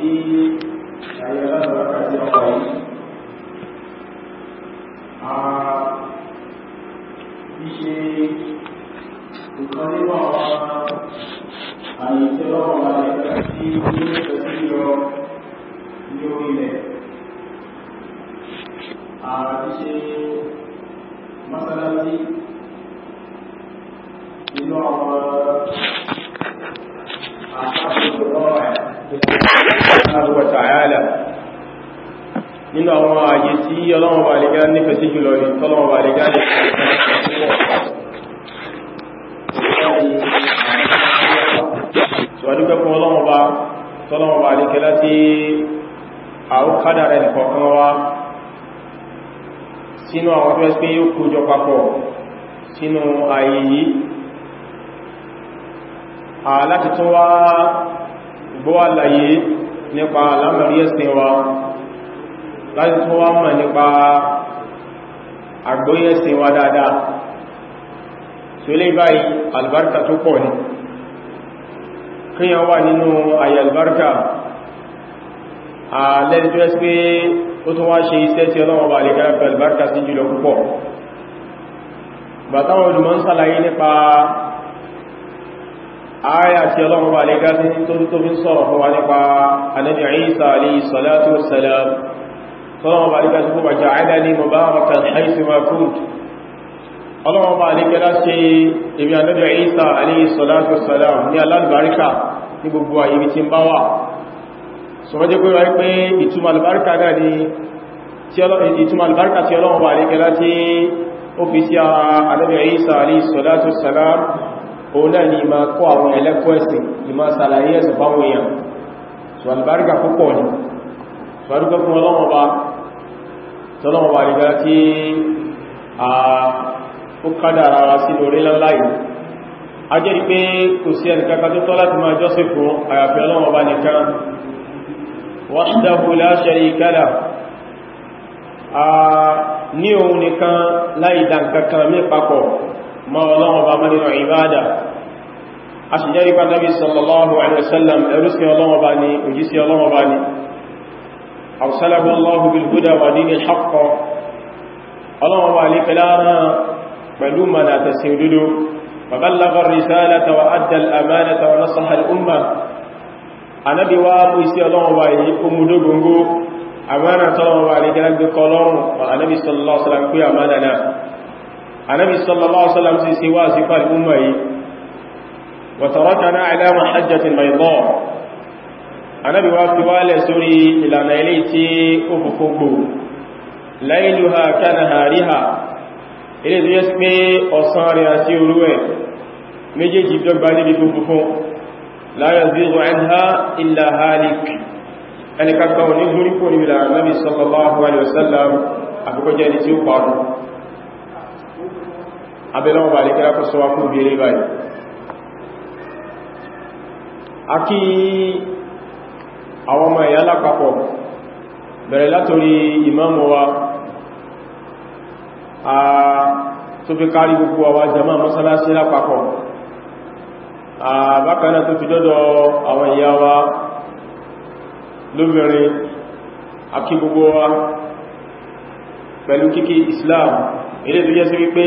tí ayé alábàákà ti ọkọ̀ yìí a fi ṣe ìkan nínú àwọn àyè tí ọlọ́wọ́ àyẹ̀ká tí ní ìfẹ̀sí yọ subhanahu wa ta'ala nínú àwọn ààyè tí ọlọ́wọ́ bá lè gá nífẹ̀ẹ́ sí jùlọ ní tọ́lọ́wọ́ bá lè gá lè ṣwàdúgbẹ́ fún ọlọ́wọ́ bá tọ́lọ́wọ́ bá lè kẹ láti àwọ́kádà rẹ̀ nìkọ̀ọ̀kan wá sínú àwọn tó ẹ́sí pé yóò kójọ papọ̀ sínú nípa alámàrí ẹ̀sìn wa láti tó wá mọ̀ nípa àgbóyé ẹ̀sìn wa dáadáa tí ó lè báyìí albarka tó pọ̀ ní kíyàn wà nínú ayé albarka a lẹ́ni tó ẹ́sì pé ó tún wá ṣe iṣẹ́ tí ọlọ́wọ́ bá lè kẹ́rẹ́ albarka sí jùlọ púpọ̀ ayà tí ọlọ́run bá lè gá sí tó fi sọ̀rọ̀ fún wa nípa Ànábì Ìsá alayhi salatu wassalam tọ́lọ́run bá lè gá sí fún bàjá àìdáni mubarakan haythu ma kuntu ọlọ́run bá lè gẹ́lá ṣe èmi Ànábì Ìsá alayhi salatu wassalam ní alálùbáríkà ní gbogbo àyíbi tí ń bá wà sọ́jẹ́ pé wáyé pé ọlọ́run bá lè gẹ́lá tí ó fi sí ara Ànábì Ìsá òun ni ma kọ́ àwọn ẹlẹ́kọ́ ni ma sàlàyé ẹ̀sùn fáwọn èèyàn so albarka púpọ̀ ni so adúgbẹ́ fún ọlọ́mọba tọ́lọ́mọba kí a ó kádà ara sí lórí láláyé a jẹ́ pé kò sí ẹnikẹ́kà tó tọ́ láti máa jọ́sìn fún la sharika lahu ní òun nìkan láìdá nǹkankan mí papọ̀ ma ọlọ́wọ́ bá mẹ́rin ìbádà a ṣe jẹ́ rípa nabi sallallahu alaihi wasallam ẹrùsí ọlọ́wọ́ bá ní òjísí ọlọ́wọ́ bá ní arsalahu allahu bil huda wa dini al-haqq ọlọ́wọ́ bá lè kẹlára pẹ̀lú mana ta sin dudu wa ballagha ar-risalata wa adda al-amanata wa nasaha al-umma anabi wa mu kọlọ́rùn wa anabi sallallahu alaihi anábi sallallahu alaihi wasallam ti ṣe wá sí fàrí umma yìí wa tarakana ala mahajjatin bayda anábi wá fi wálẹ̀ sórí ìlànà ilé tí ó fòfógbò layluha kanahariha ilé tó yẹ́ sí pé ọ̀sán rẹ̀ àti òru ẹ̀ méjèèjì dọ́gba níbi fúnfún la yazighu anha illa halik ẹni kagbà òní gúrípò níbi lára nábi sallallahu alaihi wasallam àfikọ́jẹ́ ẹni tí abẹ́lọ́wọ́ bá lè kẹ́lá kọ́ sọ́wá fún ìbẹ̀rẹ̀ báyìí a kí àwọn ọmọ ìyá lápapọ̀ bẹ̀rẹ̀ látorí ìmáàmù wa a tó fi kárí gbogbo àwa jama mọ́sálásí lápapọ̀ a bákanáà tó fi dọ́dọ̀ àwọn ìyá wa lóbìnrin a kí gbogbo wa pẹ̀lú kíkí Islam ilé tó jẹ́ sí wípé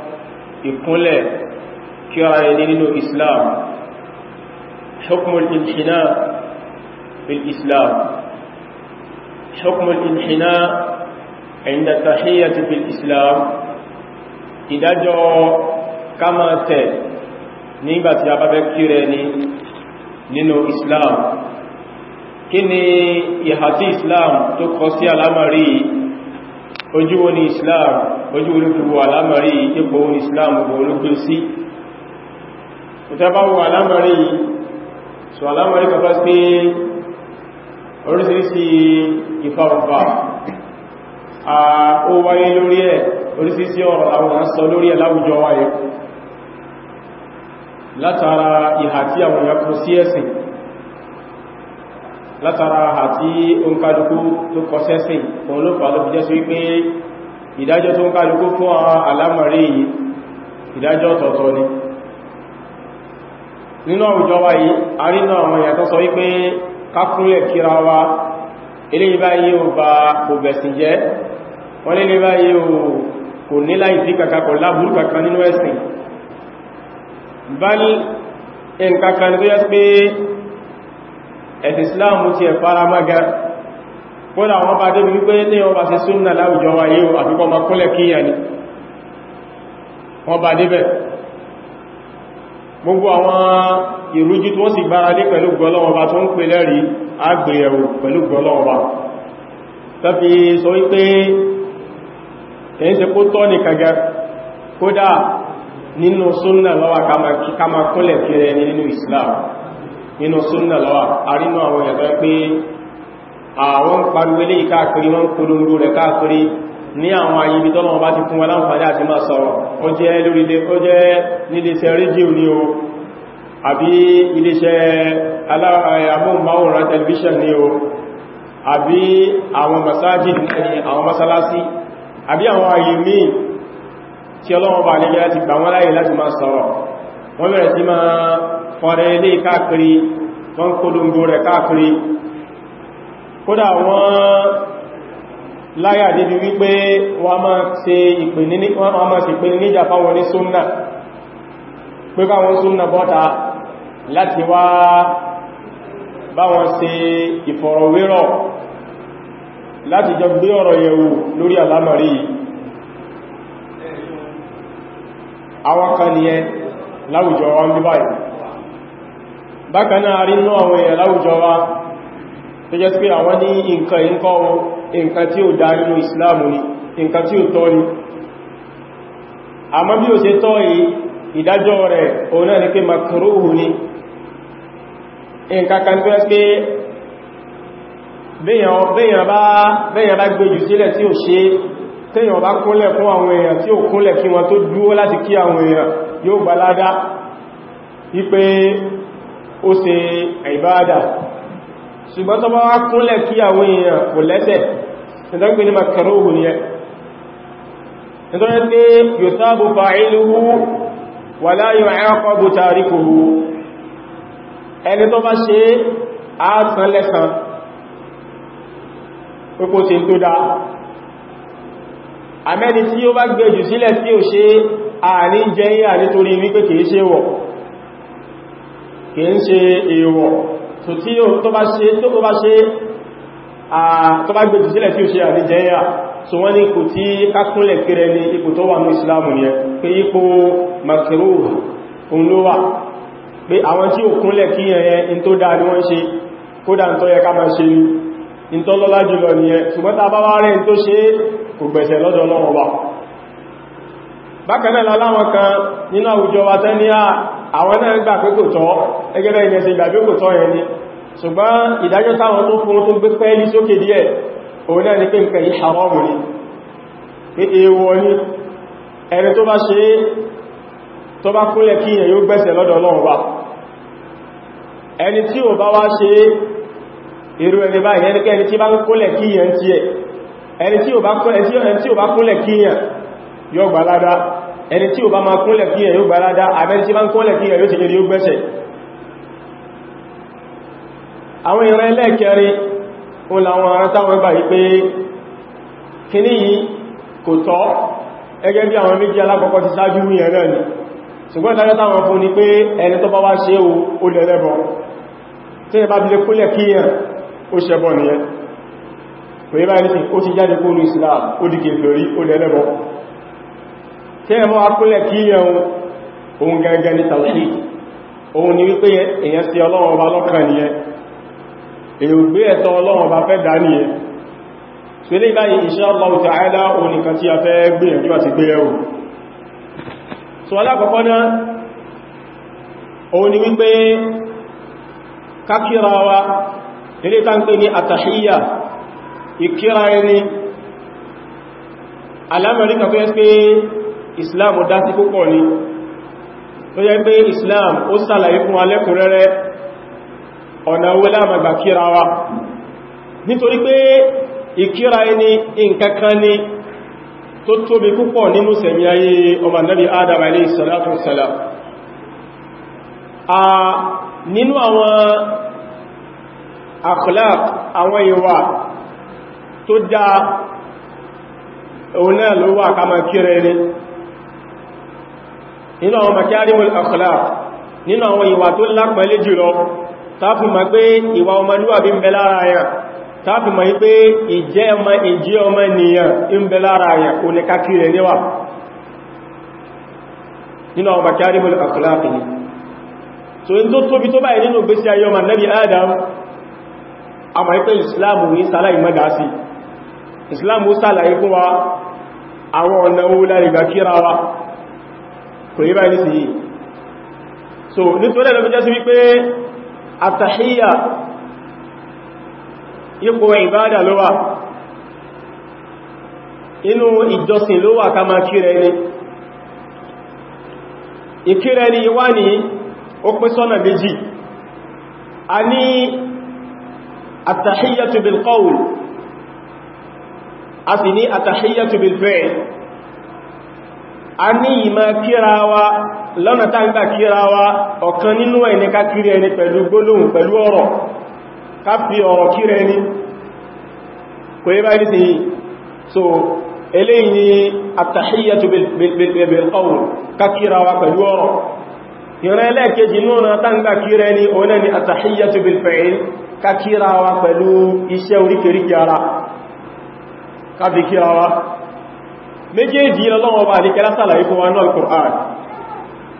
ìkúnlẹ̀ kí ara ẹni nínú islam hukmul inhina bil islam hukmul inhina inda tahiyyati bil islam ìdájọ́ kama tẹ̀ nígbàtí a bá fẹ́ kíra ẹni nínú islam kí ni ìhà islam tó kọ sí alámàrí ojú wo ni islam ojú olúkúrú alámàrí ipò wo ni islam gbogbo olúkúrú sí ìtẹ́bá wo alámàrí so alámàrí kọfà sí orísìírísì ìfàwọ̀fà a ó wáyé lórí ẹ̀ orísìírísì ọ̀rọ̀ àwọn sọ lórí ẹ̀ láwùjọ wáyé látara ìhà tí àwọn ẹ̀kọ́ sí ẹ̀sìn látara àti oǹkàlùkú tó kọsẹ́sìn fún olófà ló fi jẹ́ sí wípé ìdájọ́ tó oǹkàlùkú fún àwọn alámọ̀rí ìdájọ́ ọ̀tọ̀ọ̀tọ̀ ni nínú àwùjọ wa yìí arínà àwọn ìyàtọ̀ sọ wípé kákúnlẹ̀ kíra wa eléyìí báyìí ò bá kò bẹ̀sìn jẹ́ wọ́n lé báyìí ò kò ní láìsí kàkà kò láburú kàkà nínú ẹ̀sì islam ti ẹ̀ fara mága kódà wọ́n bá débi wípé ní wọ́n bá ṣe súnnà láwùjọ wáyé o àfikọ́ ma kúnlẹ̀ kíyà ni wọ́n bá débẹ̀ gbogbo àwọn ìrújú tó sì gbára lé pẹ̀lú gbọ́lọ́wọ́ba tó ń pè lẹ́rí islam nínú súnnà lọ́wà àrínú àwọn ẹ̀gbẹ́ pé àwọn pariwelé káàkiri wọn polongo rẹ̀ káàkiri ní àwọn ayébi tọ́lọ̀ bá ti fún wọn láǹfààní àti máa sọ̀rọ̀ ó jẹ́ lórílẹ̀ ó jẹ́ níléeṣẹ́ rédíò ní o àbí iléeṣẹ́ amóhùnmáwòrán tẹlifíṣàn ní o àbí àwọn masájì àwọn masálásí àbí àwọn ayé míì wọ́n rẹ̀ ilé káàkiri wọ́n kólóngbò rẹ̀ káàkiri kódà wọ́n láyà débi wípé wọ́n máa ṣe ìpinnu níjà fáwọn ní súnnà pé káwọn súnnà bọ́ta láti wá báwọn ṣe ìfọ̀rọ̀wérọ̀ láti jọ gbé ọ̀rọ̀ yẹ̀wò lórí àlámọ̀rí àwọn kan láwùjọ wọn bí báyìí bákanáà rí náà àwọn èèyàn láwùjọ wa tó jẹ́ pé àwọn ní nǹkan ìkọ́ nǹkan tí ó dá nínú ìsìláàmù ni nǹkan tí ó tọ́ ni àmọ́ bí ó ṣe tọ́ yìí ìdájọ́ rẹ̀ òun náà ni pé makruhu ni nǹkan kan tó jẹ́ pé ó ṣe ìbáadà ṣùgbọ́n tó bá wá kúnlẹ̀ kí àwọn èèyàn kò lẹ́sẹ̀ ìdọ́gbé ní makarohu ni ẹ nítorí pé yusabu fa'iluhu wa la yu'aqabu tarikuhu ẹni tó bá ṣe ààtàn lẹ́sàn pípò tí tó dá àmẹ́ni tí ó bá gbẹ̀jù sílẹ̀ tí ó ṣe àní jẹ́ ànítorí wípé kìí ṣe wọ̀ kìí ṣe èèwọ̀ tó tí tó bá ṣe tó bá ṣe tó bá gbèjì sílẹ̀ tí ó ṣe àríjẹ́yà so wọ́n ní ipò tí kákúnlẹ̀ kéré ní ipò tó wà ní islamu yẹ pé ipò makruh òun ló wà pé àwọn tí ó kúnlẹ̀ kí ẹ̀yẹ in tó dáa ní wọ́n ṣe àwọn náà gbà pé kò tọ́ ẹgẹ́gẹ́ ìyẹn sí kò tọ́ yẹn ni ṣùgbọ́n ìdájọ́ táwọn tó fún tó gbé pẹ́lí sókè díẹ̀ òun náà ni pé nǹkan yìí haram ni pé èèwọ̀ ni ẹni tó bá ṣe tó bá kúnlẹ̀ kí èèyàn yóò gbẹ̀sẹ̀ lọ́dọ̀ Ọlọ́run wa ẹni tí ò bá wá ṣe irú gbà ládàá ẹni tí ó bá máa kúnlẹ̀ kí ẹ̀ yóò gbáládá àbẹ́ni tí bá ń kúnlẹ̀ kí ẹ̀ yóò tẹ̀lé yóò gbẹ́sẹ̀ àwọn ìran ẹlẹ́ẹ̀kẹrin òun làwọn ará táwọn gbà yí pé kíní yìí kò tọ́ ẹgẹ́ bí àwọn méjì alákọ̀ọ́kọ́ ti sáájú ní ẹ̀rẹ́ tẹ́ẹ̀mọ́ akúnlẹ̀ kí yẹun ohun gẹ́gẹ́ ní tàwí ohun ni wípé èyàn sí ọlọ́run ọba lọ́kàn ni ẹ èyàn gbé ẹ̀tọ́ ọlọ́run ọba fẹ́ dá ní ẹ so ilé ìbáyìí insha Allah ta'ala ohun tí a fẹ́ gbìyànjú àti gbé ẹ̀wò so alákọ̀ọ́kọ́ ni wípé kákíra wa ilé islam dá sí púpọ̀ ni tó yẹ pé islam ó sàlàyé fún alẹ́kùnrẹ́rẹ́ ọ̀nà owó lámàgbà kíra wa nítorí pé ìkíra ẹni nǹkankan ni tó tóbi púpọ̀ nínú sẹ̀mí ayé ọmọ nábi adam alayhi salatu wassalam a nínú àwọn akhlaq àwọn ìwà tó dá òun náà ló wà ká kíra ẹni nínú àwọn makarimul akhlaq nínú àwọn ìwà tó lápẹẹlẹ jùlọ tàbí ma pé ìwà ọmọlúwàbí ń bẹ lára ayà tàbí ma pé ìjẹ́ ọmọ ìjẹ́ ọmọ nìyàn ń bẹ lára ayà kò ní kákiri níwà nínú àwọn makarimul akhlaq ni so in tó tóbi tó báyìí nínú gbésí ayé ọmọ nabi adam a ma pé islamu ní sálàì magasi islamu sálàì fún wa àwọn ọ̀nà owó lárí gbàkíra kò yí báyìí sí yìí so nítorí ẹ̀lọ́bí jẹ́ sí wípé àtàhíyà ipò ìbádà ló wà inú ìjọsìn ló wà ká máa kíra ẹni ìkíra ẹni wá ní ó pín sọ́nà méjì a ní àtàhíyà tó bil a sì ní àtàhíyà tó bil a ní ìmá kíra wa lọ́nà tàbí kíra wa ọ̀kan nínú ẹni ká kiri ẹni pẹ̀lú gbólóhùn pẹ̀lú ọ̀rọ̀ ká fi ọ̀rọ̀ kíra ẹni kò yẹ báyìí sí so eléyìí àtàhíyàtò bilqawl ká kíra wa pẹ̀lú ọ̀rọ̀ ìran ẹlẹ́ẹ̀kejì náà tàbí kíra ẹni ọ̀nà ni àtàhíyàtò bilfi'l ká kíra wa pẹ̀lú iṣẹ́ oríkèríkè ara ká fi kíra wa méjèèjì lọ́lọ́wọ́ bá àríkẹ́ lásàlàyé fún wa náà al-Qur'an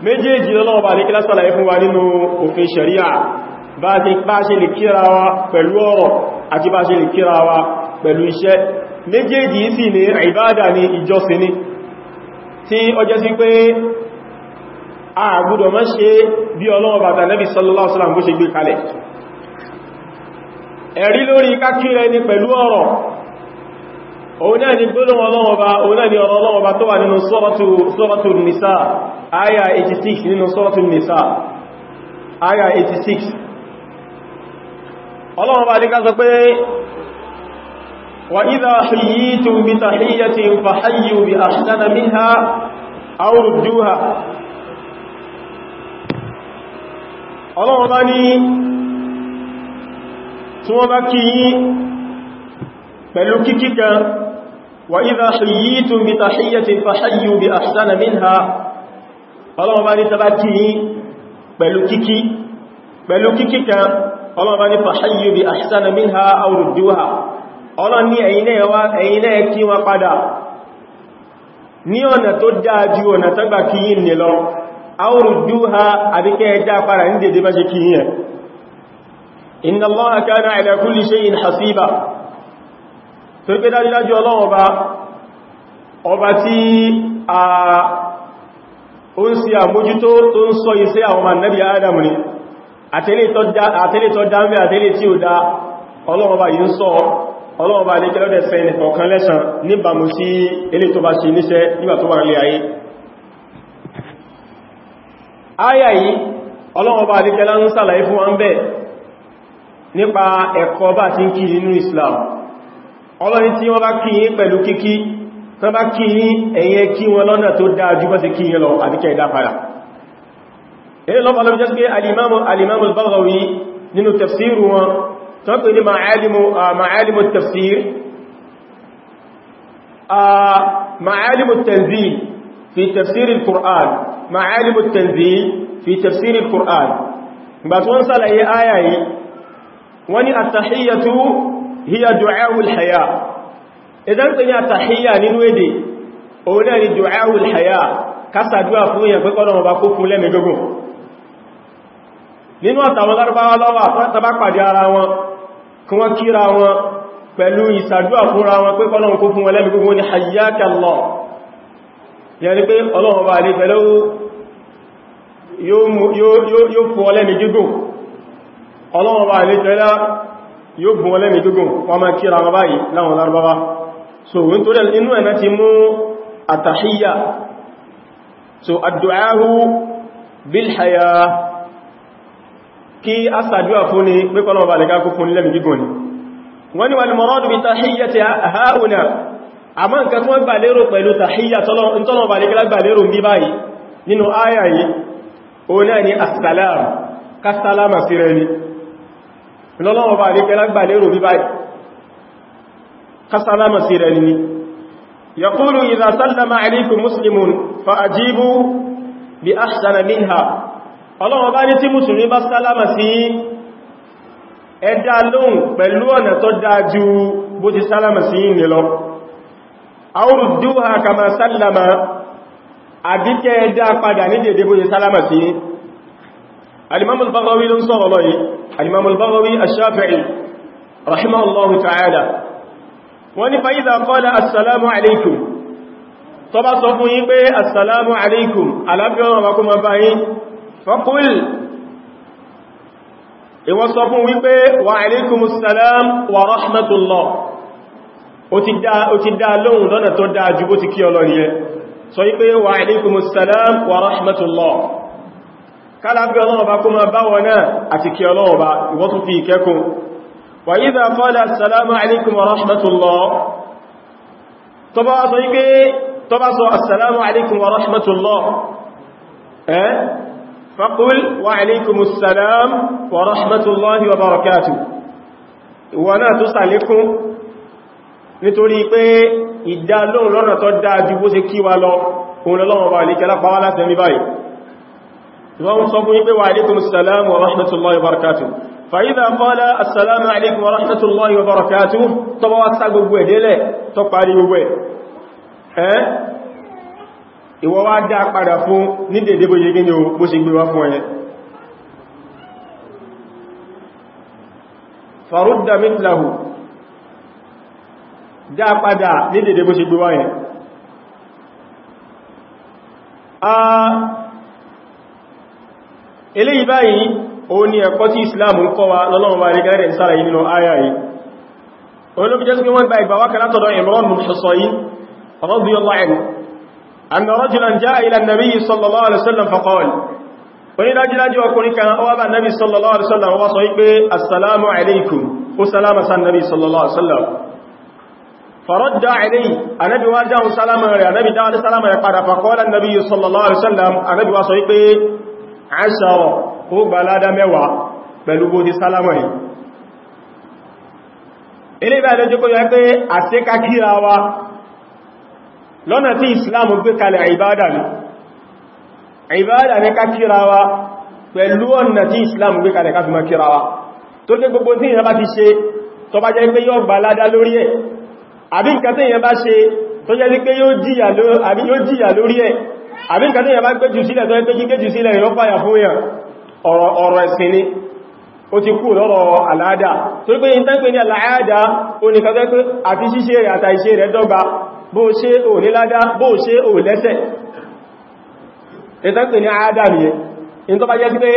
méjèèjì lọ́lọ́wọ́ bá fún wa nínú òfin sharia bá ṣe lè kíra wa pẹ̀lú ọ̀rọ̀ àti bá ṣe lè kíra wa pẹ̀lú iṣẹ́ méjèèjì sì ní ìbádà a òun náà ni gbólóhùn Ọlọ́run Ọba òun náà ni ọ̀rọ̀ Ọlọ́run Ọba tó wà nínú suratul nisa aya 86 nínú suratul nisa aya 86 Ọlọ́run Ọba ní ká sọ pé wa idha hayyitum bi tahiyyatin fahayyu bi ahsana minha aw ní tí wọ́n pẹ̀lú kíkí kan wà idha hayyitum bi tahiyyatin fahayyu bi ahsana minha ọlọ́wọ́ bá ní tàbá kí ní pẹ̀lú kíkí pẹ̀lú kíkí kan ọlọ́wọ́ bá ní fahayyu bi ahsana minha aw rudduha ọlọ́n ní ẹ̀yin náà kí wọn padà ní ọ̀nà tó dáa ju ọ̀nà tàgbà kí yí ní lọ aw rudduha inna Allaha kana ala kulli shay'in hasiba tó pé dájúdájú ọlọ́run ọba ọba tí a ó ń sí àmójútó tó ń sọ iṣẹ́ àwọn annabi adam ni àtẹ́lẹ̀ dámẹ́ àtẹ́lẹ̀ tí ó dá ọlọ́run yìí ń sọ ọlọ́run ọba adékẹ́lọ́dẹ̀ sẹ́ nìkọ̀ọ̀kan lẹ́sàn níbàmú sí ilé tó bá ṣe níṣẹ́ nígbà tó wà nílé yìí adékẹ́lá ń sàlàyé fún ti ń Islam ọlọ́ni tí wọ́n bá kí yí pẹ̀lú kíkí wọ́n bá kí yí ẹ̀yẹ kí wọn lọ́nà tó dájú bọ́ sí kí yí lọ àbíkẹ́ ìdápadà ilé lọ́pàá lọ́pàá jẹ́ alìmáàmù alìmáàmù al-Baghawi nínú tafsiru wọn tó pè ní ma'alimu tafsir ma'alimu tanzil fi tafsir al-Qur'an ma'alimu tanzil hiya du'a'ul haya idan pè ní àtàhíyà nínú èdè òun náà ni du'a'ul haya kásàdúwà fún èyàn pẹ́kọ́ lọ́wọ́ bá kó fún lẹ́mì gógún nínú àtàwọn lárúbáwá lọ́wọ́ àtàbápàdé ara wọn kí wọ́n kíra wọn pẹ̀lú ìsàdúwà fúnra wọn pẹ́kọ́ lọ́wọ́ kó fún lẹ́mì gógún ni hayyaka Allah yẹni pé ọlọ́wọ́ bá lè pẹ̀lú yóò fún ọlẹ́mì gógún ọlọ́wọ́ bá lè tẹ́lá yóò gùn ọlẹ́mì gígùn wọ́n máa kíra wọn báyìí láwọn lárúbáwá so wọ́n tó rẹ̀ inú ẹ̀nà ti mú àtàhíyà so àdùáhù bílhàyà kí a sàdúwà fún ní pẹ́kọ́lọ̀ bá lẹ́gá kún lẹ́mì gígùn ni wọ́n ni wà ní mọ̀rọ̀dù bí tàhíyà ti haúnà àmọ́ nǹkan tó gbà lérò pẹ̀lú tàhíyà tọ́lọ̀ bá lẹ́gá lọ́lọ́wọ́ bá rí kẹlágbà lérò bí báyìí kásálámà sí rẹ̀ ní yaqulu idha sallama alaykum muslimun fa ajibu bi ahsana minha ọlọ́wọ́ bá ní tí musulmi bá sálámà sí ẹ dá lóhùn pẹ̀lú ọ̀nà tó dájú bó ti sálámà sí ní lọ الإمام البغوي لنصر الله الإمام البغوي الشافعي رحمه الله تعالى وان فإذا قال السلام عليكم طبعا صفوني بي السلام عليكم ألابيون وكم أباين فقل إوصفوني بي وعليكم السلام ورحمة الله وتدى لون لنا تدى جبوتك يولوني صيبي وعليكم السلام ورحمة الله kálàfẹ́ ọlọ́run bá kó máa bá wọn náà àti kí ọlọ́run bá ìwọ́n tún fi ìkẹ́kùn wà ìdá kọ́lá assalamu alaikum wa rahmatullah tó bá sọ ipé tó bá sọ assalamu alaikum wa rahmatullah ẹ́ faqul wa alaikum assalam wa náà tó sàlékún nítorí pé ìdá lóhun lọ́nà tó dáa ju bó ṣe kí wa lọ òun lọ́wọ́ bá lè kẹ́lá pàwálá tẹ́mí báyìí wọ́n sọ fún wípé wa alaikum salam wa rahmatullahi wa barakatuh fa'idha qala assalamu alaikum wa rahmatullahi wa barakatuh tó bá wá sá gbogbo ẹ̀ délẹ̀ tó parí gbogbo ẹ̀ ìwọ wá dá padà fún ní dédé bó yegé ni ó sì gbé wá fún ẹ̀yẹ farudda mitlahu dá padà ní dédé bó sì gbé wá yẹn ah, eléyìí báyìí ó ní ẹ̀kọ́ tí Islam ń kọ́ wa lọ́lọ́wọ́ bá rí gáàrẹ̀ ìsára yìí nínú ayà yìí olóbi jẹ́ sí wọ́n gba ìgbà wákà látọ̀dọ̀ Imran bin Husayn radiyallahu anhu anna rajulan jaa ila an-nabiy sallallahu alaihi wasallam faqala oní dájúdájú ọkùnrin kan ọwá bá nabi sallallahu alaihi wasallam wá sọ wípé فرد عليه النبي وجهه سلاما النبي دعا سلاما قال فقال النبي صلى الله عليه وسلم النبي وصيبه aṣàrọ̀ ó gbà ládá mẹ́wàá pẹ̀lú bó ti sálámọ̀ yìí ilé ìbá ìlójú kó yẹ pé àṣíká kíra wa lọ́nà tí Islam gbé kalẹ̀ ìbádà ní ìbádà ní ká kíra wa pẹ̀lú ọ̀nà tí Islam gbé kalẹ̀ ká fi kíra wa tó jẹ́ gbogbo tí ìyẹn bá ti ṣe tó bá jẹ́ pé yóò gbà ládá lórí ẹ̀ àbí nǹkan tí ìyẹn bá ṣe tó jẹ́ pé yóò jìyà lórí ẹ̀ àbí nǹkan tí yà bá gbé jù sílẹ̀ tó ẹgbé jígbé jù sílẹ̀ yóò fàyà fún yàn ọ̀rọ̀ ẹ̀sìn ni ó ti kú lọ́rọ̀ àláàdá tó pé yìí tẹ́gbé ní àláàdá ó ní kẹta pé àti ṣíṣe rẹ̀ àtà ìṣe rẹ̀ dọ́gba bó ṣe ò níládá bó ṣe ò lẹ́sẹ̀ ìtẹ́gbé ní àádá nìyẹn in tó bá jẹ́ sí pé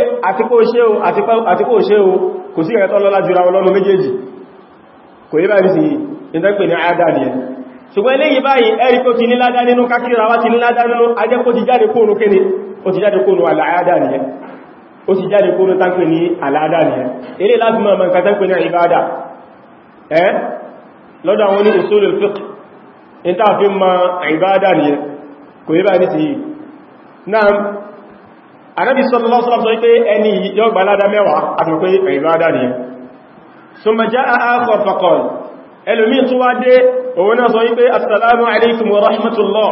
àti ṣùgbọ́n eléyìí báyìí ẹ̀rí tó ti níládá nínú kákírà wá ti níládá nínú ajẹ́kó ti jáde kóònù kéne ó ti jáde kóònù àlàádà nìyẹn ó ti jáde kóònù tánkì ní àlàádà nìyẹn ilé láti ma mọ̀ kàtàkì ní ta fi mọ̀ ìbádà nìyẹn kò yí báyìí ti ẹlòmí tó wá dé òun náà sọ wípé assalamu alaikum wa rahmatullah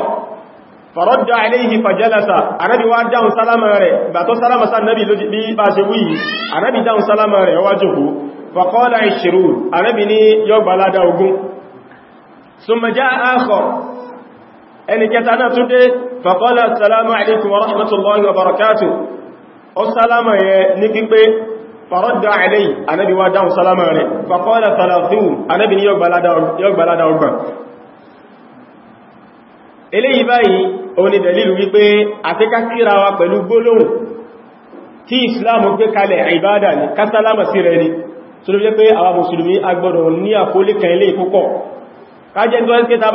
faradda alaihi fajalasa anabi wá dáhùn sálámà rẹ̀ gbà tó sálámà sá nabi ló bí bá ṣe wúyí anabi dáhùn sálámà rẹ̀ wá jòkó faqala 20 anabi ní yọgbàládá ogun summa jaa akhar ẹni kẹta náà tún dé faqala assalamu alaikum wa rahmatullahi wa barakatuh ó sálámà yẹ ní pípé فرد عليه النبي وادعه سلام عليه فقال ثلاثون النبي يقبل هذا أربع eléyìí báyìí ó ní dalilu wípé àtíká kíra wa pẹ̀lú gbólóhùn tí ìsìláàmù gbé kalẹ̀ ìbádà ní kásálámà sí rẹ̀ ni tó ló jẹ́ pé àwọn mùsùlùmí agbọ́dọ̀ ní àkólé kan ilé púpọ̀ kájẹ́ tó ẹ́sìkẹta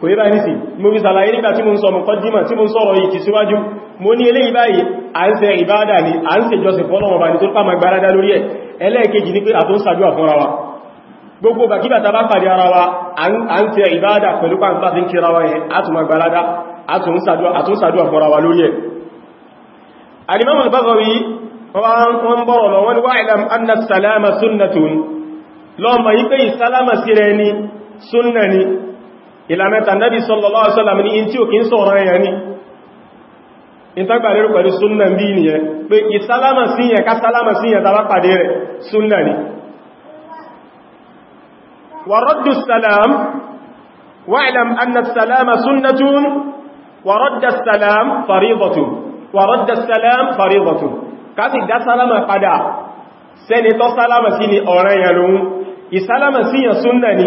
kò yí báyìí sí mo fi sàlàyé nígbà tí mo ń sọ mọ̀ kọjímọ̀ tí mo ń sọ̀rọ̀ yìí ti síwájú mo ní eléyìí báyìí à ń ṣe ìbádà ní à ń ṣe jọsìn fọ́lọ́wọ̀n bá ní tó pàmà gbárádá lórí ẹ̀ ẹlẹ́ẹ̀kejì ní pé àtún sàdúwà fúnra wa gbogbo bàkíbà ta bá pàdé ara wa à ń ṣe ìbádà pẹ̀lú pàǹpá sí ń kíra wa yẹn àtùmà gbárádá àtún ìlàmẹ́ta nẹ́bí sallallahu alaihi wasallam ní in tí ò kí ń sọ̀rọ̀ ẹ̀yà ní ìtagbà lérò pẹ̀lú súnnà bí i nìyẹn pé ìsálámà síyàn ká sálámà síyàn tàbá pàdé rẹ̀ súnnà ni wa raddu salam wa'lam anna salama sunnatun wa radda salam faridatun wa radda salam faridatun ìsálámà síyàn súnnà ni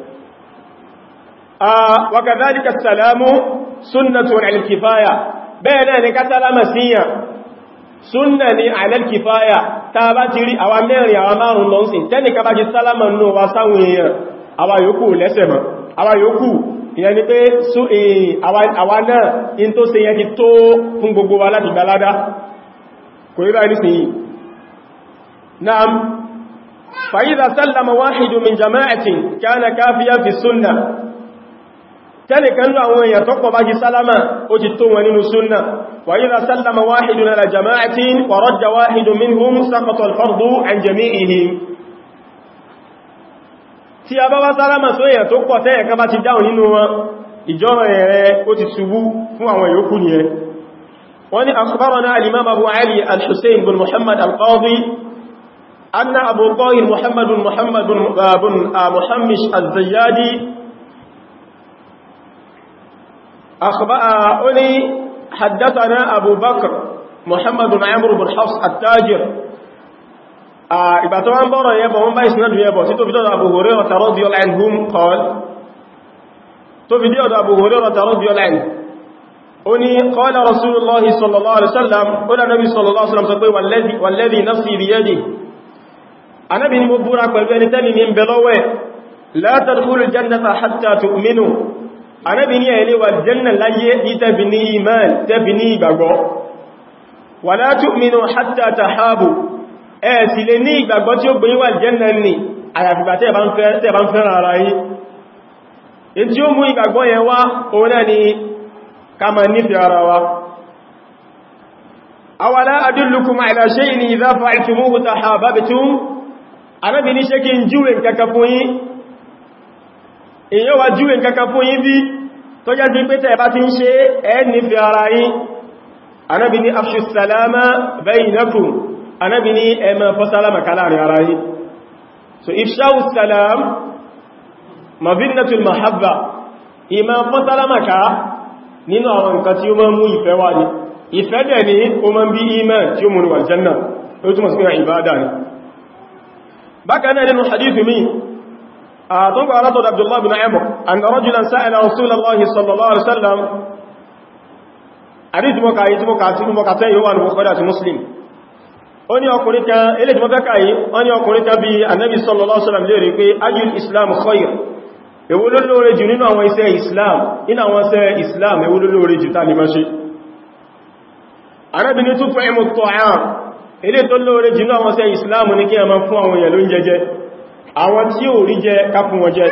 وكذلك السلام سنة على الكفاية بينان كسلام سيا سنة على الكفاية تابتري أو ميري أو مارو نونسي تنك باجي السلام نو وساوي أو يوكو لسما أو يوكو ìyẹni pé àwa náà in tó ṣe yẹn ti tó fún gbogbo wa láti gbalada kò rí báyìí sí náà fàyíza sallama wáhìdù min jama'atin kana káfíyà fi súnnà tẹ́nìkan lọ àwọn èèyàn tọ́pọ̀ bá jí sálámà ó ti tó wọn nínú súnnà wà yíra sálámà wáhìdùn ala jama'atin wa radda wáhìdùn minhum saqata al-fardu an jami'ihim tí a bá wá sálámà só èèyàn tó pọ̀ tẹ́yẹ̀ ká bá محمد dáhùn nínú wọn ìjọra أخبأ أولي حدثنا أبو بكر محمد بن عمرو بن حفص التاجر إباتوا أنبارا يبا هم بايس ندو يبا سيتو في أبو هريرة رضي الله عنهم قال تو فيديو أبو هريرة رضي الله عنه أني قال رسول الله صلى الله عليه وسلم قال النبي صلى الله عليه وسلم تقول والذي, والذي نفسي بيده أنا بني مبورا قلبي أن من بلوه لا تدخل الجنة حتى تؤمنوا anábi ní ẹ̀lẹ́ wà jẹ́nà láyé ní tẹ́bì ní iman tẹ́bì ní ìgbàgbọ́ wà látú mínú hatta tahabu ẹ̀ sì lè ní ìgbàgbọ́ tí ó gbé wà jẹ́nà ní àyàfìgbà tẹ́ bá ń fẹ́ràn ara yìí in tí ó mú ìgbàgbọ́ yẹn wá èyàn wà júwé nǹkankan fún yín bí tó jẹ́ sí pé tẹ́ bá ti ń ṣe ẹni fi ara yín anábi ni afṣù salama bainakum anábi ni ẹmọ fọ́sálàmà kaláàrin ara yín so ifṣáwù salam mabinatul mahabba ìmọ̀ fọ́sálàmà ká nínú àwọn nǹkan tí ó máa mú ìfẹ́ wá ní ìfẹ́ dẹ̀ ní ó máa bí iman tí ó mú ní wàljanna ó túnmọ̀ sí ìbádà ni bákan nínú hadithu mi أعطوك على طول عبد الله بن عمر أن رجلا سأل رسول الله صلى الله عليه وسلم àríjìmọ́ kàáyí tí mọ́ kàá tí mọ́ kàá tẹ́yìn wà ní Bukhari àti Muslim ó ní ọkùnrin kan eléjìmọ́ bẹ́kàáyí ó ní ọkùnrin kan bí Ànábì sallallahu alaihi wasallam lérí pé ajul Islam khair èwo ló lóore jù nínú àwọn iṣẹ́ Islam nínú àwọn iṣẹ́ Islam èwo ló lóore jù tá ní máa ṣe arábìnrin tó fẹ́ ìmọ̀ tọ́ ààrùn ilé tó lóore jù nínú àwọn iṣẹ́ Islam ní kí a máa fún àwọn èèyàn ló ń jẹjẹ àwọn tí ó rí jẹ káfún wọn jẹ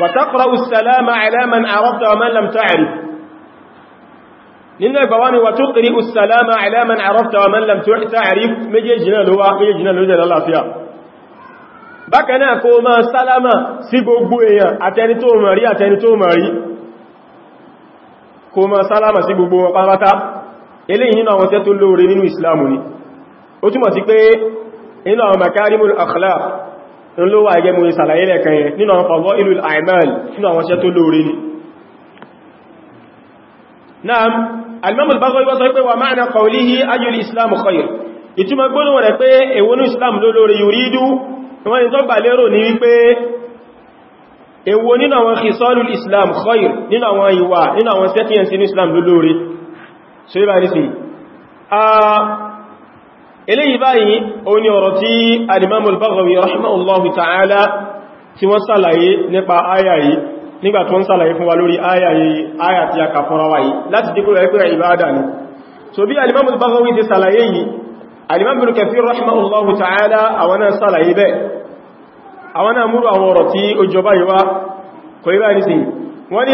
wa taqra'u as-salama 'ala man 'arafta wa man lam ta'rif nínú ẹgbàwá ni wa tuqri'u as-salama 'ala man 'arafta wa man lam ta'rif méjèèjì náà ló wá méjèèjì náà ló jẹ́ lálàáfíà bákanáà kó máa sálámà sí gbogbo èèyàn àtẹni tó mọ̀ rí àtẹni tó mọ̀ rí makarimul akhlaq ló wà ẹgẹ́ mo ìsàlàyé lẹ́kan yẹn nínú àwọn fàbọ́ ìlú àìmáàlì nínú àwọn ṣẹ́ tó lóore ní náà alimamul bá sọ́wọ́ sọ pé wà máa na kọ̀wàlíhí ayyul islam khair ìtumọ̀ gbónú rẹ̀ pé èwonú islam ló lóore yuridu wọ́n ni tó gbà lérò ní wípé èwo eléyìí báyìí òun ni ọ̀rọ̀ tí alimamul Baghawi rahimahullahu ta'ala tí wọ́n sàlàyé nípa áyà yìí nígbà tó ń sàlàyé fún wa lórí áyà yìí áyà tí fọ́nra wa láti díkú rẹ̀ pẹ̀rẹ̀ ìbáadà ni so bí alimamul Baghawi ti sàlàyé yìí alimamul Kathir rahimahullahu ta'ala àwọn náà sàlàyé bẹ́ẹ̀ àwọn náà múrù àwọn ọ̀rọ̀ tí ó jọba yìí wá kò yí báyìí sí wọ́n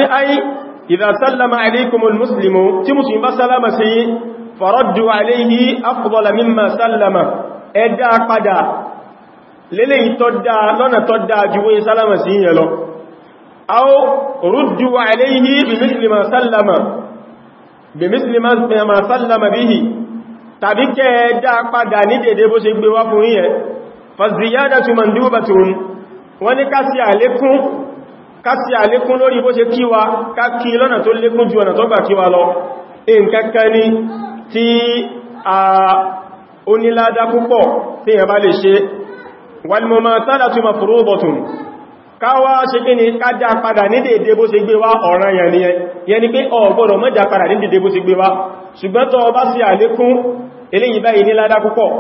ni faraddu alayhi afdala mimma sallama ẹ̀dá padà lélè ìtọ́dá lọ́nà tọ́dá juwé sálàmà sí yẹ lọ aw ruddu alayhi bimithli ma sallama bimithli ma sallama bihi tàbí kẹ́ẹ̀dá padà ní dédé bó ṣe gbé wá fún yẹ faziyadatu mandubatun wọ́n ní kásí àlékún kásí àlékún lórí bó ṣe tí a oníládá púpọ̀ tí yẹn bá lè ṣe wàlmọ̀mọ̀ sálàtù mafurúbọ̀tún káwà ṣe kí ni kájá padà ní dédé bó ṣe gbé wá ọ̀ràn yẹn nìyẹn yẹn ni pé ọ̀gbọ́dọ̀ mọ́já padà ní dédé bó ṣe gbé wá ṣùgbọ́n tó bá sí àlékún eléyìí báyìí ní ládá púpọ̀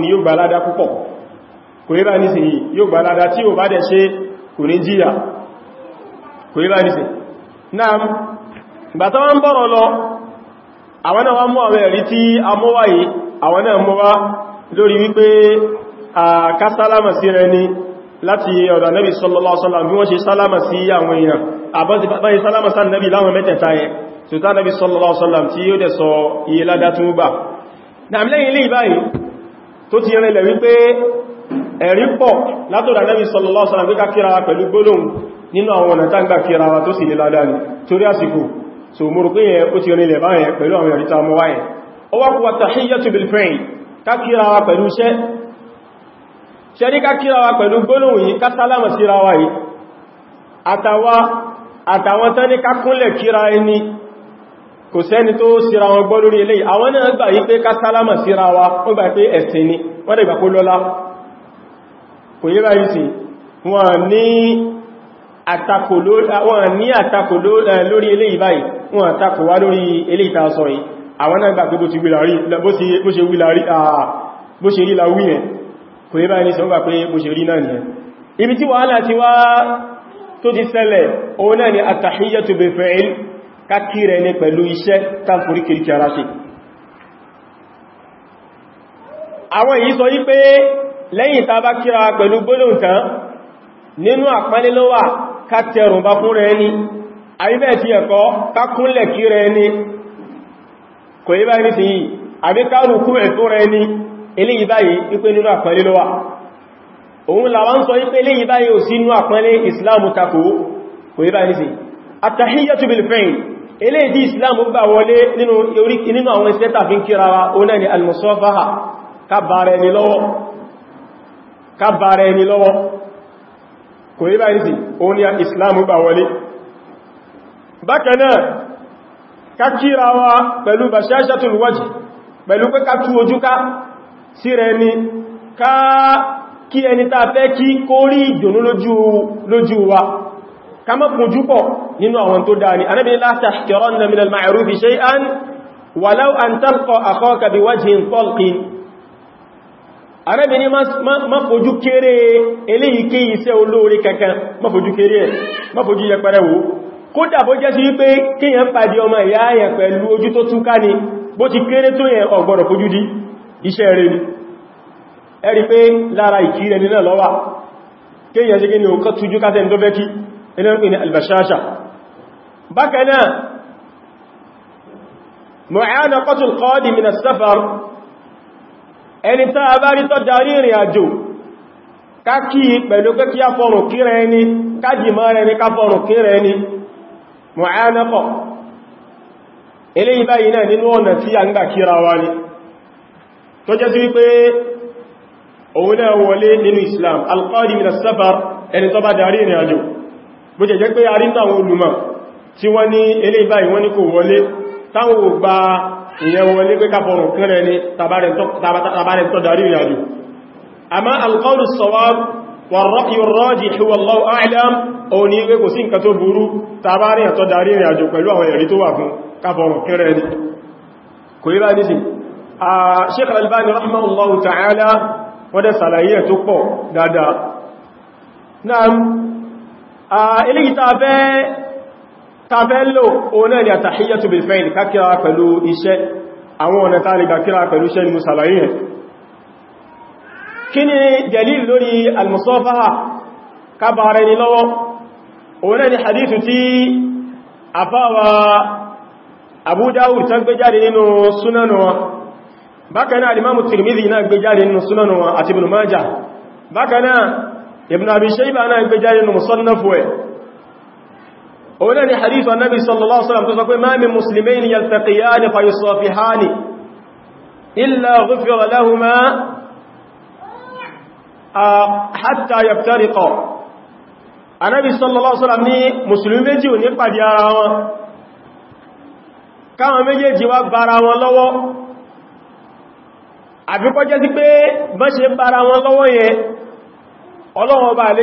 ni yóò gbà ládá púpọ̀ kò rí bá nísìnyí yóò gbà náà bàtà wọ́n bọ́rọ̀ lọ àwọn náà wọ́n mú àwọn ẹ̀rí tí a mọ́wá yìí àwọn náà mọ́wá lórí wípé ká sálámà sí rẹ ni láti ọ̀dọ̀ Ànábì sallallahu alaihi wasallam bí wọ́n ṣe sálámà sí àwọn èèyàn àbọ́sí sálámà sí Ànábì láwọn mẹ́tẹ̀ẹ̀ta yẹn sallallahu alaihi wasallam tí yóò dẹ̀ sọ iye ládá tó gbà nàmìlẹ́yìn ilé ìbáyìí tó ti rẹlẹ̀ wípé ẹ̀rí pọ̀ látọ̀dọ̀ Ànábì sallallahu alaihi wasallam pé ká pẹ̀lú gbólóhùn nínú àwọn ọ̀nà tágbà kíra wa tó sì lè ládá ní torí àsìkò so mú rúkú yẹn ó ti rí ilẹ̀ báyẹn pẹ̀lú àwọn ìrìta ọmọ wáyẹn ó wá kúwa tahiyyatu bil fi'l ká kíra wa pẹ̀lú iṣẹ́ ṣẹ́rí ká kíra wa pẹ̀lú gbólóhùn yìí ká sálámà síra wa yìí àtàwa àtàwọn tán ní ká kúnlẹ̀ kíra ẹni kò sẹ́ni tó síra wọn sí wọ́n ní àtakò wọ́n ní àtakò eh, lórí eléyìí báyìí wọ́n àtakò wá lórí eléyìí tá a sọ yìí àwọn náà gbà pé bó ṣe rí la wí ẹ̀ kò yẹ báyìí sọ gbà pé bó ṣe rí náà nìyẹn ibi tí wàhálà ti wá tó ti ṣẹlẹ̀ òun náà ni àtàhíyàtò bè fẹ́ẹ̀l kákírẹ ní pẹ̀lú iṣẹ́ tàbí kìrìkì ara ṣe àwọn èyí sọ yí pé lẹ́yìn tàbá kíra ká tẹrùn bá fún rẹ ní àríbẹ̀ tí ẹ̀kọ́ ká kúnlẹ̀ kí rẹ ní kò yí báyìí sí yìí àbí ká rùkú ẹ̀tọ́ rẹ ní eléyìí báyìí wípé nínú àpẹẹlẹ ló wà òun làwọn sọ wípé eléyìí báyìí ni almusafaha ká bára ẹni lọ́wọ́ kò yí báyìí sí òun ni a islam gbà wọlé bákanáà kákíra wa pẹ̀lú bashashatul wajh pẹ̀lú pé ká tú ojú ká sí rẹ ni ká kí ẹni ta fẹ́ kí kó rí ìdùnnú lójú wa ká mọ́ kùnjú pọ̀ nínú àwọn tó dáa ni Ànábì ní má fojú kéré eléyìí kí iṣẹ́ olóore kankan má fojú kéré ẹ̀ má fojú yẹpẹrẹ wò kódà bó jẹ́ sí wípé kíyàn pàdé ọmọ ìyá yẹn pẹ̀lú ojú tó túká ni bó ti kéré tó yẹn ò gbọdọ̀ fojú di iṣẹ́ rẹ̀ ni ẹ̀rí pé lára ìkí rẹ̀ nínú lọ́wà kíyàn sí kí ni òkọ́ tújú kásẹ̀ min as-safar ẹni tá a bá rí tọ́ darí ìrìn àjò káàkì pẹ̀lú pé kí a fọrùn kíra ẹni kájìmọ́ rẹ̀ ní ká na kíra ẹni mọ̀ánápọ̀ eléyìí báyìí náà nínú ọ̀nà tí a ń gbà kíra ni tó jẹ́ sí wípé òun náà wọlé nínú Islam alqadi min as-safar ẹni tó bá darí ìrìn àjò bó jẹ́ ìyẹn wọlé pé káfọ̀rùn kẹrẹ ni tàbárẹ̀ tọ́ darí ìrìnàjò àmá alqawlu sawab والرأي الراجح والله أعلم ó ní pé kò sí nǹkan tó burú tàbárẹ̀ tọ́ darí ìrìnàjò pẹ̀lú àwọn ẹ̀rí tó wà fún káfọ̀rùn kẹrẹ ni kò yí bá ní sí Sheikh Al-Albani rahimahullahu ta'ala wọ́n dẹ̀ tó pọ̀ dáadáa náà eléyìí tàbẹ́ tàbẹ́lò òun náà ni àtàhíyàtò bilfail kákíra pẹ̀lú iṣẹ́ àwọn ọ̀nà tààrí gbàkíra pẹ̀lú iṣẹ́ ni mo sàlàyé ẹ̀ kí ni dalil lórí al-musafaha kábàrẹ ni lọ́wọ́ òun náà ni hadithu tí àfáwà Abu Dawud tán gbé òun náà ni hadith annabi sallallahu alaihi wasallam tó sọ pé ma min muslimayn yaltaqiyani fa yusafihani illa ghufira lahuma hatta yaftariqa annabi sallallahu alaihi wasallam ní musulmi méjì ò ní pàdé ara wọn káwọn méjèèjì ji bára wọn lọ́wọ́ àbíkọ́ jẹ́ sí pé bọ́n ṣe bára wọn lọ́wọ́ yẹn ọlọ́wọ́ bá lè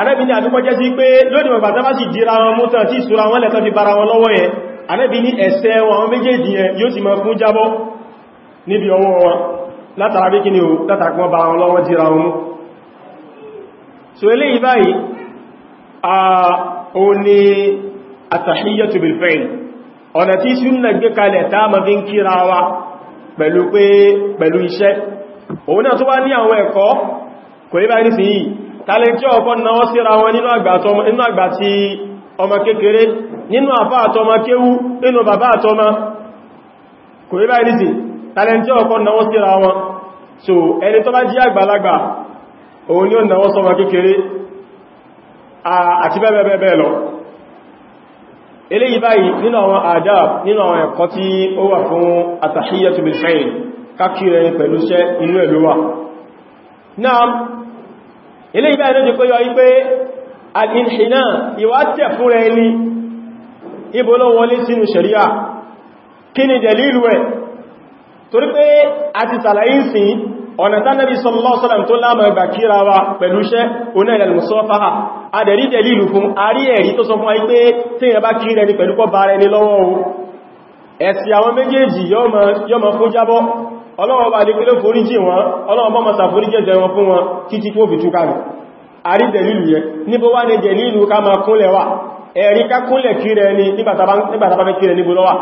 Ànábì ní àdúgbọ́ jẹ́ sí pé lónìí bàbá tàbá sì jíra wọn mú tàn tí ìsúra wọn lẹ́tọ́ fi bara wọn lọ́wọ́ yẹn Ànábì ní ẹsẹ̀ wọn àwọn méjèèjì yẹn yóò ti máa fún jábọ́ níbi ọwọ́ wọn látara bara wọn lọ́wọ́ jíra wọn mú so eléyìí báyìí a ó ní at-tahiyyatu bil fi'l ọ̀nà tí súnnà gbé kalẹ̀ tá ma òun náà tó wá ní àwọn ẹ̀kọ́ kò yí báyìí sí yìí tàlẹ̀ tí ọkọ̀ náwó síra wọn nínú àgbà tí ọmọ kékeré nínú àfá àtọmọ kéwú inú bàbá àtọmọ kò rí báyìí nìtì tàlẹ̀ tí ọkọ̀ náwó síra wọn so ẹni tó bá jí àgbàlagbà òun ni ó náwó sọmọ kékeré àti bẹ́ẹ̀bẹ́ẹ̀ lọ eléyìí báyìí nínú àwọn adab nínú àwọn ẹ̀kọ́ tí ó wà fún ilé ìgbà ìrìnjẹ pé yọ wípé al-inhina ìwà tẹ̀ fún rẹ ní ibolo wọlé sínú ṣẹ̀ríà kí ni dẹ̀lìlú ẹ̀ torí pé a ti sàlàyé sí ọ̀nà tánàbí sallallahu alaihi wasallam tó lámà ìgbà kíra wa pẹ̀lú iṣẹ́ onílẹ̀ musafa adẹ̀rí dẹ̀lìlú fún àrí ẹ̀rí ọlọ́wọ́ bá dékélé foríjì wọn ọlọ́wọ́ bá mọ́sà foríjì ẹ̀jẹ̀ wọn fún wọn títí kó fi túká rẹ̀ àrí dẹ̀lìlù yẹ níbo wá ní dẹ̀lìlù ká máa kúnlẹ̀ wà ẹ̀rí ká kúnlẹ̀ kírẹ ní nígbàtàbá kírẹ níbo lọ́wà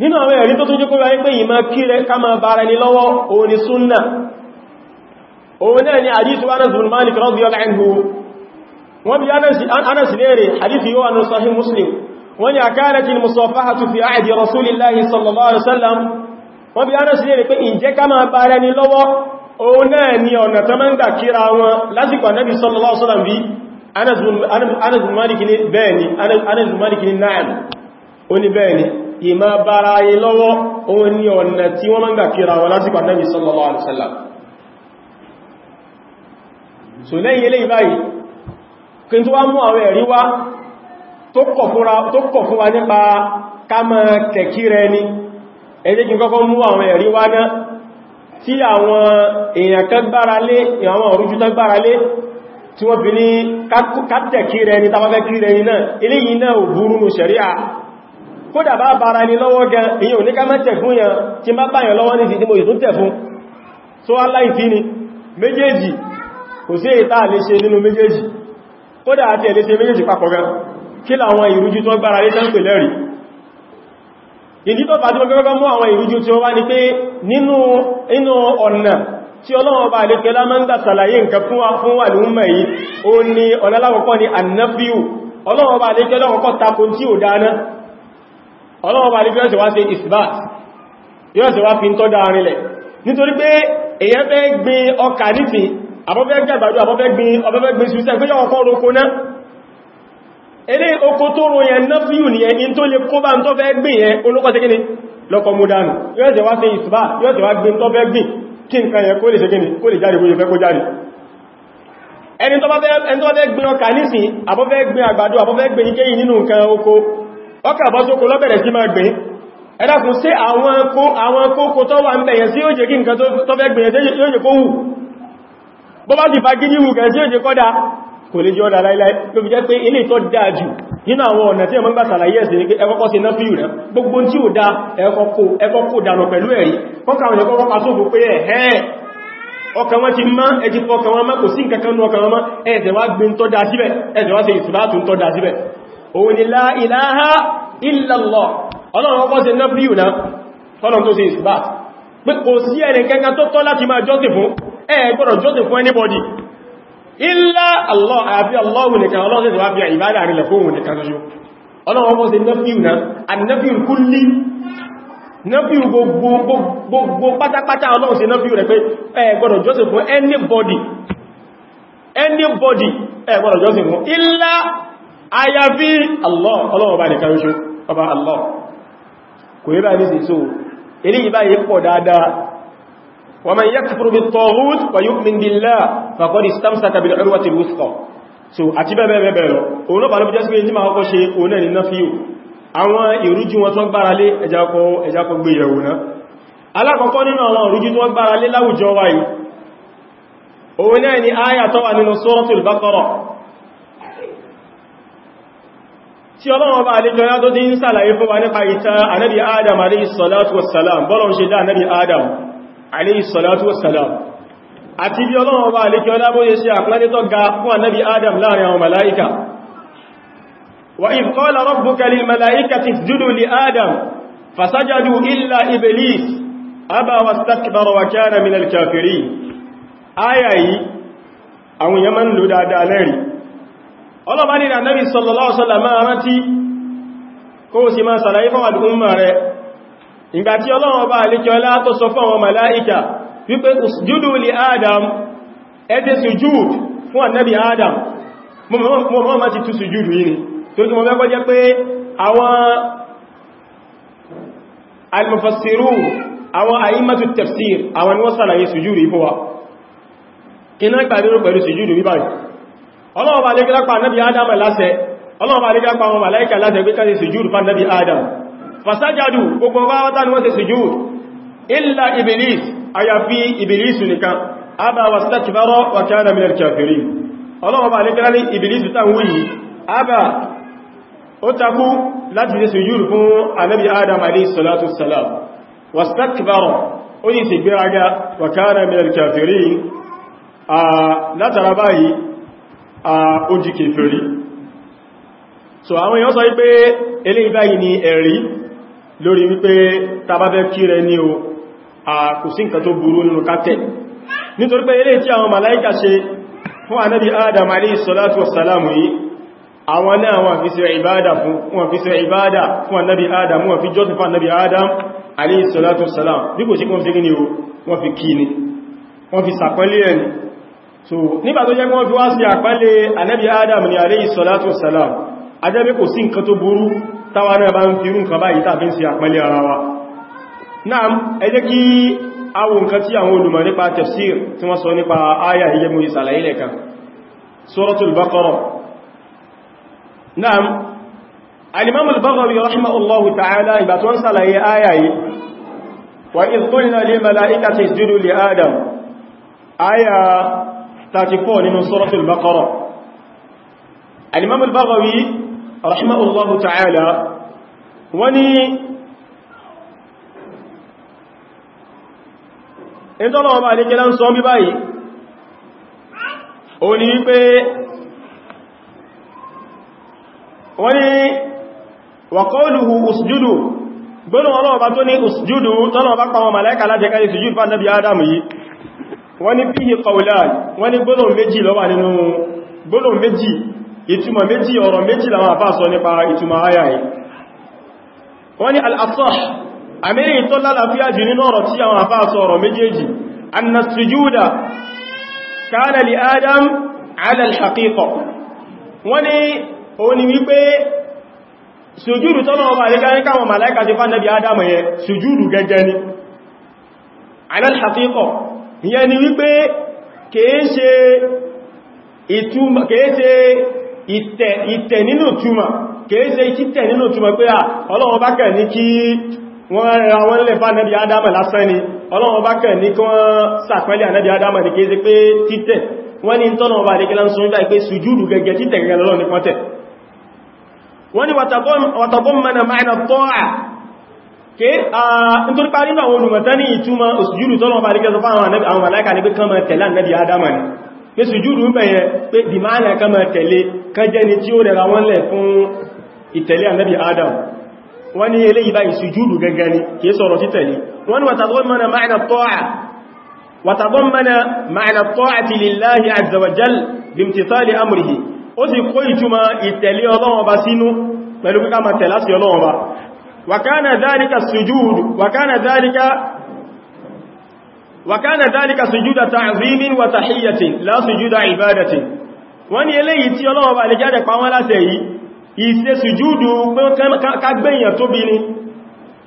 nínú àwọn ẹ̀rí tó tún jẹ́ kúrò wípé ìmá kírẹ ká máa bára ní lọ́wọ́ òun ni súnnà òun náà ni àdísù Anas bin Malik radiyallahu anhu Rasulillahi sallallahu alaihi wasallam wọ́n bí Anas lè rí pé ìjẹ́ ká máa bá rẹni lọ́wọ́ òun náà ni ọ̀nà tó mẹ́ndà kíra wọn lásìkò Ànábì sallallahu alaihi wasallam bí Anas bin Malik ní bẹ́ẹ̀ni Anas bin Malik ní na'am ó ní bẹ́ẹ̀ni ìmá bára ni sallallahu alaihi so lẹ́yìn eléyìí báyìí kí n tó wá mú àwọn ẹ̀rí wá tó kọ̀ fún ni ẹjẹ́ kí n kọ́kọ́ mú àwọn ẹ̀rí wá náà tí àwọn èèyàn kan gbára lé àwọn òrújú tán gbára lé tí wọ́n fi ní kátẹ̀ ni tàbábẹ́ kí rẹ ni náà eléyìí náà ò burú nù ṣẹ̀ríà kódà bá bára ní lọ́wọ́ gan èyí ò ní ká mẹ́tẹ̀ fún yàn tí bá báyàn lọ́wọ́ ni méjèèjì kò sí èyí táà lè ṣe nínú méjèèjì kódà àti ẹ̀lẹ́ṣe méjèèjì ìdí tó fàájú ọgọ́gọ́ mú àwọn ìrújú tí ó wá ní pé nínú ọ̀nà tí Ọlọ́run Ọba àlékẹ́ lámọ́ndà sàlàyé nǹkan fún wa fún wà ní ọmọ yìí ó ní ọ̀nà alákọ̀ọ́kọ́ ni annafiu Ọlọ́run Ọba àlékẹ́ lọ́kọ̀ọ́kọ́ tako tí ò dáná Ọlọ́run Ọba àlékẹ́ yóò sì wá ṣe isbat yóò sì wá fi ń tọ́ dáarinlẹ̀ nítorí pé èyàn fẹ́ gbin ele oko tó ro yẹn nafiyu ni ẹni tó lè kó bá ń tó fẹ́ gbìn yẹn olókọ́ ṣe kíni lọ́kọ̀ mú dánù yóò jẹ wá sí ìsùbá yóò jẹ wá gbìn tó fẹ́ gbìn kí nǹkan yẹn kó lè ṣe kíni kó lè jáde bóyẹ fẹ́ kó jáde ẹni tó bá fẹ́ gbìn ọkà nísìn àbọ́fẹ́ gbìn àgbàdo àbọ́fẹ́ gbìn ní kéyìn nínú nǹkan oko ọkà àbọ́sókò lọ́bẹ̀rẹ̀ sí máa ẹ̀dàkùn sí àwọn kókò tó wà ń bẹ̀yẹn sí yóò kí nǹkan tó fẹ́ gbìn yóò jẹ́ kó wù bó bá sì fagídí wù kẹ́ sí yóò kọ́dá kò lè jẹ́ ọ̀dà láìláì ló fi jẹ́ pé ilé ìtọ́ dájú nínú àwọn ọ̀nà tí ọmọ ń bá sàlàyé ẹ̀sìn ní pé ẹkọ́kọ́ sí náà fíyù náà gbogbo tí ó dá ẹkọ́kọ́ dànà pẹ̀lú ẹ̀rí kọ́kà àwọn ẹ̀kọ́kọ́ pàṣófò pé ẹ̀ẹ́ ọkàn wọn ti má ẹjì fọkàn wọn má kò sí nǹkan kan ní ọkàn wọn má ẹ̀ẹ̀dẹ̀ wá gbé ń tọ́ dá síbẹ̀ ẹ̀ẹ̀dẹ̀ wá sí ìtìbátù ń tọ́ dá síbẹ̀ òun ni la ilaha illallah ọlọ́run ọkọ́ sí náfíyù náà tọ́lọ́run tó sí ìtìbátù pé kò sí ẹnìkẹ́kẹ́ tó tọ́ láti máa jọ́sìn fún ẹ̀ẹ̀gbọ́dọ̀ jọ́sìn fún anybody ilá Allah àbí Allah nìkan ọlọ́sẹ̀ tó wá fi ìbádà Allah Allah so ومن يكفر بالطاغوت ويؤمن بالله فقد استمسك بالعروة الوثقى so àti bẹ́ẹ̀ bẹ́ẹ̀ bẹ́ẹ̀ lọ òun náà bá lọ́bí jẹ́sí pé tí ma kọ́kọ́ ṣe òun náà nínú fíò àwọn ìrújú wọn tó gbára lé ẹjákọ́ gbé yẹ̀wò náà alákọ̀ọ́kọ́ nínú àwọn ìrújú tó gbára lé láwùjọ wa yìí òun ni áyà tó wà nínú Suratul Baqara tí ọlọ́wọ́ bá alẹ́jọ yá tó dín sàlàyé fún wa nípa ìta anábi Adam alayhi salatu wassalam bọ́lọ̀ ń ṣe dá Adam alayhi salatu wassalam àti bí ọlọ́run ọba àlékẹ́ ọlábóyé sí àpánítọ́ ga fún annabi adam láàrin àwọn mala'ika wa idh qala rabbuka lil mala'ikati isjudu li adam fasajadu illa iblis aba wastakbara wa kana min al-kafirin ayayi àwọn yaman lu dáadáa lẹ́rìí ọlọ́ba ní annabi sallallahu alaihi wasallam rántí kó sì máa sàlàyé fáwọn al'umma ìgbàtí ọlọ́run ọba àlékẹ́ ọlá tó sọ fún àwọn màláìkà wípé jùdú lè adam ẹdẹ sujúd fún annabi adam mọ́ mọ́ ti tú sujúdù yìí tó tí mọ́ mẹ́kọ́ jẹ́ pé àwọn almufassiru àwọn àyímọ̀tù tafsir àwọn ni wọ́n sàlàyé sujúdù ìfọ́ wa iná gbàdúrú pẹ̀lú sujúdù wíbá ọlọ́run ọba àlékẹ́ lápá annabi adam láṣẹ ọlọ́run fasajadu gbogbo báwátá ni wọ́n ṣe sujúd illa ibilis àyàfi ibilis nìkan abá wastakbara wa kana minal kafirin ọlọ́wọ́ bá ní kíra ní ibilis ta wuyi abá ó takú láti ṣe sujúd fún anabi adam alayhi salatu salam wastakbara ó yí sì gbéraga wa kana minal kafirin a látara báyìí a ni ẹ̀rí lórí wípé tàbábẹ́ kí rẹ ní o a kò sí nǹkan tó burú nínú kátẹ̀ nítorí pé ilé tí àwọn màláíkà ṣe fún anábi adam alayhi salatu wassalamu yìí àwọn náà wọ́n fi ṣe ìbádà fún wọ́n fi ṣe ìbádà fún anábi adam wọ́n fi jọ́sìn fún anábi adam alayhi salatu wassalam bí kò sí kún sí ní o wọ́n fi kí ni wọ́n fi sàpẹ́lé ẹni so nígbà tó jẹ́ kí wọ́n fi wá sí àpẹ́lé anábi adam ni alayhi salatu wassalam ajẹ́bí kò sí nǹkan tó burú táwa náà bá ń fi irú nǹkan báyìí tàbí sí àpẹẹlẹ ara wa náà ẹ jẹ́ kí awo nǹkan tí àwọn olùmọ̀ nípa tafsir tí wọ́n sọ nípa aya ìyẹ́ mú ìsàlàyé lẹ́kan suratul baqara náà rahimahullahu ta'ala wani in tọ́lọ̀ ọba alékẹ́lá ń sọ bí báyìí o ní wípé wani wa qawluhu usjudu gbọ́nà ọlọ́ọ̀bá tó ní usjudu tọ́lọ̀ ọba pàwọn màláìkà lájẹ́ká ìsùjúdù fà nábi Ádámù yìí wani fihi qawlan wani gbọ́nà méjì ló wà nínú gbọ́nà méjì ìtumọ̀ méjì ọ̀rọ̀ méjì làwọn àfáà sọ nípa ìtumọ̀ àyà yìí wọ́n ni al-asah àmìrí tó lálàáfíà jù nínú ọ̀rọ̀ tí àwọn àfáà sọ ọ̀rọ̀ méjèèjì anna sujuda kana li adam ala al-haqiqa wọ́n ni òun ni wípé sujúdù tọ́nà ọba àríkárí káwọn màláìkà kèése ìtẹ̀ nínú túmọ̀ kèése ìtẹ̀ nínú túmọ̀ pé à ọlọ́run bá kẹ̀ ní kí wọ́n ra wọ́n lè fà nẹ́bí adama lásán ni ọlọ́run bá kẹ̀ ní kí wọ́n sàpẹ́lẹ̀ ànẹ́bí adama ní kèése pé títẹ̀ wọ́n ní tọ́nà ọba àdékẹ́lá ń sọ nígbà pé sùjúdù gẹ́gẹ́ títẹ̀ gẹ́gẹ́ lọ́lọ́ ní pé sùjúdù ń bẹ̀yẹ pé dìmáàlẹ̀ kan máa tẹ̀lé kẹjẹ́ ni tí ó rẹra wọ́n lẹ̀ fún ìtẹ̀lé ànábì adam wọ́n ní ilé ìbá ìsùjúdù gẹ́gẹ́ ni kìí sọ̀rọ̀ sí tẹ̀lé wọ́n wàtàdọ́mọ́nà ma'ana at-ta'a wàtàdọ́mọ́nà ma'ana at-ta'ati lillahi azza wa jal bimtithali dhalika sujud wa dhalika وكان ذلك سجود تعظيم وتحية لا سجود عبادة واني إليه تي الله وبالجادة قوالا سيئي ìṣe sùjúdù kágbẹ̀yàn tó bí ní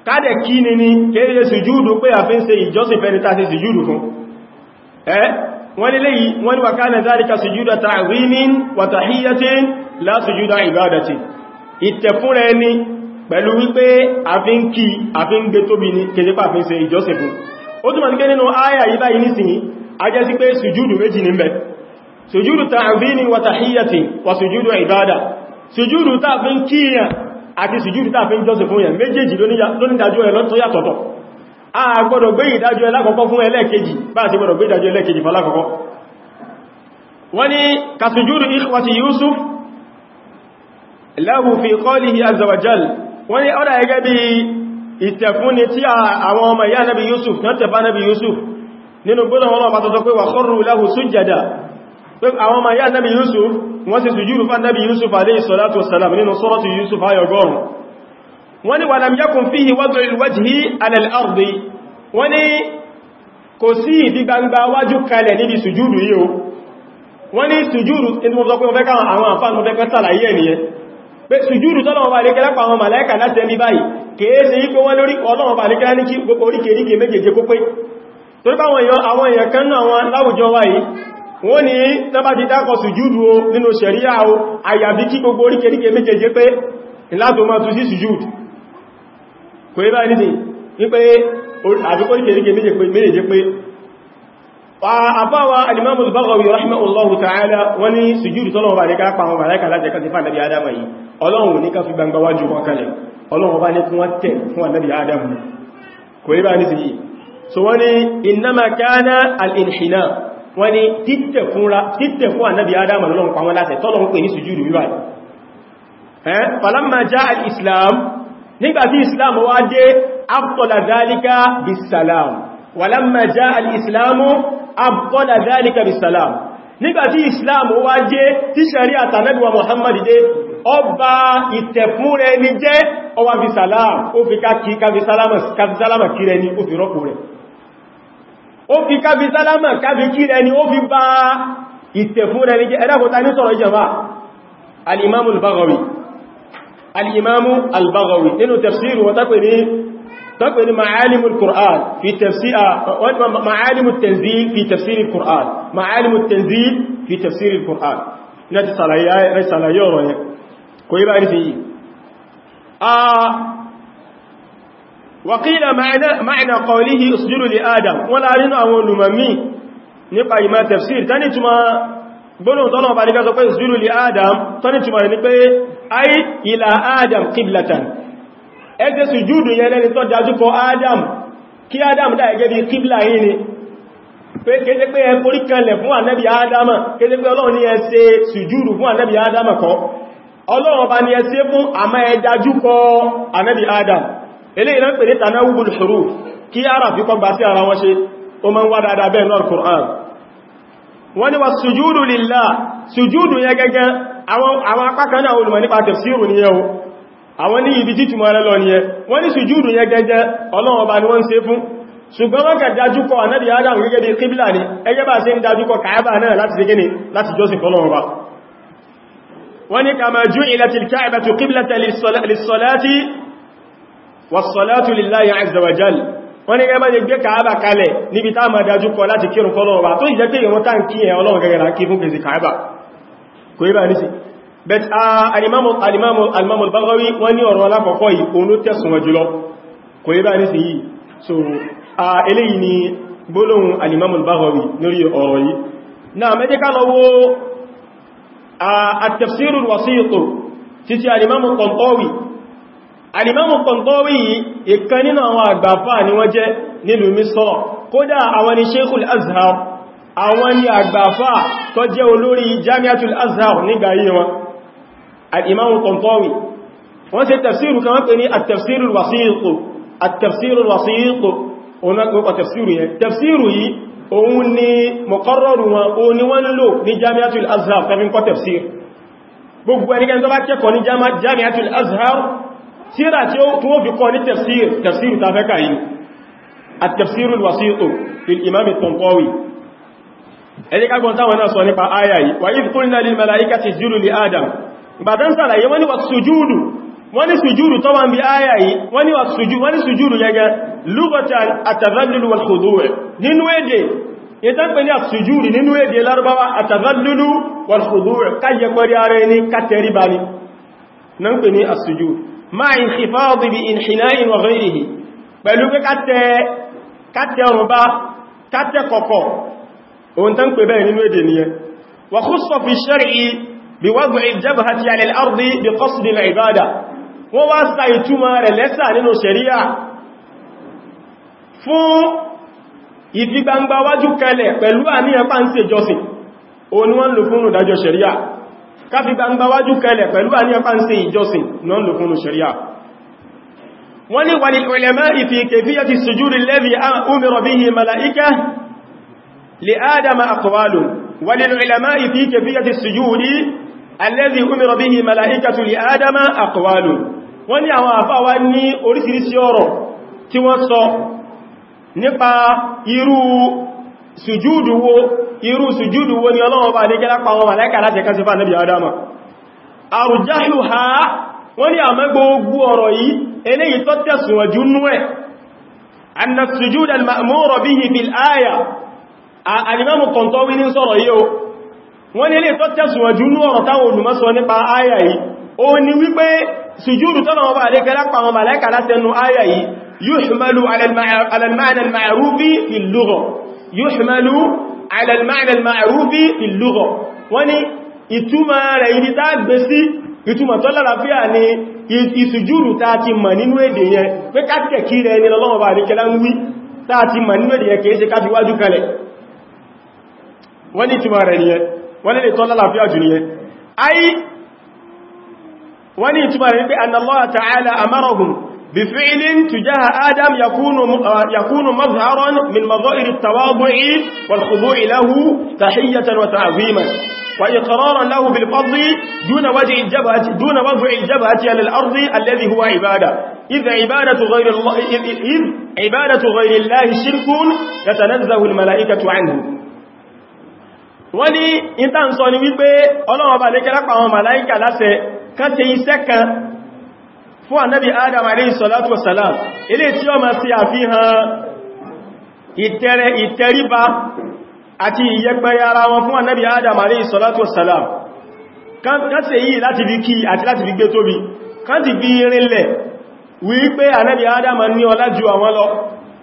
kádẹ̀ kí ni ní kéèyẹ sùjúdù pé àfin ṣe ìjọsìn fẹ́ni ta ṣe sùjúdù fún ẹ́ wọ́n lè léyìí wọ́n ni wà káàlẹ̀ záríkà sùjúdà ta'zimin wa tahiyyatin la sùjúdà ibadatin ìtẹ̀fúnra ẹni pẹ̀lú wípé àfin kí àfin gbé tóbi ní kèjẹ́pà àfin ṣe ìjọsìn fún ó túnmọ̀ sí pé nínú ayà yìí báyìí nísìnyí a jẹ́ sí pé sùjúdù méjì ní bẹ̀ sùjúdù ta'zimi wa tahiyyati wa sùjúdù ìbádà sùjúdù tààfin kíyàn àti fún yàn méjèèjì lónídàájọ́ ẹ̀lọ́ tó yàtọ̀tọ̀ a gbọ́dọ̀ gbé ìdájọ́ ẹlákọ̀ọ́kọ́ fún ẹlẹ́ẹ̀kejì bá a ti gbọ́dọ̀ gbé ìdájọ́ ẹlẹ́ẹ̀kejì falákọ̀ọ́kọ́ wọ́n ni ka sùjúdù ikhwati Yusuf lahu fi qawlihi azza wa jal wọ́n ìtẹ̀fún ni tí àwọn ọmọ ìyá nabi yusuf náà tẹ̀fà nabi yusuf nínú gbọ́nà wọn ọmọ àtọ́tọ́ pé wà kharru lahu sujjada pé àwọn ọmọ ìyá nabi yusuf wọ́n sì sùjúrù fún nabi yusuf alayhi salatu wassalam nínú suratu yusuf ayọgọ́rùn wọ́n ni wa lam yakun fihi wad'ul wajhi ala al-ardi wọ́n ni kò sí ìdí gbangba pé sùjúdù tọ́lọ̀wọ́ bá lékẹ́lá pa àwọn màláíkà láti ẹbí báyìí kèése yí pé wọ́n lórí ọlọ́wọ́ bá lékẹ́lá ní gbogbo oríkèríkè méjèèjì kó pé torí bá àwọn èèyàn kan náà wọn láwùjọ wáyìí wọ́n ni tọ́bá ti dákọ̀ sùjúdù o nínú ṣẹ̀ríà o àyàbí kí gbogbo oríkèríkè méjèèjì pé látò máa tún sí sùjúdù kò ibá ní pé àbíkò oríkèríkè méjèèjì pé àbáwa alimamu al-Baghawi rahimahullahu ta'ala wani sujúdù tọ́lọ̀wọ́ bá ní ká pàwọn màláìkà láti ẹ̀kọ́ ti fà nàbí adama yìí ọlọ́run ní ká fi gbangba wájú wọn kalẹ̀ ọlọ́run bá ní kí wọ́n tẹ̀ fún nàbí adamu kò rí bá ní sí yìí so wani innama kana al-inhina wani títẹ̀ fún nàbí adamu lọ́lọ́run pàwọn láti tọ́lọ̀run pè ní sujúdù wíwá falamma ولما جاء الإسلام أبطل ذلك بالسلام nígbàtí islam wá jẹ́ tí ṣẹ̀rí àtànẹ́gbà Muhammad jẹ́ ọba ìtẹ̀fún rẹ̀ ní jẹ́ ọwà fi salam ó fi káfí salama kí rẹ̀ ní ó fi rọ́pù rẹ̀ ó fi káfí salama káfí kí rẹ̀ ní ó fi bá ìtẹ̀fún rẹ̀ ní jẹ́ ẹ̀dàkùta ní sọ̀rọ̀ ìjọba تقول معالم القرآن في تفسير معالم التنزيل في تفسير القرآن معالم التنزيل في تفسير القرآن نتي صلايا صلايا روي كوي بقى نسي آه وقيل معنى معنى قوله اسجدوا لآدم ولا رين اول ممي نبقى ما تفسير ثاني تما بنو طلب عليك اسجدوا لآدم ثاني تما نبقى اي إلى آدم قبلة ẹjẹ́ sùjúdù yẹn lẹ́ni tó dájúkọ Adam kí Adam dá ẹgẹ́ bí kíblà yìí ni pé kéde pé ẹ forí kanlẹ̀ fún ànẹ́bì Adama kéde pé Ọlọ́run ni ẹ ṣe sùjúdù fún ànẹ́bì Adama kọ́ Ọlọ́run bá ni ẹ ṣe fún àmọ́ ẹ dájúkọ ànẹ́bì Adam eléyìí náà pè ní tanawubul huruf kí ara fi kọ́ gbà sí ara wọn ṣe ó máa ń wá dáadáa bẹ́ẹ̀ náà Qur'an wọ́n àwọn apákanáà olùmọ̀ nípa tafsiru ni yẹ́ àwọn ní ibi títùmọ̀ ẹ̀rẹ́ lọ nìyẹn wọ́n ní sùjúdù yẹn gẹ́gẹ́ ọlọ́run ọba ni wọ́n ń ṣe fún ṣùgbọ́n wọ́n kà dájúkọ ànábì adam gẹ́gẹ́ bí kíbílà ni ẹgẹ́ bá ṣe ń dájúkọ kàábà náà láti ṣe gẹ́ni láti jọ́sìn but uh, alimamu al-Baghawi wọ́n ní ọ̀rọ̀ alákọ̀ọ́kọ́ yìí òun ló tẹ̀sùn jùlọ kò yí bá ní sí yìí so eléyìí ni gbólóhùn alimamu al-Baghawi lórí ọ̀rọ̀ yìí náà mẹ́jẹ́ ká lọ wò at-tafsir al-wasit títí alimamu Tantawi alimamu Tantawi ìkan nínú àwọn àgbàfà ni wọ́n jẹ́ nílùú Misr kódà al'imamu kọntọ́wì wọ́n ṣe tafsiru kan wọ́n pè ní at-tafsirul wasiqu at-tafsirul wasiqu òun náà pẹ̀lú tafsiru yẹn tafsiru yìí òun ni mọ̀kọ́rọ̀rù wọn o ni wọ́n lò ní jami'atul azhar tàbí kọ́ tafsir gbogbo ẹnikẹ́ni tó bá kẹ́kọ̀ọ́ ní jami'atul azhar tíra tí ó tún fi kọ́ ní tafsir tafsiru ẹni kagbọn táwọn náà sọ nípa ayayi wa idh qulna lil mala'ikati isjudu li adam ìbàdán sàlàyé wọ́n ní wà sùjúdù wọ́n ní sùjúdù tó wọ́n bí áyà yìí wọ́n ní wà sùjúdù gẹ́gẹ́ lúgbọ̀tàn àtàzàlùlù wà kòdówẹ̀ nínú èdè ìtàn pẹ̀lú àsùjúdù nínú èdè lárúbáwá àtàzàlùlù wà kòdówẹ̀ káyẹ pẹ̀lú ara ẹni kátẹrí bá ní nan pẹ̀lú àsùjúdù ma in khifadi bi wa ghairihi fi ṣẹ́rì بوضع الجبهة على الأرض بقصد العبادة وواسع يتمار لسا ننو شريع fún ìfigbangba-wájú kalẹ̀ pẹ̀lú àníyàn pa ń ṣe jọsìn òun ni wọ́n lò fún ìdájọ́ ṣẹ̀ríà káfigbangba-wájú kalẹ̀ pẹ̀lú àníyàn pa ń ṣe ìjọsìn náà lò fún ṣẹ̀ríà wọ́n ní wàlì ulama'i fi kayfiyati sujudi alladhi umira bihi mala'ika li Adama aqwalu wàlì ulama'i fi kayfiyati alẹ́zì umira bihi mala'ikatu li adama aqwalu wọ́n ní àwọn àfáwá ní orísìírísìí ọ̀rọ̀ tí wọ́n sọ nípa irú sùjúdù wo irú sùjúdù wo ni ọlọ́wọ́ bá ní kẹ́lá pàwọn màláìkà láti ẹ̀kà sí fà náà bí adama àrùjáhù ha wọ́n ní àmẹ́ gbogbo wọ́n ní ilé tó tẹ́sùwọ̀jú ní ọ̀rọ̀ táwọn olùmọ́sọ nípa ayà yìí ó ní wípé sùjúdù tọ́lọ̀wọ́ bá lékẹ́ lápá wọn màláìkà látẹnu ayà yìí yuhmalu ala al-ma'na al-ma'rufi fi al-lugha yuhmalu ala al-ma'na al-ma'rufi fi al-lugha wọ́n ní ìtumọ̀ rẹ̀ ibi tá gbé sí ìtumọ̀ tó lálàáfíà ni ìsùjúrù tá ti mọ̀ nínú èdè yẹn pé káàkiri kí rẹ̀ ní lọ́wọ́ wọ́n lè tọ́lá lálàáfíà jù nìyẹn ayi wọ́n ni ìtumọ̀ rẹ̀ pé annallaha ta'ala a amarahum bi fi'lin tujaha adam ya kúnu mazharon min mazahir at-tawadhu'i wal khudu'i lahu tahiyatan wa ta'ziman وإقرارا له بالفضل دون وجه الجبهة دون وضع الجبهة على الأرض الذي هو عبادة إذ عبادة غير الله إذ عبادة غير الله شرك يتنزه الملائكة عنه wọ́n ní ìta ń sọ ni wípé ọlọ́wọ́ bá lékẹ́ lápá àwọn màláíkà láṣẹ kan tẹ iṣẹ́ kan fún ànábì adam alayhi salatu wassalam ilé tí ó máa ṣe àfihàn ìtẹ̀rẹ̀ ìtẹríba àti ìyẹpẹrẹ ara wọn fún ànábì adam alayhi salatu wassalam kan ṣe yìí láti fi kí àti láti fi gbé tóbi kan ti fi rinlẹ̀ wípé ànábì adam ní ọlá ju àwọn lọ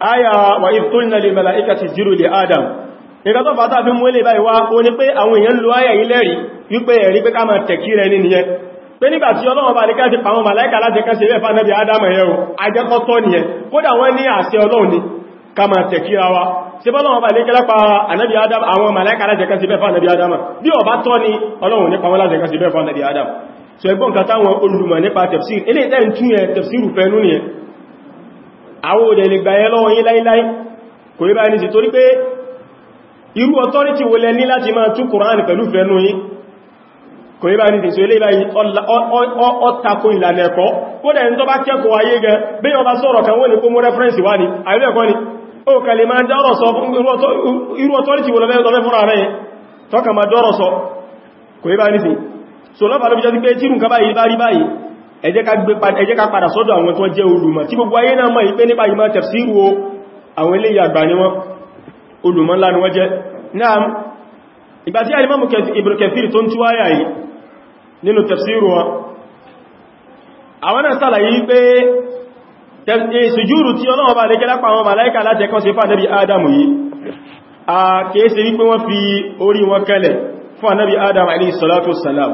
aya wa iftunna lil malaikati jiru li adam nígbà tó fàtà fi mú ilé báyìí wá ó ní pé àwọn èèyàn lo ayẹ̀ ilẹ́rìí wípé ẹ̀rí pé ká máa tẹ̀kí rẹ̀ nìyẹn pé nígbàtí ọlọ́wọ́ bá ní ká ti pàwọn màláíkà láti kẹ́ sí ilé fánẹ́bí adam ẹ̀yẹ o ajẹ́kọ́tọ́ nìyẹn kódà wọ́n ní àṣẹ ọlọ́run ni ká máa tẹ̀kíra wa tí bọ́lọ́wọ́ bá ní kẹ́lẹ́pà ànábì adam àwọn màláíkà láti kẹ́ sí ilé fánẹ́bí adam bí ó bá tọ́ ni ọlọ́run ní pàwọn láti kẹ́ sí ilé fánẹ́bí adam so ẹgbọ́n kàtàwọn olùmọ̀ nípa tẹ̀fsir ilé ìtẹ́ ń tún yẹn tẹ̀fsirù fẹ́ nú nìyẹn àwọn òdẹ̀ lè gbà yẹn lọ́wọ́ yí láíláí kò rí báyìí sí torí pé irú authority wo lẹ ní láti máa tú Kùránì pẹ̀lú fẹ́nu yí kò rí báyìí sí ilé ìbáyìí ọ́tako ìlànà ẹ̀kọ́ kódẹ̀ ní tó bá kẹ́kọ̀ọ́ ayé gan bí wọ́n bá sọ̀rọ̀ kan wọ́n ní kó mú rẹ́fẹ́rẹ́nsì wá ní àìlẹ́ẹ̀kọ́ ni wo ẹ jẹ́ ká padà sọ́dọ̀ àwọn tó jẹ́ olùmọ̀ tí gbogbo ayé náà mọ̀ ìpé nípa ìmọ̀ tafsiru o àwọn ilé ìyàgbà ni wọ́n olùmọ̀ ńlá ni wọ́n jẹ́ náà ìgbà tí Imam Ibn Kathir tó ń tú àyà yìí nínú tafsiru wọn àwọn náà sàlàyé pé eh, sùjúrù tí Ọlọ́run bá lè jẹ́ lápá àwọn màláíkà láti ẹ̀kan sí fàánẹ́bí Adam yìí a kèése wípé wọ́n fi orí wọn kẹlẹ̀ fún ànẹ́bí Adam alayhi salatu wassalam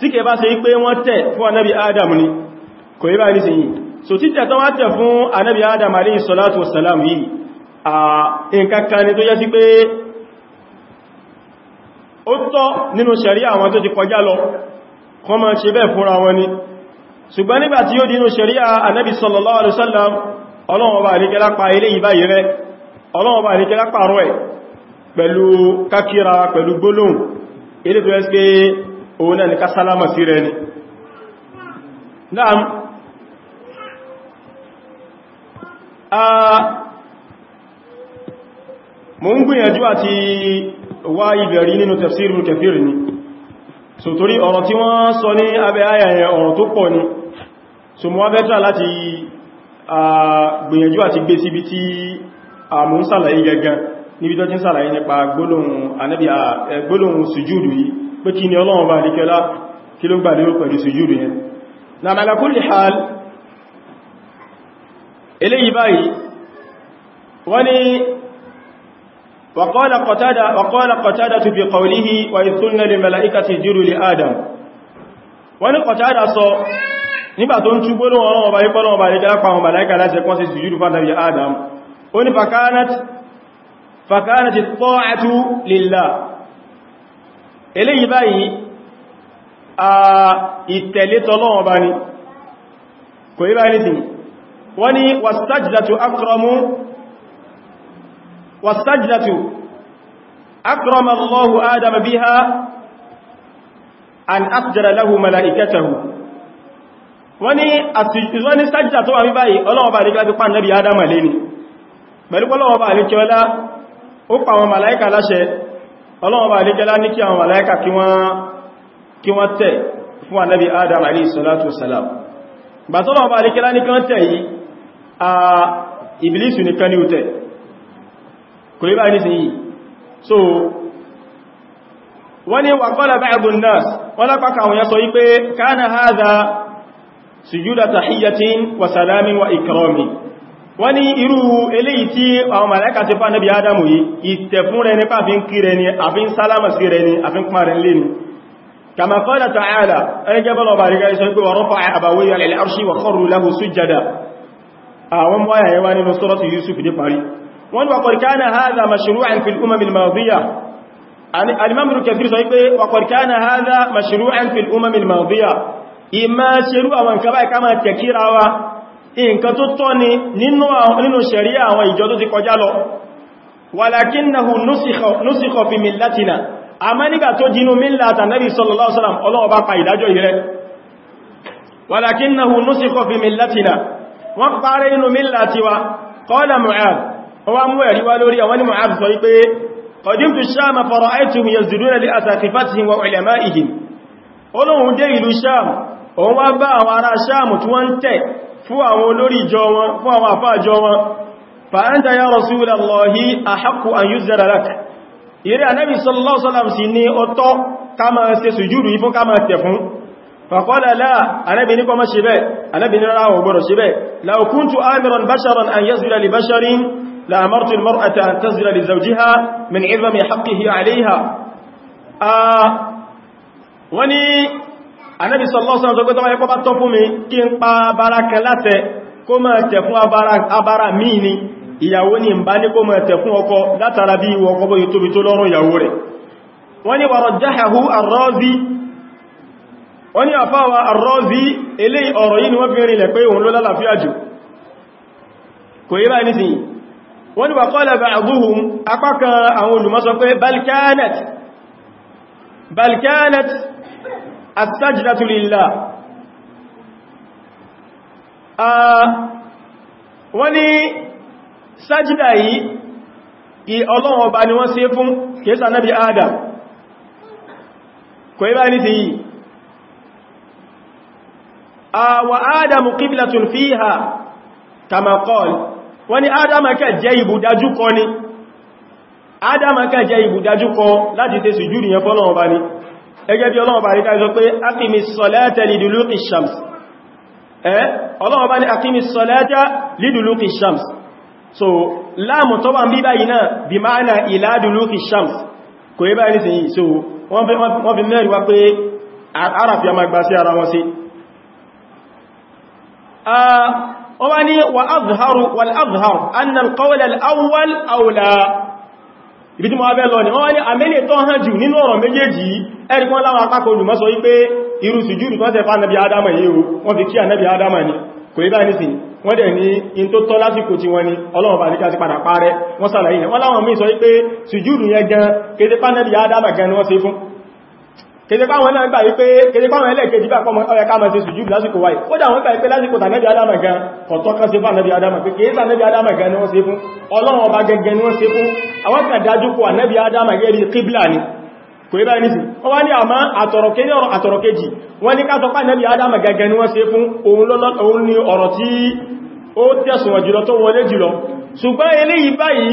tí kẹ bá ṣe pé wọ́n tẹ̀ fún anábi adam ni kò yí bá ní sìnyí so títẹ̀ tó wá tẹ̀ fún anábi adam alayhi salatu wasalam yìí a nǹkan ni tó yẹ sí pé ó tọ́ nínú ṣẹ̀ríà àwọn tó ti kọjá lọ kọ́ ma ṣe bẹ́ẹ̀ fúnra wọn ni ṣùgbọ́n nígbà tí ó di inú ṣẹ̀ríà anábi sallallahu alaihi wasallam ọlọ́wọ́ bá ní kẹ́lápa ilé ìbáyé òun náà ni ká sálámà sí rẹ ni náà a mo ń gbìyànjú àti wá ìbẹ̀rí nínú tafsirul kathir ni so torí ọ̀rọ̀ tí wọ́n sọ ní abẹ́ ayẹyẹ ọ̀rọ̀ tó pọ̀ ni so mo wá bẹ́tà láti gbìyànjú àti gbé síbi tí a mú ń sàlàyé gẹ́gẹ́ níbi tó ti ń sàlàyé nípa gbólóhùn sùjúdù yìí pé kí ni ọlọ́run bá díkẹ́lá kí ló gbàdé ó pẹ̀lú sùjúdù yẹn na malakulli hal eléyìí báyìí wọ́n ni وقال قتادة وقال قتادة بقوله وإذ قلنا للملائكة اسجدوا لآدم wọ́n Qatada sọ nígbà tó ń tú gbóòrùn ọlọ́wọ́ bá ipọ́ lọ́wọ́ bá taatu lillah eléyìí báyìí a ìtẹ̀lé tọ́lọ́wọ́ bá ní kò yí báyìí nìtì wọ́n ni wàsájìdàtù akramu wàsájìdàtù akrama Allahu adama biha an asjada lahu mala'ikatahu wọ́n ni àtìsíwọ́n ni sájìdà tó wà ní báyìí ọlọ́wọ́ bá ní kí láti pàn nẹ́bí adama lé ni pẹ̀lú pọ́lọ́wọ́ bá ní kí ọlá ó pàwọn mala'ika láṣẹ ọlọ́wọ́ bá alékẹ́lá ní kí àwọn màláíkà kí wọ́n tẹ̀ fún ànábì adam alayhi salatu salam bá tọ́lọ́wọ́ bá alékẹ́lá ní kan tẹ̀ yìí a ìbìlísù nìkan ní òtẹ̀ kò rí bá ní sí yìí wọ́n ní irú eléyìí tí àwọn màláíkà ti fà náàbí Ádámù yìí ìtẹ̀fún rẹ nípa fi ń kí rẹ ni àfi ń sálámà sí rẹ ni àfi ń pàá kuma lè ni kama qala ta'ala ẹni jẹ́ bọ́lọ̀ bàrí gáyé sọ pé wa arshi wa kharru lahu sujjada àwọn wáyà yẹwa nínú surati Yusuf ní parí wọ́n wa qad hadha mashru'an fil umam al-madiyah al-imam al-kathir sọ pé wa qad hadha mashru'an fil umam al-madiyah ìmá ṣerú àwọn kaba ìkama tẹ̀kírawa nǹkan tó tọ́ ni nínú ṣẹ̀ríà àwọn ìjọ tó ti kọjá lọ walakinnahu nusikha fi millatina àmọ́ nígbà tó jinú millata nabi sallallahu alaihi wasallam Ọlọ́run bá pa ìdájọ́ yìí rẹ́ walakinnahu nusikha fi millatina wọ́n parẹ́ nínú millati wa qala Mu'adh wọ́n mú ẹ̀rí wá lórí àwọn Mu'adh sọ wípé qadimtu fún àwọn olórí ìjọ wọn fún àwọn àfá ìjọ wọn fa anta ya rasulallahi ahaqqu an yuzara lak ire anabi sallallahu alaihi wasallam sì ní ọ̀tọ̀ ká máa ṣe sùjúdù yìí fún ká máa tẹ̀ fún fàkọ́lá láà anábìní kọ́ máa ṣe bẹ́ anábìní rárá wọ gbọ́rọ̀ ṣe bẹ́ law kuntu amiran basharan an yasjuda li anábi sọlọ́sán tó gbẹ́tọ́ ẹkọ́ bá tọ́ fún mi kí n pa abara kan látẹ kó mọ́ ẹ̀tẹ̀ fún abara míì ni ìyàwó ni ń bá ní kó mọ́ ẹ̀tẹ̀ fún ọkọ látara bí ìwọ ọkọ bóyí tóbi tó lọ́rùn ìyàwó rẹ̀ wọ́n ni wàrọ̀ jáhàhú arọ́zi wọ́n ni àfáwà arọ́zi ilé ọ̀rọ̀ yìí ni wọ́n fi rinlẹ̀ as-sajdatu lillah wọ́n ní sájídà yìí kí ọlọ́run ọba ni wọ́n ṣe fún kìísà náà bí adam kò ibá ní ti yìí wa adamu qiblatun fiha kama qal wọ́n ní adama kẹ jẹ́ ibùdájúkọ ni adama kẹ jẹ́ ibùdájúkọ láti tẹ́sù jù nìyàn fọ́lọ́run ọba ni ẹgẹ́ bí ọlọ́wọ́ bá rí káàkiri pé akimi sọlẹ́tẹ̀ liduluki shams ẹ́ ọlọ́wọ́ bá ní akimi sọlẹ́tẹ̀ liduluki shams so láàmù tó wà ń bí báyìí náà bí máa na ìlà duluki kò yí báyìí sí so wọ́n fi mẹ́rin wá pé àràfíà ibi tí mo abẹ́ lọ ní wọ́n ní àmẹ́lẹ̀ tó hàn jù nínú ọ̀rọ̀ méjèèjì ẹ̀rí wọ́n láwọn apákò olùmọ́ sọ wípé irú sùjúdù tó tẹ̀fà nẹ́bí adama yìí o wọ́n fi kí ànẹ́bí adama ni kò ibá ní sí wọ́n dẹ̀ ni ọlọ́run bá nígbà ti padà parẹ́ wọ́n kèdèpá wọn náà gbà wípé kèdèpá wọn ẹlẹ́kẹ̀ẹ́jì bá pọ́mọ ọ̀yẹ káàmà sí sùjú lásìkò wáyé ó dà wọ́n gbà wípé lásìkò tànẹ́bí adama gan kọ̀tọ́kọ́ sí fún ànẹ́bí adama pé kèé tànẹ́bí adama gan ni wọ́n ni wọ́n ṣe fún àwọn kan dájú ni kò ibá ní sí wọ́n wá ní àmá àtọ̀rọ̀kejì ọ̀rọ̀ àtọ̀rọ̀kejì wọ́n ní kátọ́pá nẹ́bí adama gẹ́gẹ́ ni wọ́n ṣe fún òun ni ọ̀rọ̀ tí ó tẹ̀sùn jùlọ tó wọlé jùlọ ṣùgbọ́n eléyìí báyìí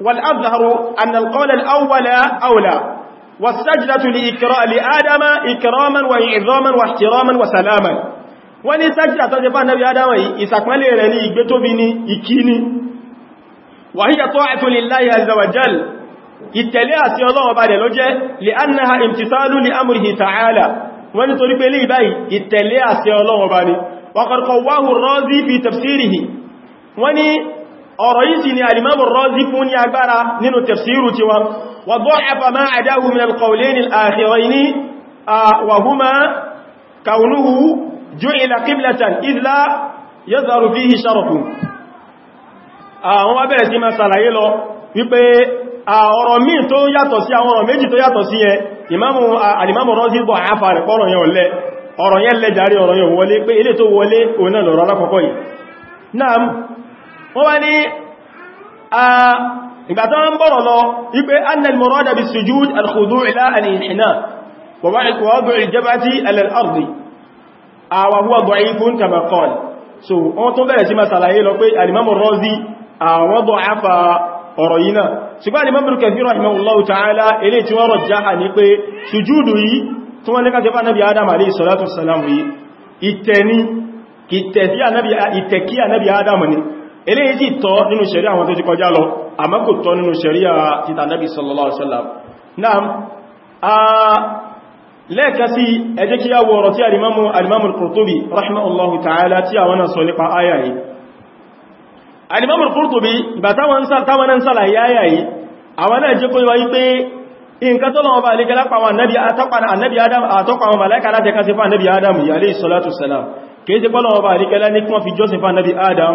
والأظهر أن القول الأول أولى والسجدة لآدم إكراما وإعظاما واحتراما وسلاما wọ́n ní sájídà tó ti fà náà yádáwà ìsàpẹ́lẹ̀ rẹ̀ ní ìgbé tó bí ní ìkíní wàhíyà tó àìtò lè láyé azawajal ìtẹ̀lé àti ọlọ́wọ́ bá dẹ̀ ló jẹ́ lè annaha imtisalu li amrihi ta'ala wọ́n ní torí pé lè báyìí ìtẹ̀lé àti ọlọ́wọ́ bá ní waqad qawwahu ar-Razi fi tafsirihi wọ́n ọ̀rọ̀ yìí sì ni alimamun rọ́zí fún ní agbára nínú tafsiru ti wa wà zọ́ ẹfà máa àdáhù min alkọ̀ulẹ́ni al'akhiraini a wàhúmá kaunuhu ju'ila qiblatan idla ya zaru fihi sharafu àwọn abẹ́rẹ̀ sí ma sàlàyé lọ wípé ọ̀rọ̀ míì tó yàtọ̀ sí àwọn ọ̀rọ̀ méjì tó yàtọ̀ sí ẹ alimamun rọ́zí bọ̀ àfà rẹ̀ pọ́rọ̀ yẹn lẹ wọ́n wá ní ìgbàtọ́ ń bọ̀rọ̀ lọ wípé annal murada bis sujud al-khudu' ila al-inhina wa wadu' al-jabhati ala al-ardi wa huwa da'ifun kama qala so wọ́n tó ta'ala ilé tí wọ́n rajjaha ní pé sujudu yìí tí wọ́n lẹ́kàtẹ́ bá nábi adam alayhi salatu wassalamu yìí ìtẹ̀ ni ìtẹ̀ kí ànábi adam ni eléyìí tí tọ́ nínú ṣẹ̀rí àwọn tó ti kọjá lọ àmọ́ kò tọ́ nínú ṣẹ̀rí títà Nábì sallallahu alaihi wasallam náà a lẹ́ẹ̀kan sí ẹ jẹ́ kí a wo ọ̀rọ̀ tí alimamu alimamu al-Qurtubi rahimahullahu ta'ala tí àwọn náà sọ nípa ayà yìí alimamu al-Qurtubi bá táwọn náà nǹkan tó lọ́wọ́ bá lè gẹ́lá pàwọn annabi adam àtọ́pàwọn màláìkà láti ẹka sí fún annabi adam yìí alayhi salatu wassalam kìí sí pọ́lọ́wọ́ adam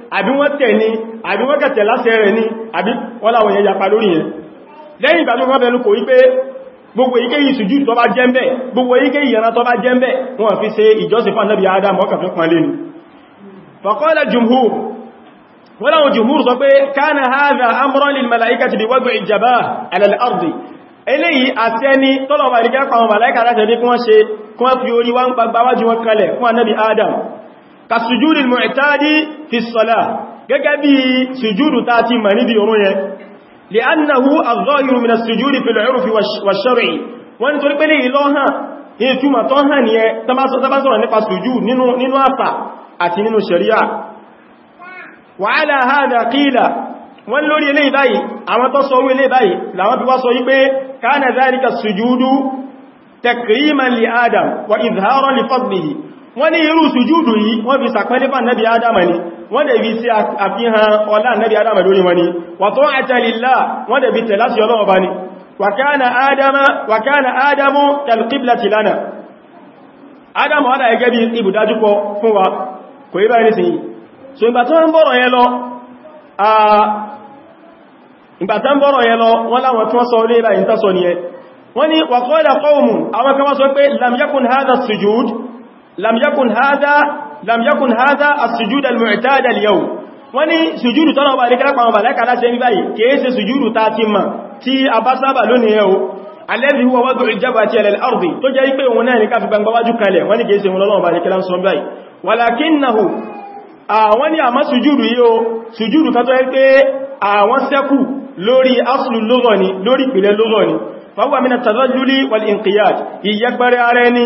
àbí wọ́n tẹ̀ ní àbí wọ́n kẹ̀tẹ̀ lásẹ̀ rẹ̀ ní àbí wọ́n láwọn èèyàn yapa lórí yẹn lẹ́yìn ìgbà tó wọ́n bẹ̀rù kò wípé gbogbo ike ìsùjú tó bá jẹ́ mbẹ̀ gbogbo ike ìyànà tó bá jẹ́ mbẹ̀ wọ́n fi ṣe ìjọsìn fún Ànábì Adam ọkà ardi eléyìí àti ẹni tọ́lọ̀wà ìrìgá pàwọn màláìkà láti ẹni kí wọ́n ṣe kí wọ́n fi Adam ka sujúdì mu'tadi fi salah gẹ́gẹ́ bí sujúdù ta ti mọ̀ níbi orun yẹn li'annahu az-zahiru min as-sujudi fil 'urfi wash-shar'i wọ́n torí pé lèyìn lọ hàn ní ìtumọ̀ tó hàn ní ẹ tàbásọ̀rọ̀ nípa sujúdù nínú àfà àti nínú sharia wa 'ala hadha qila wọ́n lórí ilé ìbáyìí àwọn tó sọ ilé ìbáyìí làwọn fi wá sọ yí pé kana dhalika as-sujudu takriman li Adam wa izharan li fadlihi wọ́n ní irú sùjúdù yìí wọ́n fi sàpẹ́lé fà nẹ́bí adama ni wọ́n dẹ̀ fi sí àfihàn ọlá nẹ́bí adama lórí wọn ni wàtọ́ àtàlìlá wọ́n dẹ̀ fi tẹ̀lá sí ọlọ́wọ́ bá ni wàkánà adamu kalkibla tilana adamu wọ́n dẹ̀ gẹ́bí ibùdájúpọ̀ fún wa kò yí báyìí sí so ìgbà tó ń bọ̀rọ̀ yẹn lọ wọ́n láwọn tí wọ́n sọ orí ìbáyìí tásọ ni ẹ wọ́n ni wàkọ́ ìdàkọ́ òmù àwọn kan wá sọ pé lam yakun hadha sujud lam yakun hadha lam yakun hadha as-sujud al-mu'tada al-yawm wọ́n ní sùjúdù tọ́nà ọba àríkẹ́lá pàwọn bàlẹ́kà láti ẹni báyìí kìí ṣe sùjúdù ta ti mọ̀ tí a bá sábà lónìí ẹ̀wọ́ alẹ́bí huwa wọ́gbọ̀ ìjábà ti ẹ̀lẹ̀ ọ̀rùn tó jẹ́ pé òun náà ní káfí gbangba wájú kalẹ̀ wọ́n ní kìí ṣe wọn lọ́nà ọba àríkẹ́lá ń sọ báyìí walakinnahu àwọn ní àmá sùjúdù yíó sùjúdù kan tó yẹ pé àwọn sẹ́kù lórí aslu lọ́rọ̀ ni lórí ìpìlẹ̀ lọ́rọ̀ ni fa huwa min at-tadalluli wal-inqiyad ìyẹgbẹ̀rẹ̀ ara ẹni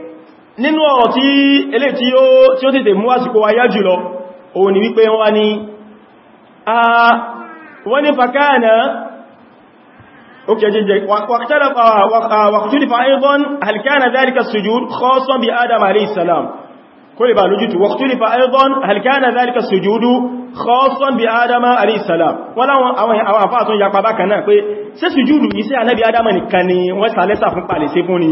nínú ọ̀rọ̀ tí ilé tí ó tètè mú àsìkò ayá jùlọ òun ni wípé wọ́n ni a wọ́n ni fàkánà ókè jíjẹ wàkútúlifà aibon halkánà zálika sujúd kọ́sán bí adam aleyhisselam kó lè bá lójútù wàkútúlifà sujúdú kọ́sán bí adam aleyhisselam wọ́n láwọn àwọn àfáà yapa bákan pé sí sujúdù yìí sí anábi adam nìkan ni wọ́n sàlẹ́sà fún pàlẹ̀ sí fún ni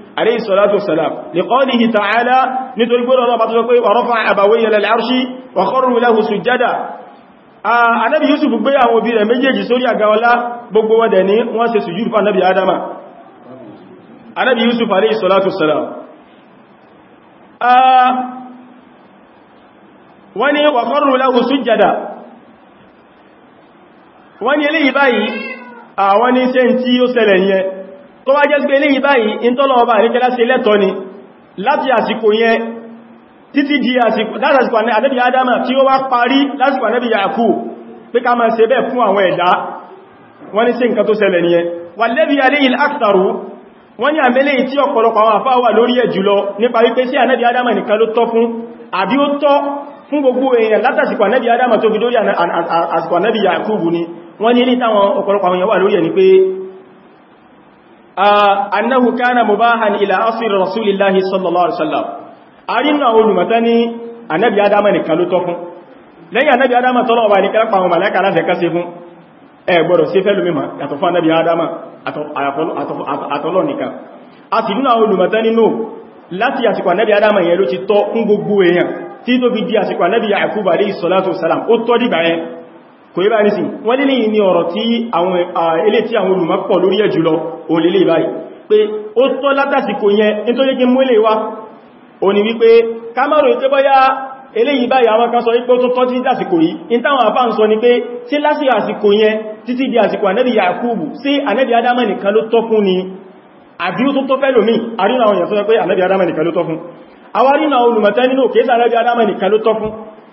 عليه الصلاة والسلام لقوله تعالى نتقول قول الله بطلق ورفع أبوي للعرش وخروا له سجدا النبي يوسف gbé àwọn òbí rẹ̀ méjèèjì sórí àga ọlá gbogbo wọn dẹ̀ ní wọ́n ṣe sùjúdù fún anábi adama anábi yusuf alayhi salatu salam wọ́n ni wa kharru lahu sujjada wọ́n ni eléyìí báyìí àwọn ní ṣe tí ó ṣẹlẹ̀ yẹn tó wá jẹ́ pé eléyìí báyìí in àríkẹ́lá ṣe lẹ́tọ́ ni láti àsìkò yẹn títí di àsìkò lásìkò ànábì adama tí ó wá parí lásìkò ànábì yàkú pé ká máa ṣe bẹ́ẹ̀ fún àwọn ẹ̀dá wọ́n ní sí nǹkan tó ṣẹlẹ̀ nìyẹn wà lẹ́bí aléyìí aktaru wọ́n ní àmẹ́lẹ̀ tí ọ̀pọ̀lọpọ̀ àwọn àfáà wà lórí ẹ̀ jùlọ nípa wípé sí ànábì adama nìkan ló tọ́ fún àbí ó tọ́ fún gbogbo èèyàn látàsìkò ànábì adama tó fi dórí àsìkò ànábì yàkúbù ni wọ́n ní ní táwọn ọ̀pọ̀lọpọ̀ àwọn èèyàn wà lórí ẹ̀ ni pé annahu kana mubahan ila asir rasulillahi sallallahu alaihi wasallam arinu awon matani anabi adama ni kan ló tọ́ fún lẹ́yìn anabi adama tolo ba ni kan pa àwọn màláíkà la se kan ṣe fún ẹ gbọ́dọ̀ ṣe fẹ́ lómi ma yàtọ̀ fún anabi adama àtọ́lọ́ nìkan a sì nínú àwọn olùmọ̀tẹ́ nínú láti àsìkò anabi adama yẹn ló kò yíba nísìn wọ́n lè ní ọ̀rọ̀ tí àwọn ilé tí àwọn olùmọ́pọ̀ lórí ẹ̀ jùlọ olèlé ìbáyìí pé ó tọ́ látàsìkò yẹn nítorí kí múlè wá o ní wípé kámàrò ìtẹ́ bọ́yá eléyìí báyìí àwọn kan sọ wípé ó tó tọ́ títí àsìkò yìí in táwọn àbá ń sọ ni pé tí lásì àsìkò yẹn títí di àsìkò ànẹ́bì Yakubu sí ànẹ́bì Adama nìkan ló tọ́ fún ni àbí ó tó tọ́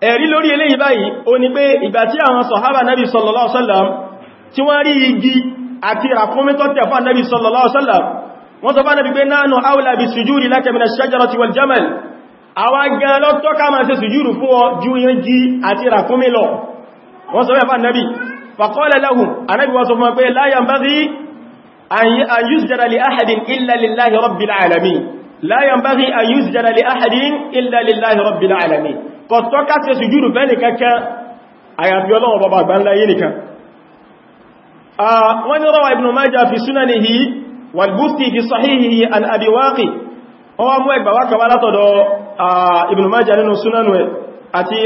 ẹ̀rí lórí eléyìí báyìí o ní pé ìgbà tí àwọn sọ̀hábà nábi sallallahu alaihi wasallam tí wọ́n rí igi àti àkómítọ́tẹ̀ fún nábi sallallahu alaihi wasallam wọ́n sọ fánàbí pé nánú aula bi sujúrì laka mina shajarati wal jamal àwa gan ló tọ́ka máa kò tọ́ka sí sùjúdù fẹ́ nìkan kẹ́ àyàfi ọlọ́wọ̀ bàbá àgbàńlá yìí nìkan wọ́n ni rọwà ibn Majah fi sunanihi wal Busti fi sahihihi an Abi Waqi wọ́n mú ẹgbà wákà wá látọ̀dọ̀ ibn Majah nínú sunanu ẹ̀ àti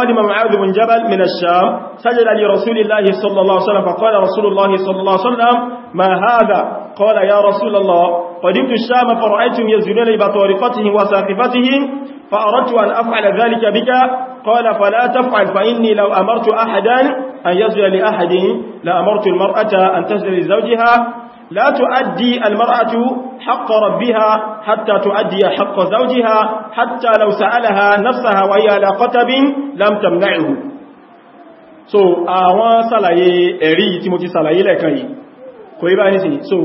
قدم معاذ بن جبل من الشام سجد لرسول الله صلى الله عليه وسلم فقال رسول الله صلى الله عليه وسلم ما هذا قال يا رسول الله قدمت الشام فرأيتهم يزلون بطارقتهم وساقفتهم فأردت أن أفعل ذلك بك قال فلا تفعل فإني لو أمرت أحدا أن يزل لأحد لأمرت المرأة أن تزل لزوجها لا تؤدي المرأة حق ربها حتى تؤدي حق زوجها حتى لو سألها نفسها وهي على قتب لم تمنعه so àwọn sàlàyé ẹ̀rí tí mo ti sàlàyé kò yí bá ní sí so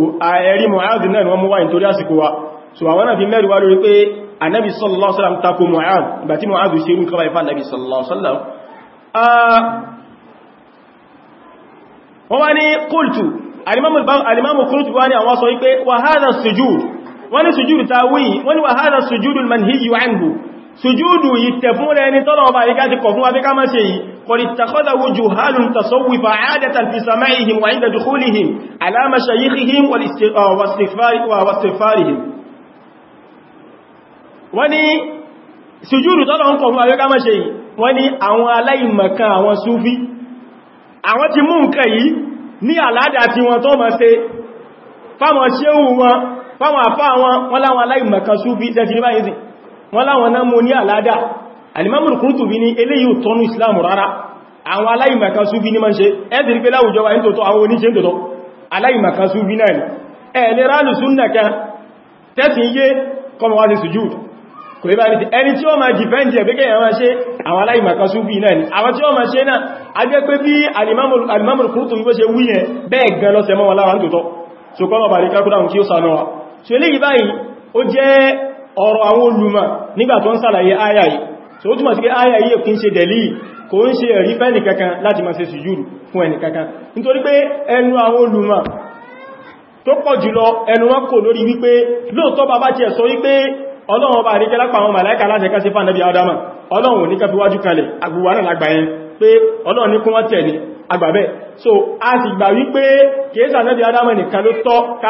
ẹ̀rí Mu'adh náà wọ́n mú wá nítorí àsìkò wa so àwọn náà fi mẹ́rin wá lórí pé anábi sallallahu alaihi wasallam tako Mu'adh ìgbà tí Mu'adh ṣe rúkọ báyìí fánàbí sallallahu alaihi wasallam wọ́n wá ní qultu alimamu qultu wá ní àwọn sọ wípé wa hadha sujud wọ́n ní sujud ta wí sùjúdù ìtẹ̀ fún rẹ̀ ní tọ́lọ̀ ọba ìká ti kọ̀ fún abíká máa ṣe yìí kọ̀rì tàkọ́dà wójú hálùn tasọ́wìfà àádẹ́tàn fi samáyìhìn wà ìdàjú húlìhìn alámaṣà yíhìn wàsìfàríhìn wọ́n ni sùjúdù tọ́lọ̀ ń kọ̀ fún abíká máa ṣe yìí wọ́n ni àwọn aláìmọ̀kan àwọn súfí àwọn ti mú nǹkan yìí ní àládà tí wọ́n tó láwọn aláìmọ̀kan súfí sẹ́tì ní báyìí wọ́n láwọn náà mo ní àládà alimamul Qurtubi ní eléyìí tọ́nú islam rárá àwọn aláìmàkan súfí ní ma ń ṣe ẹ́dìrí pé láwùjọ wa nítòótọ́ àwọn oníṣẹ́ nítòótọ́ aláìmàkan súfí náà ni ẹ̀lẹ́ ránù súnnà kan tẹ́sì yé kọmọ wá sí sujúd kò lè bá ní ẹni tí ó ma dìfẹ́ndì ẹ̀gbẹ́gẹ́ ẹ̀wọ́n ṣe àwọn aláìmàkan súfí náà ni àwọn tí ọ̀rọ̀ àwọn olùmọ̀ nígbà tó nsala sàlàyé àyà yìí so ó túnmọ̀ sí pé àyà yìí kí ń ṣe dẹ̀lì kò ń ṣe ẹ̀rí fẹ́ nìkankan láti máa ṣe sùjúrù fún ẹnìkankan nítorí pé ẹnu àwọn olùmọ̀ tó pọ̀ jùlọ ẹnu wọn kò lórí wípé lóòtọ́ bàbá ti ẹ̀sọ wípé ọlọ́run ọba àríkẹ́ lápá àwọn màláìkà láti ẹ̀ká sí fún ànábì adama ọlọ́run ò ní ká wájú kalẹ̀ náà lágbà yẹn pé ọlọ́run so a sì gbà wípé adama nìkan ló tọ́ ká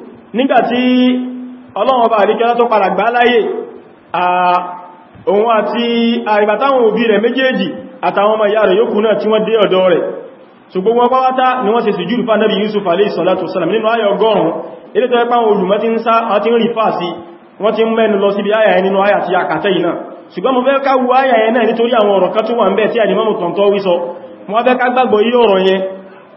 nígbàtí ọlọ́run ọba àríkẹ́lá tó padà gbà láyé òun àti àìbàtáwọn òbí rẹ̀ méjèèjì àtàwọn ọmọ ìyá rẹ̀ yókù náà tí wọ́n dé ọ̀dọ̀ rẹ̀ ṣùgbọ́n wọ́n pàwátá ni wọ́n ṣe sùjúdù fún Ànábì Yusuf alayhi salatu wasalam nínú ayà ọgọ́rùn-ún ilé tó ẹpá wọn olùmọ́ ti ń sá àti ń rí fàá sí wọ́n ti ń mẹ́nu lọ síbi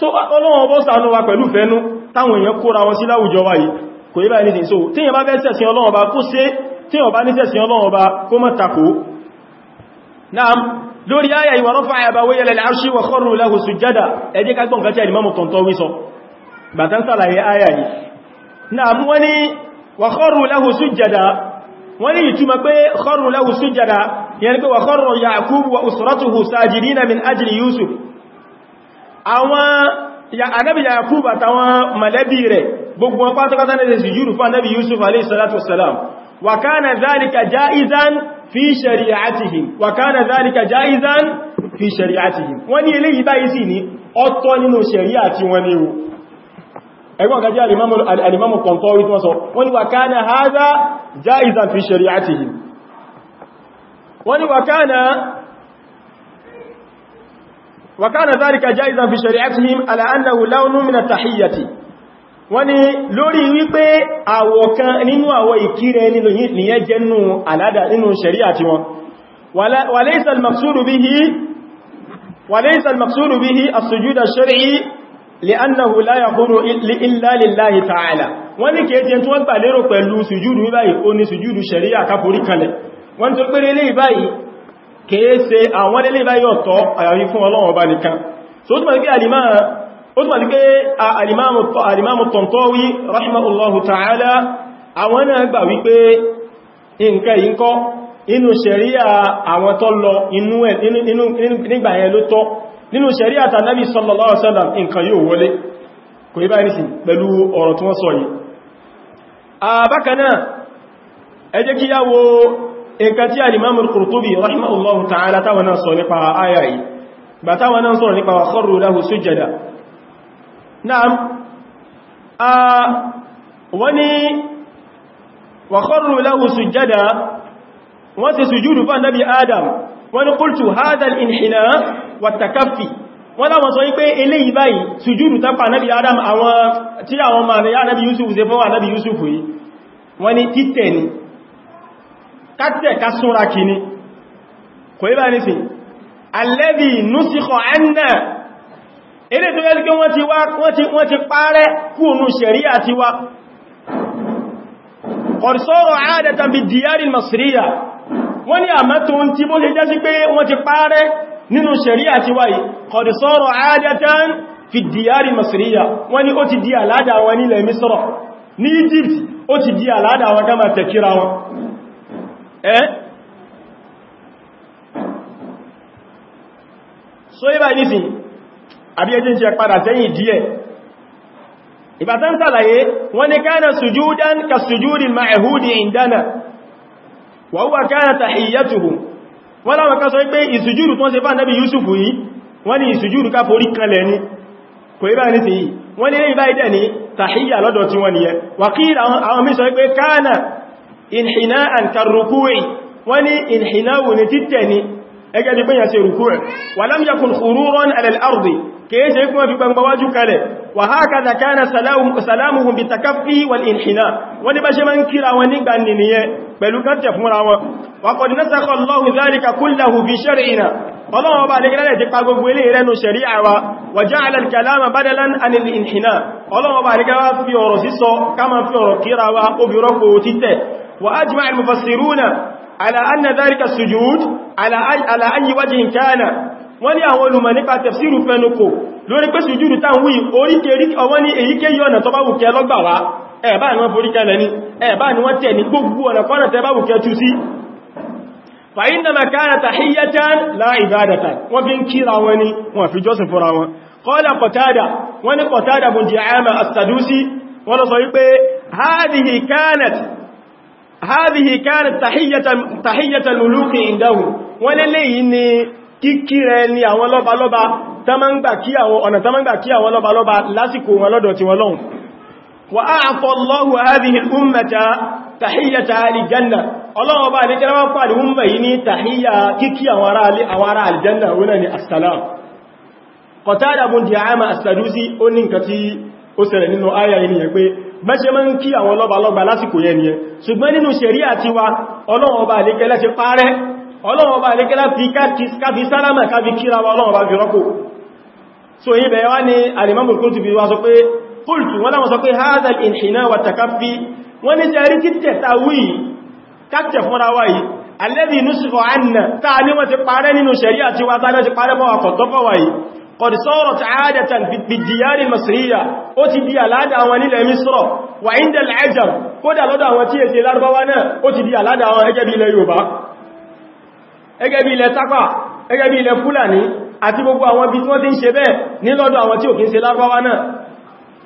so ọlọ́wọ́ bọ́ sànú wa pẹ̀lú fẹ́nú táwọn èèyàn kóra wọn sí láwùjọ wa yìí kò yí bá ní so tí yẹn bá fẹ́ sẹ̀sìn ọlọ́wọ́ bá kó sé tí yẹn bá ní sẹ̀sìn lórí ayà ìwà rọ́fà àyàbáwé yẹlẹ̀ l'arṣí wa kharru lahu sujjada ẹjẹ́ ká kàtí àdìmọ́mù tọ̀ntọ́ wí sọ bàtán sàlàyé ayà yìí náà mú wani wa kharru lahu sujjada wani ìtumọ̀ pé kharru lahu sujjada yẹn àwọn ànábì Yakub àtàwọn mọ̀lẹ́bí rẹ̀ gbogbo wọn pátákátá ní sùjúdù fún ànábì Yusuf alayhi salatu wassalam wa kana dhalika jaizan fi shari'atihim wa kana dhalika jaizan fi shari'atihim wọ́n wọ́n ni wàkánà haza jaizan وكان ذلك جائزا في شريعتهم على أنه لون من التحية wọ́n ní lórí wípé àwọ̀ kan nínú àwọ̀ ìkírẹ nínú nìyẹn jẹ́nu aládà nínú ṣẹ̀ríà tí wọn وليس المقصود به وليس المقصود به السجود الشرعي لأنه لا يكون إلا لله تعالى wọ́n ní kéèkéé tí wọ́n gbà lérò pẹ̀lú sùjúdù báyìí ó ní sùjúdù ṣẹ̀ríà ká forí kalẹ̀ wọ́n tó pẹ́rẹ́ lé báyìí kèése àwọn ilé báyọ̀ tọ́ àyàrí fún ọlọ́run ọba nìkan so ó túnmà pé alìmáàmù tọ̀ntọ́wí rahimahullahu ta'ala àwọn náà gbà wípé nǹkan yìí kọ́ inú ṣẹ̀ríà àwọn tó lọ nígbà yẹn sallallahu a wo nǹkan tí al-Imam al-Qurtubi rahimahullahu ta'ala táwọn náà sọ nípa àyà yìí bá táwọn náà sọ̀rọ̀ nípa wa kharru lahu sujjada na'am a wani wa kharru lahu sujjada wọ́n sì sujúdù fún annabi adam wani qultu hadha al-inhina wa takaffi wọ́n láwọn sọ wípé eléyìí báyìí sujúdù tápa annabi adam àwọn tí àwọn ma annabi yusuf ṣe fún annabi yusuf yìí wani títẹ̀ ni kátẹ̀ ká súnra kì ní kò ibá nísìn alẹ́bì núsìkọ̀ ẹ́nà ilé tó yẹ́lú kí wọ́n ti parẹ́ kúrò ṣẹ̀ríà ti wá ọ̀rọ̀sọ́rọ̀ àádẹ́tàn bí díyàrí masiriya wọ́n ni àmẹ́tò tí bó ṣe jẹ́ sí pé wọ́n ti parẹ́ nínú ṣẹ̀ríà ti wáyé ọ̀rọ̀sọ́rọ̀ àádẹ́tàn ni Egypt ó ti di àládà wọn kama ẹ́ eh? so ibà nísìn àbí ẹjí ń ṣe padà sẹ́yìn díẹ̀ ìbátán sàlàyé wọ́n ni kánà sujúdán ka sujúdin ma'ahudi indana wa huwa kánà tahiyyatuhum wọ́n láwọn kan sọ pé ìsujúdù tó ń ṣe bá nábi yusufu yìí wọ́n ni ìsujúdù ká forí kanlẹ̀ ní kò ibà nísìn yìí wọ́n ni ibà ìdẹ̀ ni tahiyyà lọ́dọ̀ tí wọ́n ni yẹ wàkíl àwọn mí sọ pé kánà ìnhìná àǹkarùkúrì wọ́n ní ìnhìná wù ní títẹ̀ ní ẹgẹ́ bí pẹ́yà ṣe rùkúrì wà lámjẹkùn kùrúrán alẹ́lárùdì kìí ṣe kuma fi gbangbawájú kalẹ̀ wà haka da kánà salamuhun bí takafí wal ìnhìná wani bá ṣe ma ń kíra wọn nígbà nìyẹ pẹ̀lú kàtẹ̀ fúnra wọn wà kọ̀dí na sakọ̀ lọ́hùn zárika kúllahu bí ṣari'ina ọlọ́wọ́ bá lè gẹ́rẹ́ ti pa gbogbo ilé rẹnu ṣari'a wa wà já alalkalama badalan anil ìnhìná ọlọ́wọ́ bá lè gẹ́rẹ́ fi ọ̀rọ̀ sísọ ká fi ọ̀rọ̀ kíra wa obìnrin kò títẹ̀ وأجمع المفسرون على أن ذلك السجود على أي, على أي وجه كان wọ́n ní àwọn olùmọ̀ nípa tẹ̀fsìrù fẹ́nukò lórí pé sùjúdù táwọn oríkèríkè wọ́n ní èyíkéyìí ọ̀nà tó bá wùkẹ́ lọ́gbàwá ẹ̀bá ni wọ́n forí kẹlẹ̀ ní ẹ̀bá ni wọ́n tẹ̀ ní gbogbo ọ̀nà kọ́nà tẹ́ فإنما كان تحية لا عبادة وبين كيرا وني وفي جوسف قال قتادة وني قتادة بن جعامة السدوسي ونصيبه هذه كانت هذه كانت تحية تحية الملوك عنده ولليين kíkírẹni àwọn lọ́balọ́ba tamangba kí àwọn ọ̀nà tamangba kí àwọn lọ́balọ́ba lásìkò wọn lọ́dọ̀ tí wọ́n lọ́hùn wa a'ta Allahu hadhihi al-ummata tahiyyata al-janna Ọlọ́hun bá mẹ́ṣe mẹ́ ń kí àwọn lọ́balọ́gba lásìkò yẹn nìyẹn ṣùgbọ́n nínú ṣẹ̀rí àti wa ọlọ́run ọba àlékẹ́lá ṣe parẹ́ ọlọ́run ọba àlékẹ́lá fi káàkiri sálámà káàkiri kíra wa ọlọ́run ọba fi rọ́pò so yí bẹ̀rẹ̀ wá ní Al-Imam Al-Qurtubi wá sọ pé qultu wọ́n láwọn sọ pé hadha al-inhina wa takaffi wọ́n ní ní wọ́n ti parẹ́ nínú ṣẹ̀rí yìí قد صارت عادة بالديار المصرية أتي دي العادة وانيل مصر وعند العجم قد لدى واتية الأربوانا أتي دي العادة وانجب إلى يوبا أجب إلى تقع أجب إلى فلاني àti gbogbo àwọn ibi tí wọ́n ti ń ṣe bẹ́ẹ̀ ní lọ́dọ̀ àwọn tí ò kí ń ṣe lárúbáwá náà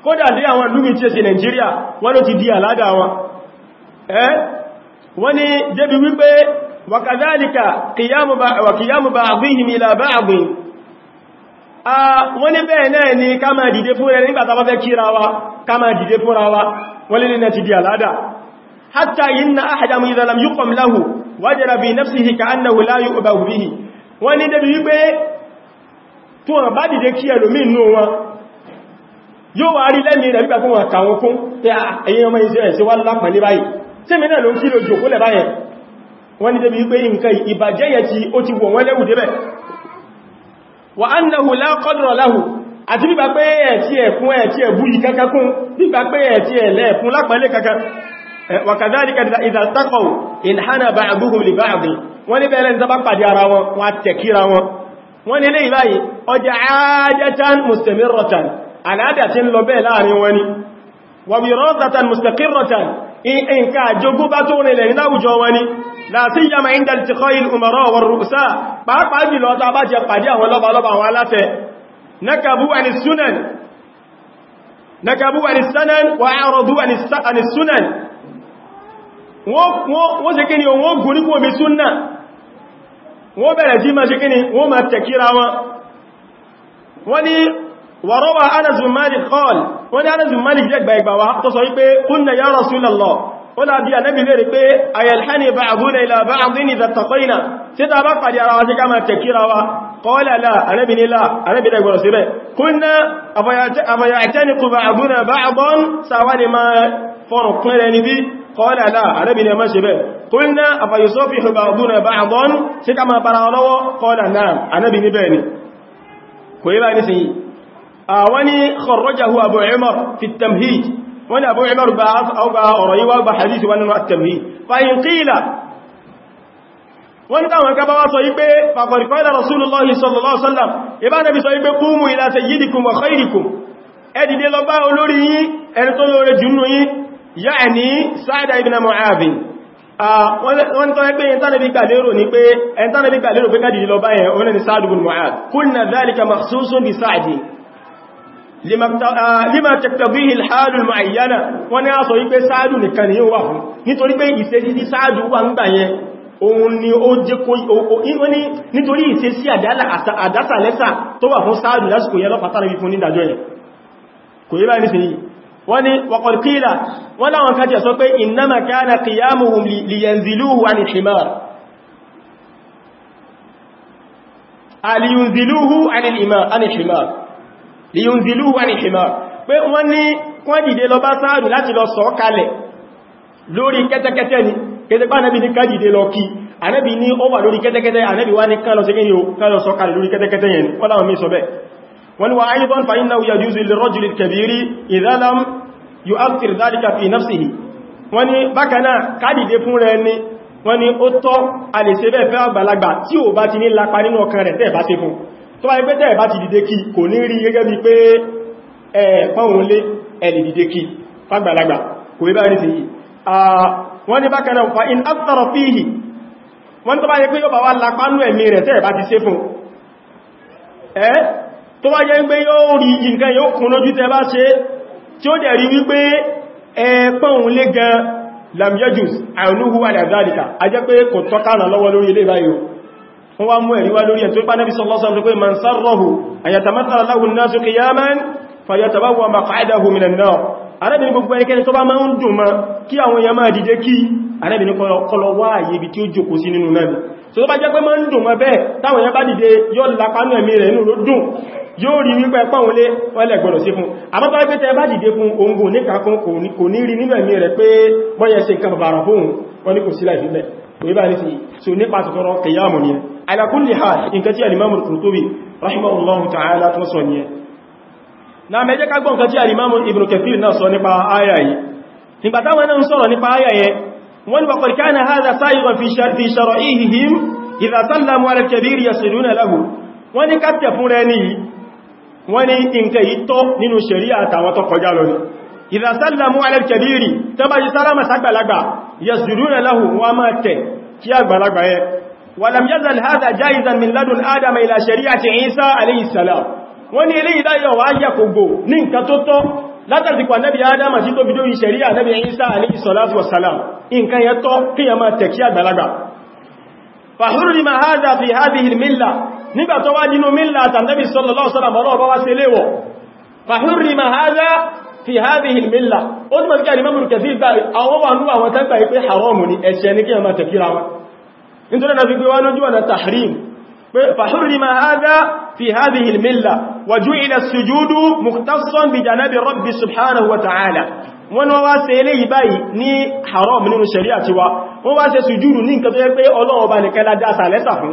kódà dé àwọn lúmi tí ó ṣe Nàìjíríà wọ́n ló ti di àládà wọn ẹ́ wọ́n ni débi wípé wakadhalika qiyamu ba'dihim ila Ah, wọ́n ní bẹ́ẹ̀ náà ni ká máa dìde fún ẹni nígbàtà bá fẹ́ kíra wa ká máa dìde fúnra wa wọ́n lè náà di àládà hatta inna ahadamu idha lam yuqam lahu wajara bi nafsihi ka'annahu la yu'bahu bihi wọ́n ní débi wípé tó wọ́n bá dìde kí ẹlòmí inú wọn yóò wá rí lẹ́mí rẹ̀ nígbà fún wọn kàwọn kún pé ah, ẹ̀yìn ọmọ ìṣẹ́ ẹ̀ṣẹ́ wá lápàlẹ́ báyìí tí mi náà ló ń kí lójú òkúlẹ̀ báyẹn wọ́n ní débi wípé nǹkan ìbàjẹ́yẹ tí ó ti wọ̀ wọ́n wà annahu la qadra lahu àti bíbà pé ẹ̀tí ẹ̀kún ẹ̀tí ẹ̀bú yìí kankankún bíbà pé ẹ̀tí ẹ̀lẹ́ẹ̀kún lápẹẹlẹ́ kankan wa kadhalika idha taqaw inhana ba'duhum li ba'd wọ́n ní bẹ̀rẹ̀ ìzaba pàdé ara wọn wọ́n tẹ̀kíra wọn wọ́n nǹkan àjogúnbá tó rìnlẹ̀ ní láwùjọ wọn ni láti yàmà ìdá ìtìkọ́ ìlú umarọ̀ wọ̀n rùsá pàápàá jùlọ ta bá jẹ pàdé àwọn lọ́bàlọ́bà àwọn aláfẹ́ nakabu anisunan nakabu anisanan wa arọ̀dú anisunan wọ́n ṣe kíni wọ́n gùn وروى أنس بن مالك قال وانا أنس بن مالك جاك بايك باوا تصوي بي قلنا يا رسول الله ولا بي النبي ليري بي أيلحني بعضنا إلى بعض إذا اتقينا سيدا بقى يا راسي كما تكيرا قال لا أنا بن لا أنا بن أقول سيبي قلنا أفيعتنق بعضنا بعضا سواني ما فرقنا لنبي قال لا أنا بن ما سيبي قلنا أفيصفح بعضنا بعضا سيدا ما براولو قال نعم أنا بن بني كويبا نسيي Ah, wani kharrajahu abu umar fi tamhid wani abu umar ba au ba ọ̀rọ̀ yíwá ba hadisi wani na tamhid fa in qila wani táwọn gaba wá sọ wípé fàkọ̀rìkọ́dà rasulullah sallallahu alaihi wasallam ibá nabi sọ wípé kúmù ila sayyidikum wa khairikum ẹdìdé lọ bá olórí yí ẹni tó lóore jùnú yí ya'ni sáàdà ibn mu'adh ah, wọ́n tọ́ ẹgbẹ́ ìntánàbí gbàlérò ní pé ẹntánàbí gbàlérò pé kádìí lọ báyẹ̀ orílẹ̀-èdè sáàdùgbùn mu'adh kulna dhalika makhsusun bi sáàdì lima tẹ̀tẹ̀bíhì alhálùl ma'ayyana wọ́n ni a sọ wípé sáàdù nìkan ni yíò wà fún nítorí pé ìṣẹ́sí tí sáàdù wà ń gbà yẹn òun ni ó jẹ́ kó nítorí ìṣẹ́sí àdásàlẹ́sà tó wà fún sáàdù lásìkò yẹ lọ́pàtàrí fún nídàjọ́ yẹn kò yí báyìí nísìnyí wọ́n ni wọ̀kọ̀lkílà wọ́n láwọn kájẹ̀ sọ pé innama kana qiyamuhum liyunzilu wà ní himar pé wọ́n ní kọ́ dìde lọ bá sáàdù láti lọ sọ kalẹ̀ lórí kẹ́tẹ́kẹ́tẹ́ ni kẹ́tẹ́pá anẹ́bì ní ká dìde lọ kí anẹ́bì ní ó wà lórí kẹ́tẹ́kẹ́tẹ́ anẹ́bì wá ní ká lọ sẹ́kẹ́ yóò ká lọ sọ kalẹ̀ lórí kẹ́tẹ́kẹ́tẹ́ yẹn wọ́n láwọn mí sọ fa innahu yajuzu lirajuli kabiri idha lam yu'athir dhalika fi nafsihi wọ́n ni bákanáà ká dìde fún rẹ ni wọ́n ni ó tọ́ a lè ṣe tó bá ẹgbẹ́ tẹ́ẹ̀ bá ti dìde kí kò ní rí gẹ́gẹ́ bí pé ẹ̀ẹ̀pọ̀wọ̀n lé ẹ̀lì dìde kí fàgbàlagbà kò rí bá rí sí yìí wọ́n ní bákanáà fa in aftara fihi wọ́n tó bá pé yóò bá wá lápánú ẹ̀mí rẹ̀ tẹ́ẹ̀ bá ti fún tó yóò rí wọ́n wá mú ẹ̀rí wá lórí ẹ̀ tó pá Nabi sallallahu alaihi wasallam man sarrahu an yatamathala lahu an-nasu qiyaman falyatabawwa maq'adahu min an-nar Ànábì ní gbogbo ẹnikẹ́ni tó bá máa ń dùn ma kí àwọn èèyàn máa dìde kí Ànábì ní kọlọ wá àyè ibi tí ó jòkó sí nínú náà so tó bá jẹ́ pé máa ń dùn ma bẹ́ẹ̀ táwọn èèyàn bá dìde yóò wọ́n ní kò sí láìfílẹ̀ ìbá ní sí so nípa tọ̀tọ̀rọ̀ kìyàmù ni ala kulli hal nǹkan tí alimamu al-Qurtubi rahimahullahu ta'ala tó sọ ni na mẹ́jẹ́ ká gbọ́ nǹkan tí alimamu Ibn Kathir náà sọ nípa aya yìí nígbà táwọn náà ń sọ̀rọ̀ nípa aya yẹn wọ́n ni bakar kana fi shara'ihim idha sallamu ala al-kabir yasiluna wọ́n ni ká fún rẹ ní wọ́n ni nǹkan yìí tọ́ nínú sharia àtàwọn tó kọjá إذا سلموا على الكبير تبا سلام سأقبلغبا يسجدون له وما تك كيغبلغبا ولم يزل هذا جائزا من لدن آدم إلى شريعة عيسى عليه السلام wani ilé ìdáyọ̀ wá yẹ kògbò ní nǹkan tó tọ́ látàríkò anábi adama sí tó bidó ìṣẹ̀rí anábi Isa alayhi salatu wassalam nǹkan yẹ tọ́ kí yẹ máa tẹ̀kí àgbàlagbà fàhúrùrí ma haza fi hadhihi al-milla nígbà tó wá nínú milla tàbí sallallahu alaihi wasallam fi hadhihi al-milla ó ní mọ̀síkà ní mọ́mùrù kẹfì ìgbà àwọn wà ní àwọn tẹ́gbà ipé haramu ni ẹ̀ṣẹ̀ ní kí ẹmà tẹ̀kíra wọn nítorí na fi gbé wọ́n lójú ọ̀nà tahrim pé fahurrima hadha fi hadhihi al-milla wa ju'ila as-sujudu mukhtassan bi janabi rabbi subhanahu wa ta'ala wọ́n wá ṣe eléyìí báyìí ní haram nínú sharia tiwa wọ́n wá ṣe sùjúdù ní nǹkan tó yẹ pé Ọlọ́run ọba nìkan ládá sàlẹ́sà fún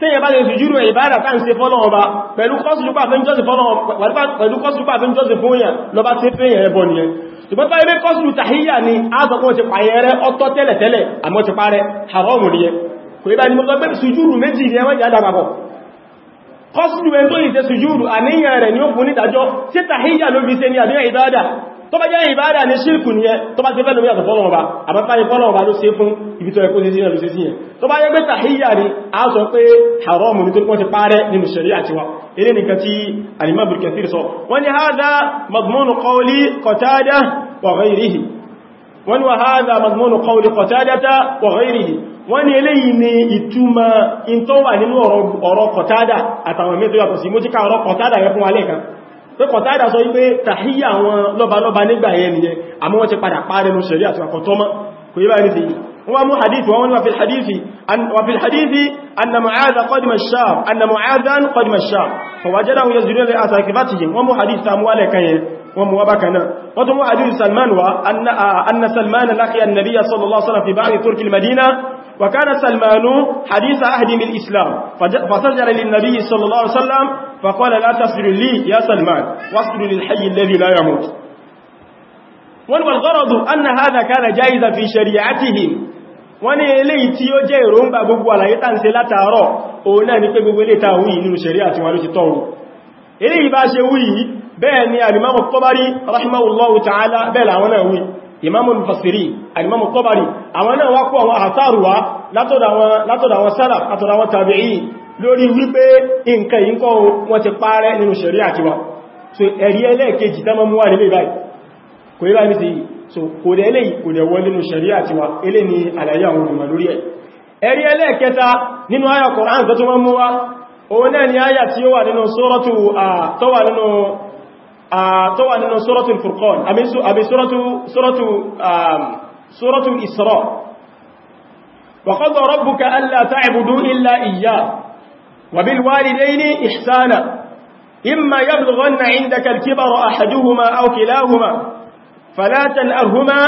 tẹ́yẹ bá lè sùjúrù ìbádà tán ṣe fọ́lọ́ ọba pẹ̀lú kọ́sùjúpà fẹ́ ń jọ́sì fún èèyàn lọba tí fẹ́yẹ̀ ẹbọ nìyẹn ṣùgbọ́n bá ilé kọ́sùjù tàhíyà ni a sọ pé ó ti pààyẹ rẹ ọtọ́ tẹ́lẹ̀ tẹ́lẹ̀ àmọ́ ti parẹ́ haramu nìyẹn kò ibá ni mo sọ pé sùjúrù méjì ni ẹwọ́n yà dàgbàpọ̀ kọ́sùjù ẹni tó yìí ṣe sùjúrù àníyàn rẹ̀ ni ó fún nídàjọ́ sí tàhíyà ló fi ṣe ni àdúyà ìbádà tó bá jẹ́ ìbádà ní ṣírkù ní ẹ tó bá ti fẹ́ lórí àtọ̀ fọ́lọ̀wọ̀ bá àbáfáyé fọ́lọ̀wọ̀ bá ló ṣe fún ibi tó ẹkùn sí ẹ̀lú sí sí tó bá yẹ pé tàhíyà ni a sọ pé haram ní tó pọ́n ti parẹ́ nínú ṣẹ̀ríà tiwa eré nìkan wọ́n eléyìí ni ìtumọ̀ in nínú ọ̀rọ̀ qatada àtàwọn mẹ́tọ́ yàtọ̀ sí mú jíká ọ̀rọ̀ qatada yẹ fún wa pé kọ̀tàdà sọ wípé tàhíyà àwọn lọ́balọ́ba nígbà yẹn nìyẹn àmọ́ wọ́n ti padà pààrẹ ní ṣẹ̀rí àti àkọ̀tọ́mọ́ kò yí bá ní sí wọ́n mú hadith wọ́n wà fil hadithi anna mu'adha qadima ash-sham anna mu'adhan qadima ash-sham fa wajadahu yazuruna li asakifatihim wọ́n mú hadith ta muwale kan yẹn wọ́n mú wá bákan náà wọ́n tún mú hadith salman wa anna وكان سلمان حديث عهد بالإسلام فسجر للنبي صلى الله عليه وسلم فقال لا تسجر لي يا سلمان واسجر للحي الذي لا يموت والغرض أن هذا كان جائزا في شريعتهم wọ́n ní eléyìí tí ó jẹ́ ìròǹgbà gbogbo àlàyé tàà ń ṣe látàárọ̀ òun náà ni pé gbogbo ilé tàà wúyìí nínú ṣẹ̀rí àti wọn ló ti tọ́rù eléyìí bá ṣe wúyìí bẹ́ẹ̀ ni Al-Imam Tabari rahimahullahu ta'ala bẹ́ẹ̀ làwọn náà wúyìí imamu mufassiri alimamu tobari àwọn náà wá kó àwọn àtàrùwá látọ̀dà àwọn salaf àtọ̀dà àwọn tàbí'í lórí wípé nǹkan yìí kọ́ wọ́n ti parẹ́ nínú sharia tiwa so ẹ̀rí ẹlẹ́ẹ̀kejì tẹ́mọ́ mú wà nílé báyìí kò yí so kò dẹ̀ eléyìí kò dẹ̀ ni àlàyé àwọn olùmọ̀ lórí ẹ̀ ẹ̀rí ẹlẹ́ẹ̀kẹta nínú Qur'an tó tún mọ́ ni ayà tí ó wà nínú suratu tó wà nínú tó wà nínú suratul furqan àbí suratul isra wa qada rabbuka alla ta'budu illa iyyah wa bil walidayni ihsana إما يبلغن عندك الكبر أحدهما أو كلاهما فلا تنأرهما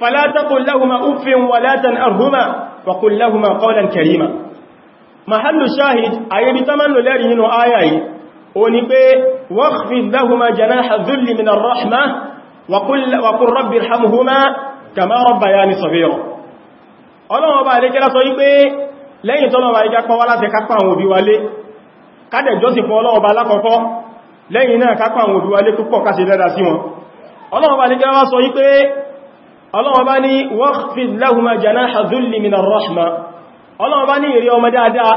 فلا تقل لهما أف ولا تنأرهما وقل لهما قولا كريما محل الشاهد أي بتمن لرهن آيائي ونبي واخفض لهما جناح الذل من الرحمة وقل, وقل رب ارحمهما كما ربياني صغيرا ọlọ́wọ́ bá ilé kẹ́lá sọ wípé lẹ́yìn tọ́lọ́ bá ìjá pọ́wọ́ láti kápá àwọn òbí wálé kádẹ̀ jọ́sì fún ọlọ́wọ́ bá lákọ̀ọ́kọ́ lẹ́yìn náà kápá àwọn òbí wálé púpọ̀ ká ṣe dáadáa sí wọn ọlọ́wọ́ bá ilé kẹ́lá sọ wípé ọlọ́wọ́ bá ní واخفض لهما جناح الذل من الرحمة ọlọ́wọ́ bá ní ìrí ọmọ dáadáa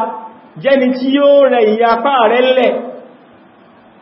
jẹ́ni tí yóò rẹ̀ ìyapá rẹ̀ lẹ̀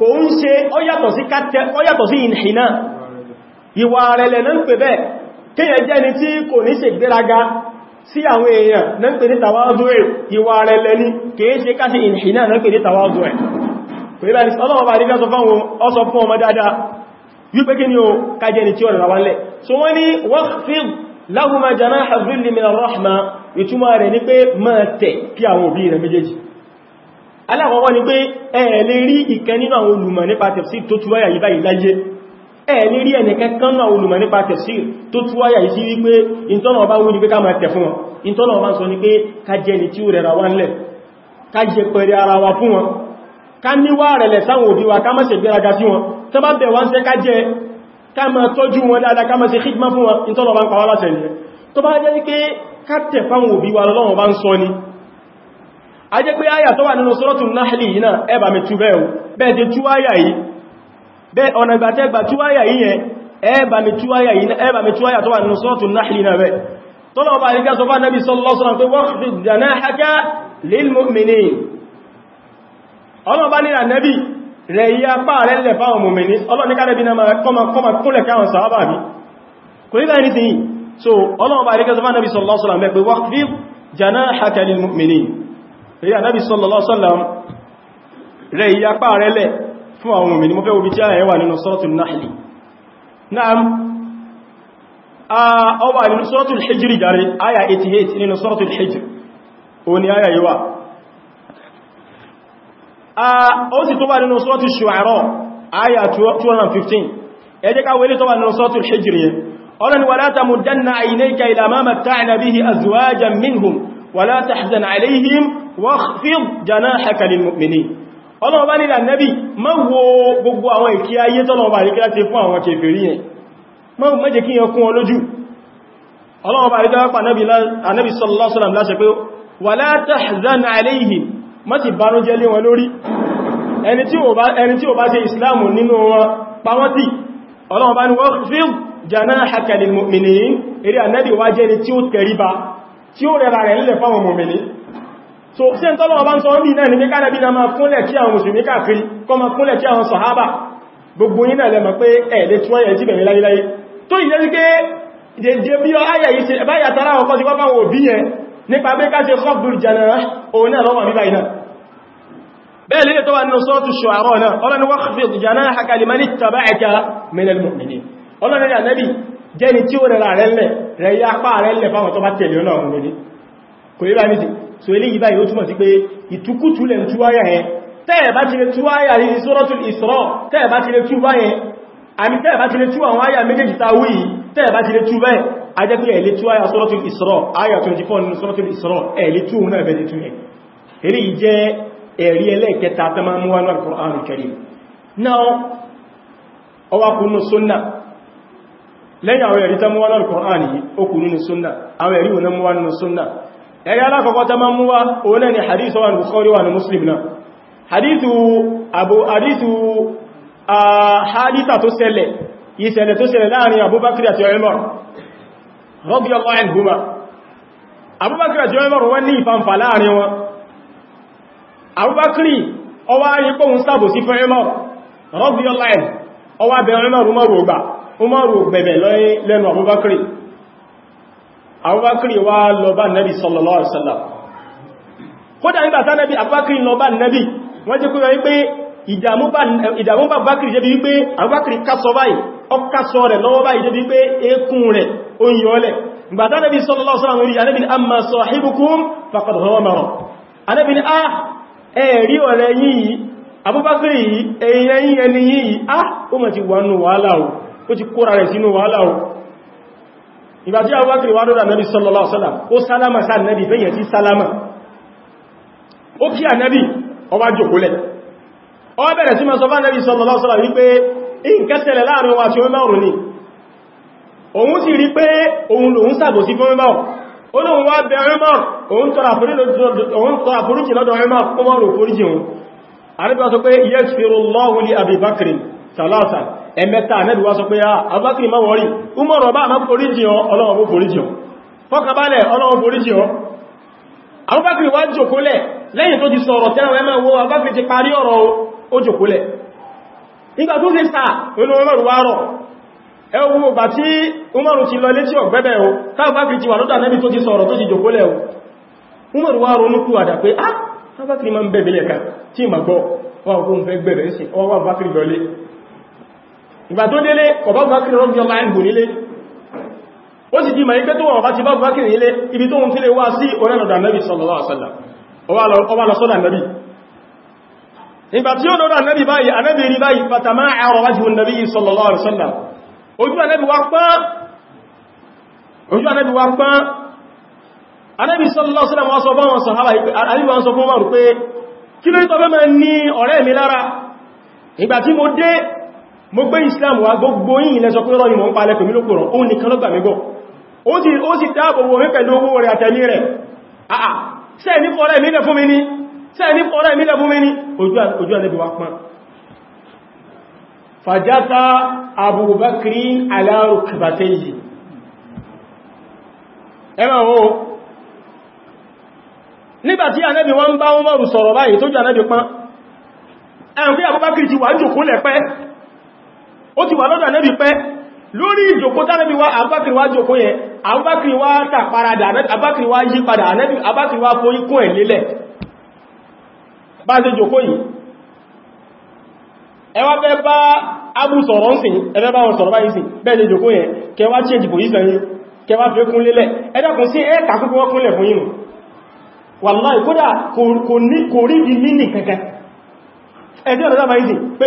kò ń ṣe ó yàtọ̀ sí ìhìnà ìwà rẹ̀lẹ̀ náà ń pè bẹ́ẹ̀ kíyàn jẹ́ ni tí kò ní ṣe gbéraga sí àwọn èèyàn náà ń pè ní tàwádù ẹ̀ ìwà rẹ̀lẹ̀ ní kìí ṣe káṣí ìhìnà náà pè ní tàwádù ẹ̀ ìtumọ̀ rẹ̀ ní pé máa tẹ̀ kí àwọn òbí rẹ̀ méjèèjì aláwọ̀wọ́ ni pé ẹ̀ẹ̀lẹ́ rí ìkẹ́ nínú àwọn olùmọ̀ nípa tafsir tó túwáyà yìí báyìí láyé ẹ̀ẹ̀lẹ́ rí ẹnìkẹ́ kan olùmọ̀ nípa tafsir tó túwáyà yìí sí wípé ìtọ́nà ọba wú ni pé ká máa tẹ̀ fún wọn ìtọ́nà ọba sọ ni pé ká jẹ́ ni tí ó rẹ̀ra wá ńlẹ̀ ká jẹ pẹ̀rẹ̀ ara wa fún wọn ká níwà rẹ̀lẹ̀ sáwọn òbí wa ká má ṣe gbéraga sí wọn tó bá bẹ̀ wá ń sẹ́ ká jẹ ká máa tọ́jú wọn dáadáa ká máa ṣe khidma fún wọn ń sọ ni a jẹ́ pé àyà tó wà nínú suratul Nahl yìí náà ẹ bá mi tú bẹ́ẹ̀ o bẹ́ẹ̀ jẹ́ tú àyà yìí bẹ́ẹ̀ ọ̀nà ìgbàtẹ́gbà tú àyà yìí yẹn ẹ bá mi tú àyà yìí ẹ bá mi tú àyà tó wà nínú suratul Nahl náà bẹ́ẹ̀ tọ́lọ̀ ọba àríkà so ọlọ́ọ̀bá àríkà sọ fún Nabi sallallahu alaihi wasallam pé waqfid janahaka lil mu'minin rí ànábì sallallahu alaihi wasallam rẹ ìyapá rẹ lẹ̀ fún àwọn òmìnir mo fẹ́ obi tí ààyẹ wà nínú suratul Nahl na'am ó nínú suratul Hijr jàre àyà 88 nínú suratul Hijr ó ní àyà yíwà ó sì tó wà nínú suratul Shu'ara àyà 215 ẹ jẹ́ ká wọlé tó wà nínú suratul Hijr yẹn قال ولا تمدن عينيك إلى ما متعنا به أزواجا منهم ولا تحزن عليهم واخفض جناحك للمؤمنين ọlọ́run bá nílà nẹ́bí má wo gbogbo àwọn ìkí ayé tọ́lọ́run bá ríkí láti fún àwọn kèfèrí yẹn má jẹ́ kí yẹn kún ọlójú ọlọ́run bá ríkí lápá anẹ́bí sallallahu alaihi wasallam láṣẹ pé wala tahzan alayhim má ti bánújẹ́ lé wọn lórí ẹni tí ó bá ṣe ìsìláàmù nínú wọn pàwọ́tí ọlọ́run bá ní wakhfid janahaka so ṣe tọ́lọ̀ ọba ń sọ ní náà ní pé kánàbí na máa kúnlẹ̀ kí àwọn mùsùlùmí káàkiri kọ máa kúnlẹ̀ kí àwọn sàhábà gbogbo yín náà lẹ́mọ̀ pé ẹ̀lẹ́ tí wọ́n yẹ jí bẹ̀rẹ̀ láyéláyé tó ìjẹ́ wípé dèdè bí ọ ayà yìí ṣe báyà tara ọkọ́ ti kọ́kọ́ wò bí yẹn nípa pé ká ṣe kọ́bùl jẹnara òun náà lọ́wọ́ bíbá iná bẹ́ẹ̀ lè tó wà nínú tí ó rẹ̀ rẹ̀ rẹ̀ yá pàà rẹ̀ lẹ̀ fáwọn tó bá tẹ̀lé ọlọ́run lónìí kò yíba ní tí so ilé yíba yóò túnmọ̀ sí pé ìtukútù lẹ̀ túwáyà yẹn tẹ́ẹ̀ bá ti lè túwáyà ní Suratul Isra tẹ́ẹ̀ bá ti lè túwá yẹn àmì tẹ́ẹ̀ bá ti lè tú àwọn àyà méjèèjì ta wí tẹ́ẹ̀ bá ti lè tú bẹ́ẹ̀ a jẹ́ pé ẹ̀lẹ́ túwáyà Suratul Isra àyà 24 nínú Suratul Isra ẹ̀lẹ́ tú náà bẹ̀rẹ̀ tú ẹ̀ eré yìí jẹ́ ẹ̀rí ẹlẹ́ẹ̀kẹta tó máa mú wá ní Al-Qur'anul lẹ́yìn àwọn ẹ̀rí tó mú wá ní súnnà àwọn ẹ̀rí wọn mú súnnà ẹ̀rẹ́ alákọ̀ọ́kọ́ ta máa mú wá òun náà ni hadithu wa Bukhari wa Muslim náà hadithu abu hadithu a hadita tó ṣẹlẹ̀ ìṣẹ̀lẹ̀ tó ṣẹlẹ̀ láàrin Abubakar àti Umar radiyallahu anhuma Abubakar àti Umar wọ́n ní ìfàǹfà láàrin wọn Abubakar ọwá ayé pọ̀hún sábò sí fún Umar radiyallahu anhu ọwá bẹ̀rẹ̀ Umar Umar ògbà Umar ògbẹ̀bẹ̀ lẹ́nu Abubakar Abubakar wá lọ bá Nabi sallallahu alaihi wasallam kódà nígbà tá Nabi Abubakar lọ bá Nabi wọ́n jẹ́ kó yọ wípé ìdàmú eh, bá Abubakar jẹ́ bí wípé Abubakar kásọ báyìí ọkásọ rẹ̀ lọ́wọ́ báyìí jẹ́ bí wípé ó ti kóra rẹ̀ sínú wàhálà ó ìgbà tí àwọn akìrìwà rọ́dà nẹ́bí sallallahu alaihi wasallam ó sálámà sáà nẹ́bí bẹ́yẹ̀ tí sálámà ó kí à nẹ́bí ọwá jòkólẹ̀ ó bẹ̀rẹ̀ sí ma sọ fá nẹ́bí sallallahu alaihi wasallam wípé ìǹkẹ́sẹ̀lẹ̀ láàrin wa tí ó mẹ́rùn ní òun sì rí pé òun lòun sàbòsí fún mẹ́rùn ó lóun wá bẹ mẹ́rùn òun tọrọ àforíjì lọ́dọ̀ mẹ́rùn fún mọ́rùn foríjì emeta anẹ́bí wá sọ pé ah, abákìrì máa wọ́rí umaru ọba àmá forí jìn ọlọ́wọ́ forí jìn fọ́kàbálẹ̀ ọlọ́wọ́ forí jìn abákìrì wá jòkólẹ̀ lẹ́yìn tó ti sọ̀rọ̀ ti ọ̀rọ̀ ó jòkólẹ̀ nígbà tó ti lọ ti ti o umaru ah, máa ń bẹ̀bẹ̀ lẹ́ka tí ìmàgbọ́ wà ó fẹ́ gbẹ̀rẹ̀ sí ọwọ́ lọlé ìgbà tó délé kọ̀bá bùbákìrì rọ́n bí ọmọ ẹgbò nílé ó sì di ma ipé tó wọ́n bá ti bá bùbákìrì nílé ibi tó ń tílé wá sí orẹ́nàdà nẹ́bì sallallahu alaihi wasallam ọwá lọ sọ́dà nẹ́bì nígbà tí ó lọ́dà nẹ́bì báyìí anẹ́bì rí báyìí fatama àrọ̀ wájú nẹ́bì sallallahu alaihi wasallam ojú anẹ́bì wá pán ojú anẹ́bì wá ìgbà tí mo dé mo gbé islam wa gbogbo yìí lẹ́sọ pé rọ́nì mọ̀ ń palẹ́ pẹ̀lú lókòrò ó ní kan lọ́gbà mẹ́gbọ́ ó sì dáàbò wo mẹ́ pẹ̀lú owó rẹ̀ àtẹ̀lé rẹ̀ àà sẹ́ ní fọ́rẹ́ mílẹ̀ fún mi ní sẹ́ ní fọ́rẹ́ mílẹ̀ fún mi ní ojú Ànábì wa pán fàjátá Abubakri ala rukbatayhi nígbàtí Ànábì wọ́n bá wọ́n mọ̀rù sọ̀rọ̀ báyìí tó jù Ànábì pán ẹ̀rùn pé Abubakri ti wà jù kúnlẹ̀ pẹ́ ó ti wà lọ́dọ̀ ànẹ́bì pẹ́ lórí ìjòkó tánàbí wá àbákìrí wá jòkó yẹn àbákìrí wá tàparadà àbákìrí wá yípadà àbákìrí wá forí kún ẹ̀ lélẹ̀ bá ṣe jòkó yìí ẹwà fẹ́ bá ábù sọ̀rọ̀ ǹsìn ẹfẹ́ bá wọn sọ̀rọ̀ báyìí sí bẹ́ẹ̀ ṣe jòkó yẹn kẹwàá change position yìí kẹwàá fẹ́ kún lélẹ̀ ẹdàkùn sí ẹ́ẹ̀kà kúkú wọ́n kúnlẹ̀ fún yìí wàláì kódà kò rí di mínì kankan ẹjọ́ ọ̀dọ́dá báyìí sí pé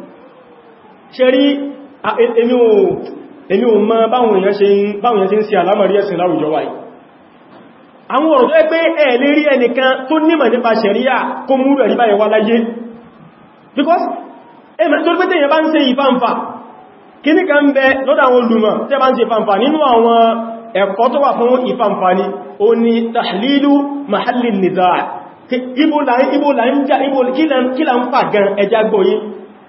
ṣe rí e, èmi ò mọ̀ báwọn èèyàn ṣe ń ṣe àlámọ̀rí ẹ̀sìn láwùjọ wa yìí àwọn ọ̀rọ̀ tó ẹ pé ẹ lè rí ẹnìkan tó nímọ̀ nípa ṣẹ̀ríà kó múrù ẹ̀rí báyẹ̀ wá láyé because ẹmẹ́ tó pé tẹ́yẹ bá ń ṣe ìfàǹfà kí ní kan bẹ lọ́dọ̀ àwọn olùmọ̀ tẹ́ bá ń ṣe ìfàǹfà nínú àwọn ẹ̀kọ́ tó wà fún ìfàǹfà ni ó ní tahlilu mahallin nizaa ibo la ń jà ibo kí la ń fà gan ẹjá gbọ́yìn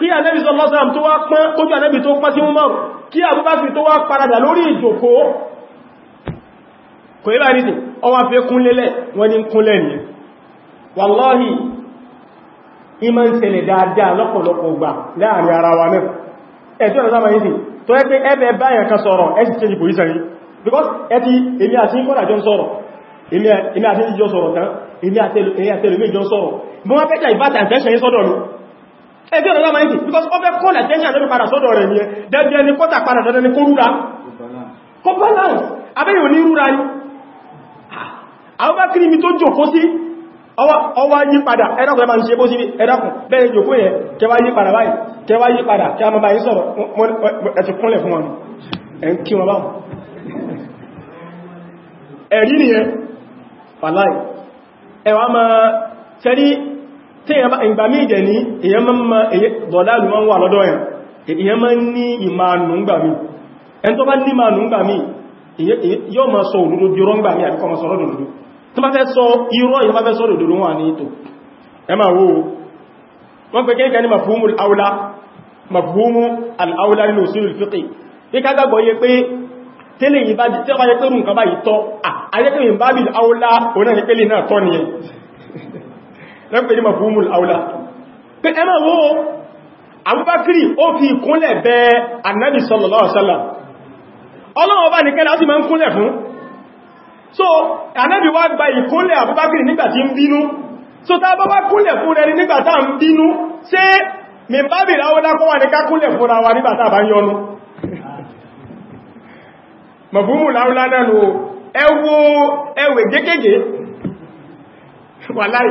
kí Ànábì sọ́lọ́sàm tó wá pán ojú Ànábì tó pán sí Umaru kí Abubakar tó wá paradà lórí ìjòkó kò yíba nìtì ọwá fẹ́ kúnlẹ̀lẹ̀ wọ́n ní kúnlẹ̀ ní wàláhì ìmọ̀ ń ṣẹlẹ̀ dáadáa lọ́pọ̀lọpọ̀ gbà láàrin ara wa náà ẹ̀tọ́ ọ̀rọ̀ sáma nìtì tó ẹ́ because ẹti èmi àti ìkọ́nà jọ sọ̀rọ̀ èmi àti ìjọ sọ̀rọ̀ tán èmi àtẹ́lùmí jọ sọ̀rọ̀ bí wọ́n fẹ́ jà ìbátà ẹgbẹ́ ọ̀rọ̀ máa ń kìí because ọfẹ́ kọ́ nà tẹ́yìn àdọ́rọ̀ padà sọ́dọ̀ rẹ̀ nìyẹn dẹ́bí ẹni pọ́tà padà sọ́dọ̀ ní kó rúra kó balance abẹ́yìn òní rúra àwọn bá mi tó jòkó sí ọwá yí padà ẹ̀dàkùn a tí èyàn bá ìgbà méjẹ̀ ní èyàn máa ma dọ̀láàlù máa ń wà lọ́dọ̀ ẹ̀ èyàn máa ní ìmànù ń gbà mí ẹn tó bá ní ìmànù ń gbà mí yóò máa sọ òdòdó jọrọ ń gbà mí àbíkọ́ máa sọ lọ́dọ̀dọ̀dọ̀ tó bá fẹ́ sọ irọ́ ìyàn bá fẹ́ sọ òdòdó wà ní ètò ẹ máa wo wọ́n pẹ̀ kẹ́kẹ́ ní mafhumu al-awla mafhumu al-awla nínú usul al-fiqh bí ká gbàgbọ́ yẹ pé tẹ́lẹ̀ yìí bá jẹ́ tẹ́lẹ̀ yìí bá jẹ́ tẹ́lẹ̀ yìí bá jẹ́ tẹ́lẹ̀ yìí bá bá jẹ́ tẹ́lẹ̀ yìí bá bá jẹ́ tẹ́lẹ̀ yìí bá jẹ́ tẹ́lẹ̀ yìí lẹ́pẹ̀ ní mafúmùl aula pé ẹmà wo abúbákìrì ó fi ìkúnlẹ̀ bẹ annabi sallallahu alaihi wasallam ọlọ́wọ́ bá ní kẹ́lá sí ma ń kúnlẹ̀ fún so annabi wá gba ìkúnlẹ̀ abúbákìrì nígbà so tá bá wá kúnlẹ̀ fún rẹ nígbà tá ń bínú ṣe mẹ́bàbì ráwọ́dá kọ́wà ní ká kúnlẹ̀ fún ra wa nígbà tá bá ń yọnu mafúmùl aula náà lò ẹwọ ẹwẹ̀ gẹ́gẹ́gẹ́ wà láì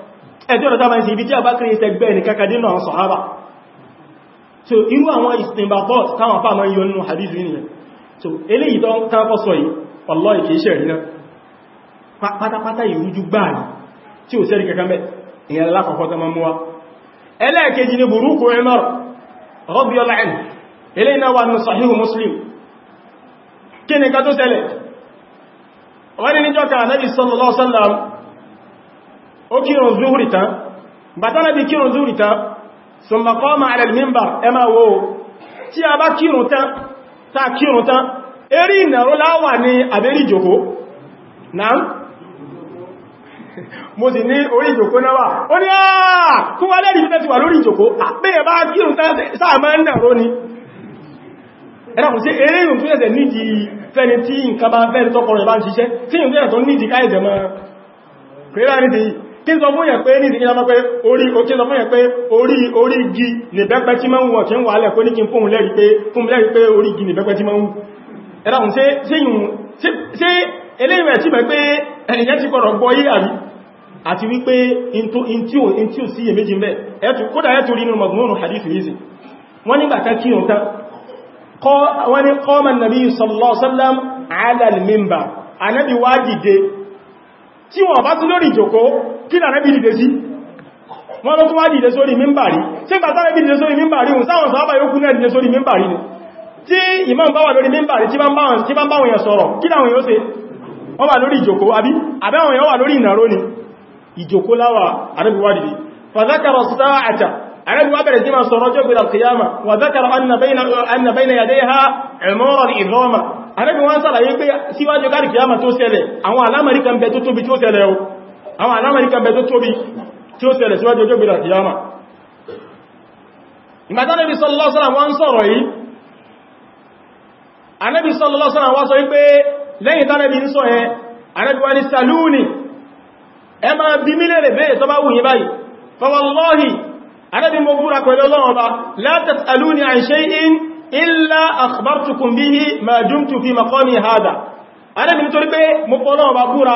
ẹjọ́ ọ̀dọ́ bá ń ṣe ibi tí Abubakar ìtẹgbẹ́ ní kàkàdé náà sọ̀hábà so irú àwọn istinbatot táwọn apá mọ́ yíò nínú hadith yìí nìyẹn so eléyìí tó ń tàkọ́ sọ yìí wallahi kìí ṣe rí náà pátápátá ìrújú gbáàrí tí ò sẹ́rí kẹkẹ́ mẹ́ ìyẹn lákọ̀ọ́kọ́ tó máa mú wa ẹlẹ́ẹ̀kejì ni burúkú Umar radiyallahu anhu eléyìí náà wà ní Sahihu Muslim kí ni ká ó kírùn zuhuri tán bàtánàbí kírùn zuhuri tán summa qama ala al-minbar ẹmà wo tí a bá kírùn tán tá kírùn tán eré ìnàró láwà ní abẹ́rí ìjòkó náà mo sì ní orí ìjòkó náà wà ó ní àà kún wá lẹ́rìí tẹ́ ti wà lórí ìjòkó àpẹ́yẹ bá kírùn tán sáà máa ni ẹ̀dàkùn sí eré ìrùn tó yẹ̀sẹ̀ nídìí fẹ́ni tí nǹkan bá fẹ́ni tọ́kọrọ̀ ìbá ń ṣiṣẹ́ tí ìgbẹ́ kí sọ fún yẹn pé ní ìsìnkí lọ́mọ́ pé orí òkè sọ fún yẹn pé orí orí igi nìbẹ́pẹ́ tí máa ń wọ̀ tí ń wà alẹ́ kó ní kí fún lẹ́rí pé fún lẹ́rí pé orí igi nìbẹ́pẹ́ tí máa ń ẹ̀dàkùn sí eléyìnwẹ̀ tí mẹ́ pé ẹnìyàn ti kọ̀rọ̀ gbọ́ yí àrí àti wípé in tí ò sí èméjì mẹ́ kódà ẹ̀tù rí nínú mọ̀gbọ́nù hadith yìí wọ́n nígbàtá kí òun wọ́n ni kọ́mà nàbí sallallahu ala al-minbar anábi wá dìde tí wọ́n kí là rẹ́bì dìde sí wọ́n ló tún wá dìde sórí mímbàrí tí gbàtà rẹ́bì dìde sórí mímbàrí òun sáwọn sọ́ọ́bà yóò kú náà dìde sórí mímbàrí sọ̀rọ̀ kí làwọn kìyàmà wà zákàrọ̀ annabẹ́nà yàdẹ́ha ẹ̀mọ́rọ̀ ìrọ́mà àrẹ́bíwá ń sàlàyé pé síwájú kárí kìyàmà tó ṣẹlẹ̀ àwọn alámàrí kan bẹ tó tóbi tó ṣẹlẹ̀ àwọn alámàríkà bẹ tó tóbi tí ó tẹ̀lẹ̀ síwájú ọjọ́ gbìdà kìyàmà ìgbàtà nẹ́bí sọ́lọ́sọ́lá wọ́n ń sọ̀rọ̀ yìí anẹ́bí sọ́lọ́sọ́lá wá sọ wípé lẹ́yìn tánẹ́bí ń sọ ẹ anẹ́bí wá ní salúni ẹ máa bí mílẹ̀rẹ̀ bẹ́ẹ̀ tọ́bá wù yí báyìí fọwọ́lọ́hì anẹ́bí mo búra pẹ̀lú ọlọ́run ọba la tas'aluni an shay'in illa akhbartukum bihi ma dumtu fi maqami hada anẹ́bí nítorí pé mo fọ́lọ́run ọba búra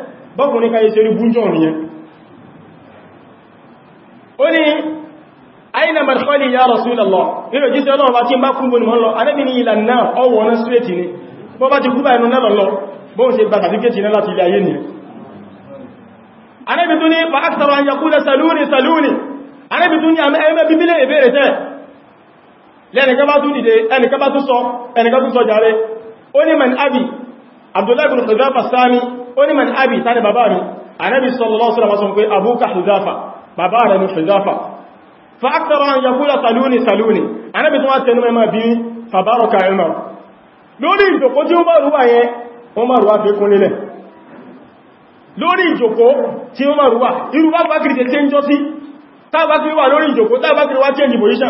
bọ́kùnrin káyé ṣe rí bújọ́ nìyẹn ó ní aina madkhali ya Rasulullah nínú jíṣẹ́ ọlọ́run bá tí bá kú gbónìmọ́ lọ anẹ́bì ní ìlànà náà ọwọ́ ọ̀nà sírétì ni bọ́ bá ti kú bá inú náà lọ bóhun ṣe gbàtàfí kéèkì náà láti ilé ayé ni anẹ́bì tún ní fa akthara an yaqula saluni saluni anẹ́bì tún ní Abdullahi bin Hudhafa Sami ó ní man abi tani bàbá mi anábi sallallahu alaihi wasallam pé abúka huzafa bàbá rẹ̀ ni huzafa fa akthara an yaqula saluni saluni anábi tó wá tẹnu mẹ́mà bí fàbárọka umar lórí ìjòkó tí ó bá rúwà yẹn umar wá fi kún nílẹ̀ lórí ìjòkó tí umar wá irú bá bá kìrì tẹ́ ń jọ sí tábà kìrì wà lórí ìjòkó tábà kìrì wá change position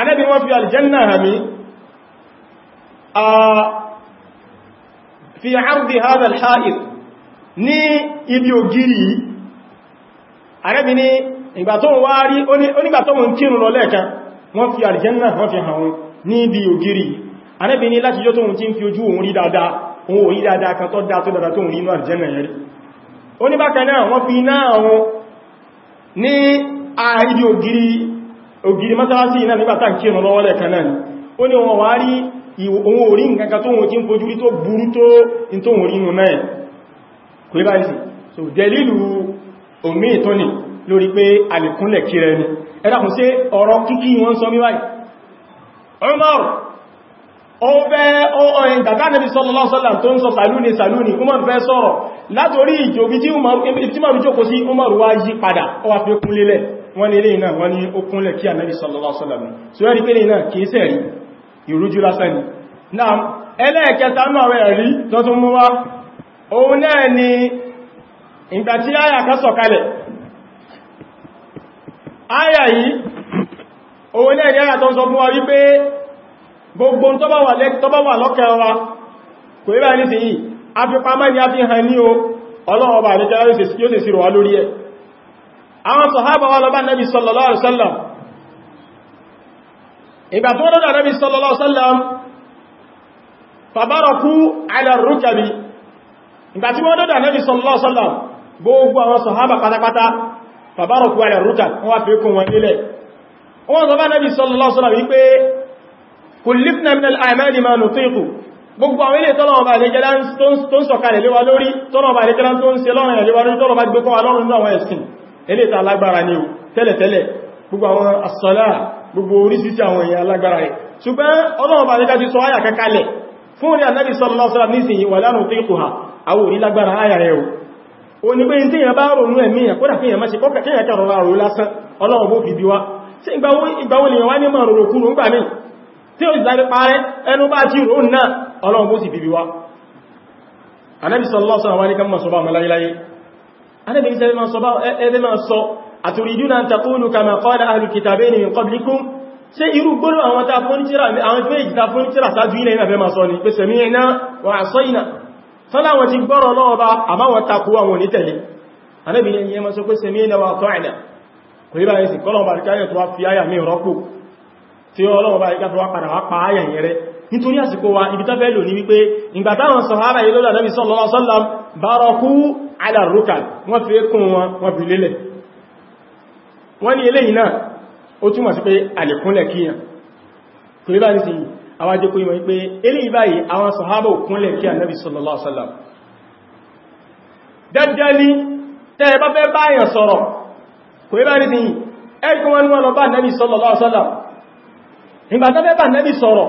anẹ́bí wọ́n fi aljanna hami a fi ardi hada al-ha'id ní ibi ògiri anẹ́bí ní ìgbà tó wá rí onígbà tó mú kírun lọ lẹ́ẹ̀kan wọ́n fi aljanna wọ́n fi hàn ní ibi ògiri anẹ́bí ní láti jọ tó mú tí ń fi ojú òun rí dáadáa òun òyí dáadáa kan tó dá tó dára tó rí inú yẹrí oníbákanáà wọ́n fi iná àwọn ní ààrí ògiri ògiri mọ́sálásí iná nígbàtà kí ẹ̀nà lọ́wọ́ lẹ́ẹ̀kan náà ni ó ní wọn wá rí ohun orí nǹkan tó wọn tí ń fojú rí tó burú tó in tó wọn rí inú náà kò lè báyìí so dẹ̀lìlù omi ìtọ́ni lórí pé alìkúnlẹ̀ kí rẹ ẹ̀dàkùn sí ọ̀rọ̀ kíkí sọ wọ́n ní eléyìí náà wọ́n ní ó kúnlẹ̀ kí ànábì sallallahu alaihi wasallam so yẹ́ rí pé eléyìí náà kìí sẹ̀rí ìrújú lásán ni náà ẹlẹ́ẹ̀kẹta náà rẹ̀ rí tọ́tún mú wá òun náà ni ìgbà tí áyà kan sọ̀kalẹ̀ wa wípé wa kò yíba ní sí yìí afipamọ́ ni a fi hàn ní o ọlọ́wọ́ bà ní àwọn sọ̀hábà wá lọ́bá nẹ́bí sallallahu alaihi wasallam ìgbà tó lọ́dọ̀ nẹ́bí sallallahu alaihi wasallam fàbárakú ala rukabi ìgbà tí wọ́n lọ́dọ̀ nẹ́bí sallallahu alaihi wasallam gbogbo àwọn sọ̀hábà pátápátá fàbárakú ala rukabi wọ́n fi kún wọn nílẹ̀ wọ́n lọ́bá nẹ́bí sallallahu alaihi wasallam wípé kullifna min al-a'mali ma nutiqu gbogbo àwọn ilé tọ́lọ̀wọ̀ bá lẹ́jẹ́lá tó ń sọ̀kalẹ̀ léwa lórí tọ́lọ̀wọ̀ bá lẹ́jẹ́lá tó ń ṣe lọ́rùn ẹ̀lẹ́wà lórí tọ́lọ̀wọ̀ bá gbé kọ́ ẹ̀sìn ele alágbára ní o tẹ́lẹ̀tẹ́lẹ̀ gbogbo àwọn asọ́lá gbogbo orísìí àwọn èèyàn alágbára rẹ̀ ṣùgbọ́n ọlọ́run bá nígbàtí sọ áyà kẹkalẹ̀ fún orí anábì sọ́lọ́sọ́lá ha o o ní pé tí èèyàn bá a ẹ̀mí yẹn kódà kí èèyàn má ṣe kọ́kà kí èèyàn kẹrọ rárò lásán ọlọ́run bó fi bí wá sí ìgbàwó lèèyàn wá ní anábi ìsẹ́lẹ̀ máa sọ bá ẹgbẹ́ máa sọ àtùrìdúnà takúnù kama qala ahlul kitabaini min qablikum ṣe irú gbóló àwọn ta fónítírà àwọn tó èjì ta fónítírà sáájú ilẹ̀ ìrìnàfẹ́ máa sọ ní pé sami'na wa asayna sọ́nà àwọn ti gbọ́rọ̀ náà bá àmáwọn takú àwọn onítẹ̀lé anábi ní ẹyẹ máa sọ pé sami'na wa ata'na kò yí nítorí àsìkò wa ibi tó fẹ́ lò ní wípé ìgbà táwọn sọ̀hábà yìí lọ́dọ̀ Ànábì sallallahu alaihi wasallam baraku ala rukan wọ́n fi kún wọn wọ́n fi lélẹ̀ wọ́n ní eléyìí náà ó túmọ̀ sí pé àlèkúnlẹ̀ kíyàn kò rí bá ní sí àwọn ajẹ́kú ìmọ̀ wípé eléyìí báyìí àwọn sọ̀hábà òkúnlẹ̀ kí Ànábì sallallahu alaihi wasallam dandali tẹ́ bá fẹ́ báyàn sọ̀rọ̀ sọ̀rọ̀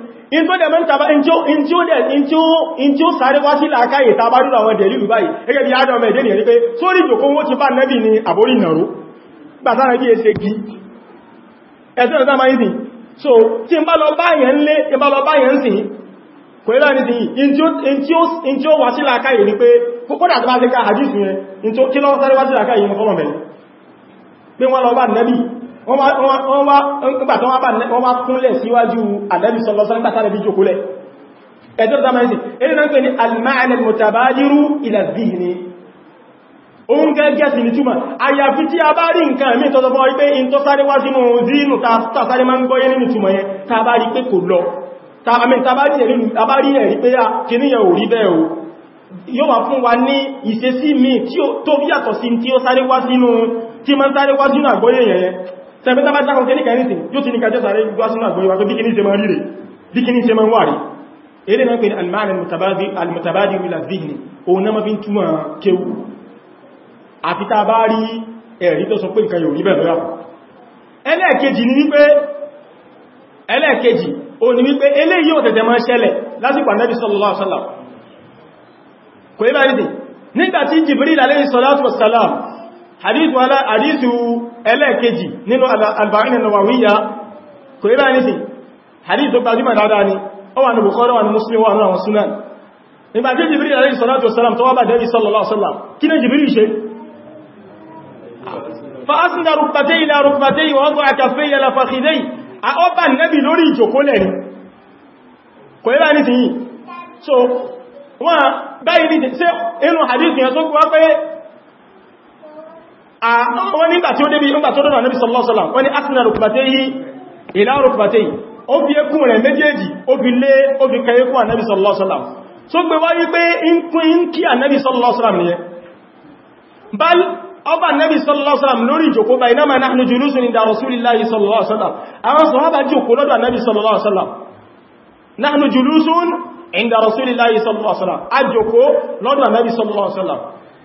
in tó dẹ̀mọ́ tàbá in tí ó sáré wá sí làákàyè tàbá rúrù àwọn dẹ̀lìlù báyìí gẹ́gẹ́ bí adam ẹ̀dẹ́ nìyẹn pé sórí ìjòkówó ti bá nẹ́bì ní àborí ìnàró gbàtánà bí ẹsẹ gí ẹ̀sẹ̀ ọ̀dá máa ìdí so tí ń bá lọ báyẹn lé ń bá lọ báyẹn sí kò ilá ní ti in tí ó wá sí làákàyè ní pé kódà tó bá ti ká hadith wọ́n wá kúnlẹ̀ síwájú àdẹ́bì sọlọ́sọ́ nígbàtà rẹ̀ bí jòkólẹ̀ ẹjọ́ dámẹ́sì eré náà ń pè ní al-ma'na al-mutabadiru ila al-dhihni oun gẹ́gẹ́ sí ní túnmà àyàfi tí a bá rí nǹkan mí tọ́tọ́ fún wípé in tó sáré wá sínú zínú ta sáré máa ń gbọ́yé nínú túnmọ̀ yẹn ta bá rí pé kò lọ ta bá rí ẹ̀rí pé a ah, kìníyàn ò rí bẹ́ẹ̀ o yóò wà fún wa ní ìṣesí mi tó yàtọ̀ sí tí ó sáré wá sínú tí yẹn tẹ̀bí tàbá dákùn kí ní kẹrin tí yóò ti ní kẹjọ́ sàárẹ́ ìgbà sínú àgbòyí wà tó bí kí ní ṣe máa ríre bí kí ní ṣe máa wà rí eré náà pè ní alìmáàrin almutabadi wila zihni òun náà mafi túnmà kéwù àfi ta bá rí ẹ̀rí tó sọ pé nǹkan yóò rí bẹ̀rẹ̀ rà ẹlẹ́ẹ̀kejì ni wípé ẹlẹ́ẹ̀kejì ó ní wípé eléyìí ò tẹ̀tẹ̀ máa ṣẹlẹ̀ lásìkò Ànábì sallallahu alaihi wasallam kò ibá rí nígbàtí Jibril alayhi salatu wassalam hadithu ẹlẹ́ẹ̀kejì nínú alba'in nawawiyya kò rí báyìí sí hadith tó gbajúmọ̀ dáadáa ni ó wà ní bukhari wà ní muslim wà ní àwọn sunan nígbà tí jibril alayhi salatu wasalam tó wá bá dabi sallallahu alaihi wasallam kí ni jibril ṣe fa asna rukbatayhi ila rukbatayhi wa wada'a kaffayhi ila fakhidayhi so wọ́n báyìí ní ṣe inú hadith yẹn tó wá Ah, wọ́n nígbà tí ó débi nígbà tó dọ́nà Nabi sallallahu alaihi wasallam wọ́n ni asna rukbatayhi ila rukbatayhi ó fi ẹkùn rẹ̀ méjèèjì ó fi lé ó fi kẹ ẹkùn Nabi sallallahu alaihi wasallam so gbé wá wípé in kún kí Nabi sallallahu alaihi wasallam nìyẹn bal ọba Nabi sallallahu alaihi wasallam lórí ìjòkó bá iná ma nahnu julusun inda rasulillahi sallallahu alaihi wasallam àwọn sọ̀hábà jòkó lọ́dọ̀ Nabi sallallahu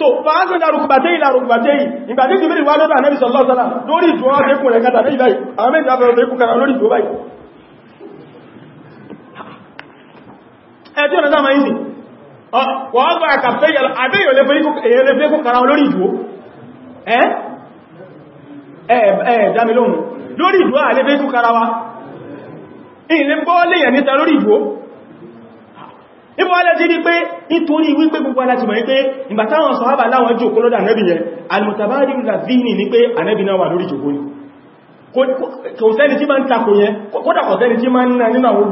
tó fàájú ní arùgbàtẹ́ ìlà arùgbàtẹ́ yìí ìgbàtí ìgbèrè wà lọ́dọ̀ ànẹ́bì sọ̀lọ́sọ́lá lórí ìjọ́ ọ̀rẹ́kùn rẹ̀ kátà ní ìbáyìí àwọn mẹ́ta bẹ̀rẹ̀ ọ̀rẹ́kùn kàrà lórí ìjọ́ báyìí ẹjọ́ ọ̀nà sáàmà ìsìn wọ́n gbà kàfẹ́ àbẹ́yọ̀ lẹ́fẹ́kùn kàrà lórí ìjọ́ ẹ́ ẹ̀ dámi lóhun lórí ìjọ́ àlẹ́fẹ́kùn kàrà wa ìlẹ́gbọ́ lèyàn níta lórí ìjọ́ níbo alẹ́ ti rí pé nítorí wípé gbogbo aláti mọ̀ wípé ìgbà táwọn sọ̀hábà láwọn jù kó lọ́dà ànẹ́bì yẹn alìmọ̀tàbárí rìnlàfíìnì ní pé ànẹ́bì náà wà lórí jòkó ní tí ma ń takò ma na nínú àwọn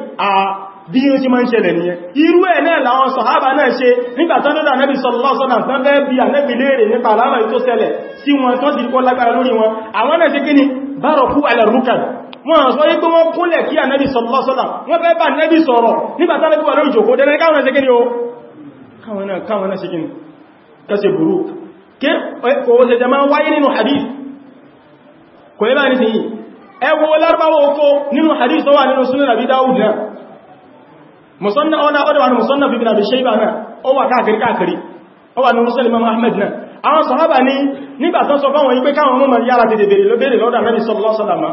olùmọ̀ bí i ṣe máa ń ṣẹlẹ̀ nìyẹn irú ẹ̀ náà làwọn sọ̀hábà náà ṣe nígbà tán lọ́dà nẹ́bì sọ̀lọ́sọ́nà tán bẹ́ẹ̀ bí ànẹ́bì léèrè nípa àlámà tó ṣẹlẹ̀ sí wọn tán sì kọ́ lágbára lórí wọn àwọn náà ṣe kí ni bárọ̀kú alẹ́rúkàn wọ́n sọ wípé wọ́n kúnlẹ̀ kí ànẹ́bì sọ̀lọ́sọ́nà wọ́n fẹ́ bá ànẹ́bì sọ̀rọ̀ nígbà tán lẹ́bì wà lórí ìjòkó ni ó káwọn náà ni kẹsẹ̀ hadith kò yẹ bá ní sí yìí ẹwọ lárúbáwọ́ musanna ọ̀nà ọ̀dọ̀ wà ní musanna bíbí àbí ṣe náà ó wà káàkiri káàkiri ó wà ní musulman ahmed náà àwọn sọ̀hábà ní nígbàtán sọ fáwọn ipé káwọn mọ́ yára ti dèbèrè ló bèèrè lọ́dà mẹ́rin sọ́lọ́sọ́lọ́mà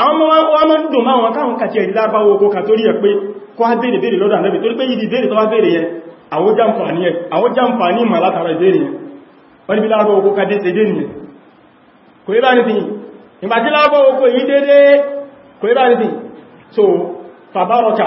àwọn mọ́ wọ́n mọ́ dùn máa wọn káwọn kàtí ẹ̀rí lárúbáwọ́ oko kà torí ẹ̀ pé kó á bèèrè bèèrè lọ́dà mẹ́rin torí pé yìí bèèrè tó wá bèèrè yẹn àwọn jàǹfààní mà látara ìbèèrè yẹn wọ́n níbi lárúbáwọ́ oko ká dé ṣe dé nìyẹn kò yíbá ní ti ìgbàtí lárúbáwọ́ oko yìí dédé kò yíbá ní ti so fàbárọ̀kà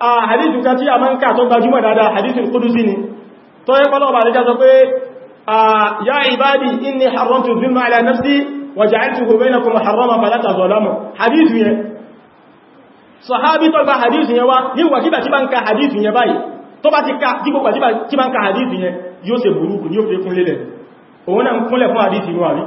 hadithu kan tí a máa ń ká tó gbajúmọ̀ dáadáa hadithu kudusi ni tó yẹ kọ́lọ̀ bá lẹ́jọ́ pé ya ibadi inni haramtu zulma ala nafsi wa ja'altuhu bainakum harama fala tazalamu hadithu yẹn sahabi tó gba hadithu yẹn wá ní wà kíbà tí bá ń ka hadithu yẹn kún lélẹ̀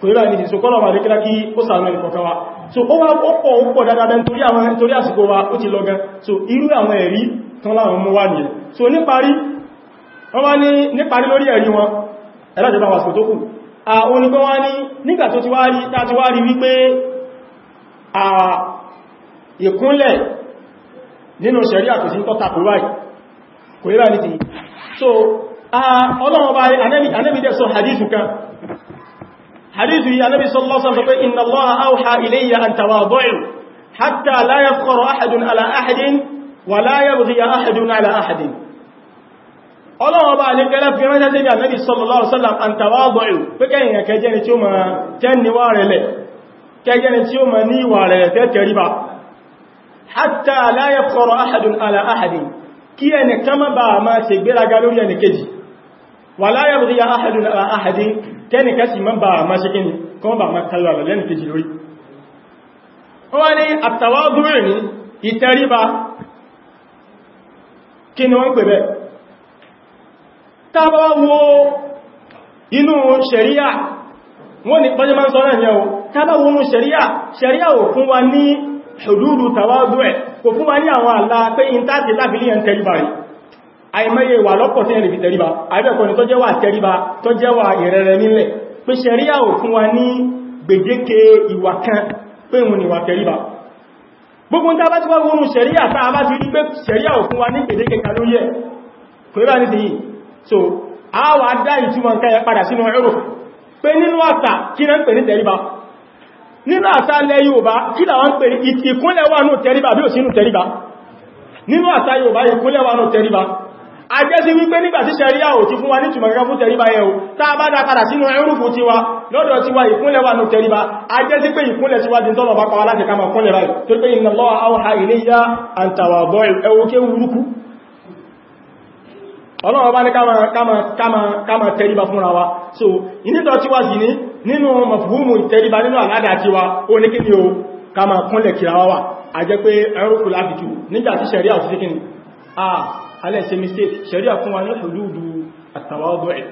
kò yíra ní ìṣòkọ́ ọmọ àríkílá kí ó sàánà ìkọ̀kan wa so ó wá pọ̀ ó pọ̀ dáadáa nítorí àwọn nítorí àsìkò wa ó ti lọ gan so irú àwọn ẹ̀rí tán láwọn mú wá nìyẹn so níparí wọ́n wá ní níparí lórí ẹ̀rí wọn ẹ̀lájọba wàsìkò tó kù àwọn onígbọ́ wá ní nígbà tó ti wá rí wípé à ìkúnlẹ̀ nínú ṣẹ̀rí àkùsí tó takò wáyìí حديث النبي صلى الله عليه وسلم إن الله أوحى إلي أن تواضعوا حتى لا يفخر أحد على أحد ولا يبغي أحد على أحد ọlọ́wọ́ bá ní kẹlẹ́ fi ránṣẹ́ sí ànábì sallallahu alaihi wasallam an tawadu'u pé kẹ́yìn kẹjẹ́ ni tí ó ma tẹ́niwà rẹ̀ lẹ̀ kẹjẹ́ ni tí ó ma ní ìwà rẹ̀ tẹ́tẹ̀rí bá hatta la yafkhara ahadun ala ahadin kí ẹni kama bá ma ṣe gbéraga lórí ẹni kejì wàlá yàrù rí ahàdùn ahàdì kẹ́nìkẹ́ sì mọ́ bá ma ṣe kí ni kọ́ bá ma kalọ̀ lọ lẹ́nì kejì lórí ó wá ní àtàwádùrù ní ìtẹríba kí ni wọ́n pè bẹ́ tàbá wo inú ṣẹ̀ríà wọ́n ni pọ́jẹ́ máa ń sọ náà yẹ́ o tàbá wo inú ṣẹ̀ríà ṣẹ̀ríà ò fún wa ní ṣòdúrù tàwádùrù kò fún wa ní àwọn àlá pé àìmẹ́yẹ wà lọ́pọ̀ tí ẹ̀rìn fi àìbẹ̀kọ́ ni tó jẹ́wà tẹríba tó jẹ́wà ìrẹ̀rẹ̀ nílẹ̀ pé ṣẹ̀ríà ò fún wa ní gbèdéke ìwà kan pé òun ni wà tẹríba gbogbo ta bá ti wọ́n wọ́n ṣẹ̀ríà tá a bá ti rí pé ṣẹ̀ríà so a wà dá ìtumọ̀ nǹkan yẹn padà sínú ẹ̀rọ pé nínú àṣà kí náà ń pè ní tẹríba nínú àṣà ilẹ̀ Yorùbá kí làwọn ń pè ní ìkúnlẹ̀ wà nù tẹríba bí ò sínú tẹríba nínú a jẹ́ sí wípé nígbà tí ṣẹ̀ríà ò ti fún wa ní tùmọ̀gá fún tẹríba yẹ o táa bá dákàdà sínú ẹrùfù ti wa lọ́dọ̀ ti wa ìkúnlẹ̀ wà ní tẹríba a jẹ́ sí pé ìkúnlẹ̀ ti wa di tọ́nà bá kọwa láti kama kúnlẹ̀ báyìí tó pé inna Allaha awha ilayya an tawaddu' ẹwọ ké wúrúkú ọlọ́wọ́ bá ní kama tẹríba fúnra wa so ìnítọ̀ ti wa sì ní nínú mafhumu tẹríba nínú àládà ti wa ó ní kí ni o kama kúnlẹ̀ kìrawa wa a jẹ́ pé ẹrùfù láfi jù nígbà tí ṣẹ̀ríà ò sí kí ni ah, alẹ́ ṣe mistake ṣẹ̀ríà fún wa ní hududu àtàwádọ́ẹ̀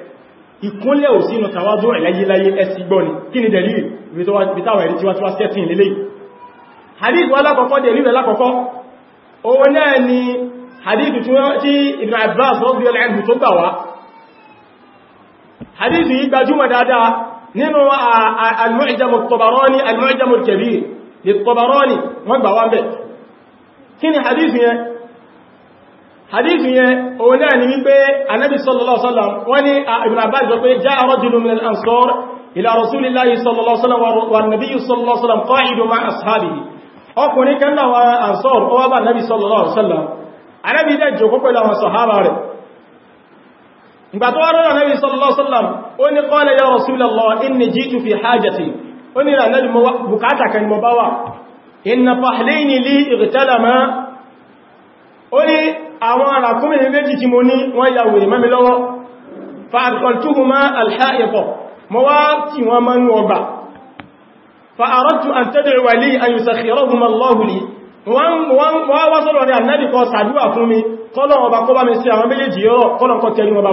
ìkúnlẹ̀ ò sínú tàwádọ́ẹ̀ láyéláyé ẹsì gbọ́ ni kí ni dẹ̀lì ìbítàwà ẹ̀rí tíwá tíwá sẹ́tìn lélé hadith wà lákọ̀ọ́kọ́ dẹ̀lì rẹ̀ lákọ̀ọ́kọ́ owó náà ni hadith tí Ibn Abbas radiyallahu anhu tó gbà wá hadith yìí gbajúmọ̀ dáadáa nínú al-Mu'jam at-Tabarani al kí ni hadith yẹn hadithi yẹn òun náà ni wípé anábi sallallahu alaihi wasallam wọ́n ni ah, ibn abbas sọ pé já rajulun min al-ansar ila rasulillahi sallallahu alaihi wasallam wa nabiyyu sallallahu alaihi wasallam qa'idu ma ashabihi ọkùnrin kan náà wa ansar ó wá bá nabi sallallahu alaihi wasallam anábi dẹ̀ jókòó pẹ̀lú àwọn sahaba rẹ̀ ìgbà tó wá rọ́rọ̀ nabi sallallahu alaihi wasallam ó ní qala ya rasulallah inni jitu fi hajati ó ní àwọn àràkúnmí méjì tí mo ní wọ́n ya wèrè mẹ́mi lọ́wọ́ fa'arqaltuhuma alha'iqa mo wá tí wọ́n mọ́ ní ọgbà fa'aradtu an tad'u li an yusakhkhirahuma Allahu li wọ́n wá sọ́rọ̀ rẹ̀ annabi kọ sàdúwà fún mi kọ́lọ̀n ọba kọ́ bá mi sí àwọn méjèèjì yọ́ kọ́lọ̀n kọ́ tẹ́rí ọba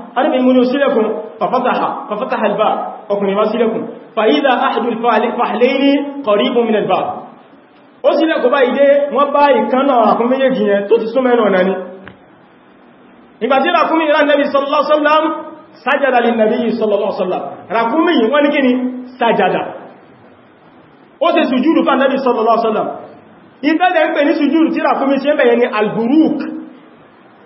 anábi mú ní ó sílẹ̀kùn fàfátàhà albá ọkùnrin wá sílẹ̀kùn fàídà ahadul fàhàlẹ́ni qaribun min albá ó sílẹ̀kùn bá ìdé wọ́n bá ìkánà àkún méjèèjì yẹn tó ti súnmẹ́nà ọ̀nà ni ìgbàtí ràkúnmí ìran nabi sallallahu alaihi wasallam sajada lin nabi sallallahu alaihi wasallam ràkúnmí wọ́n ní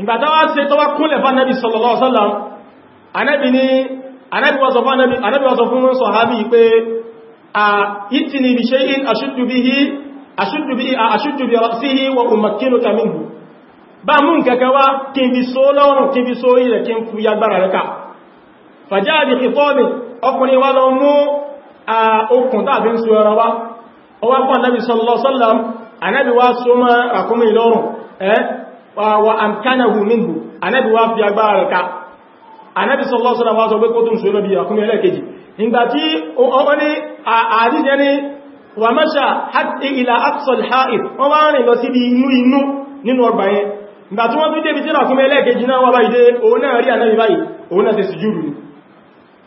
ìgbàtà wá ṣe tọ́wà kúnlẹ̀ fún anábi sallallahu alaihi wasallam anábi ni anábi wọ́n sọ fún sọ̀hábí pé a ìtì ni bíṣe in aṣújúbí síhí wa umakinu kaminhu ba mú kẹkẹ wá kí n fi so lọ́rùn kí n fi so ilẹ̀ a okùn tàbí ń so ẹran wá ọwá fún anábi sallallahu alaihi wa amkanahu minhu ànábì wá fi agbára rẹ̀ ká ànábì sallallahu alaihi wasallam wá sọ pé kó tún sọ bí àkúnmí ẹlẹ́ẹ̀kejì nígbà tí ó ní àdíjẹ́ ní wà mẹ́ṣà hatta ila aqsa al-ha'id wọ́n wá rìn lọ sí bí inú inú nínú ọgbà yẹn nígbà tí wọ́n tún débi tí àkúnmí ẹlẹ́ẹ̀kejì náà wá báyìí dé òun náà rí ànábì báyìí òun náà ti sùjúdù ni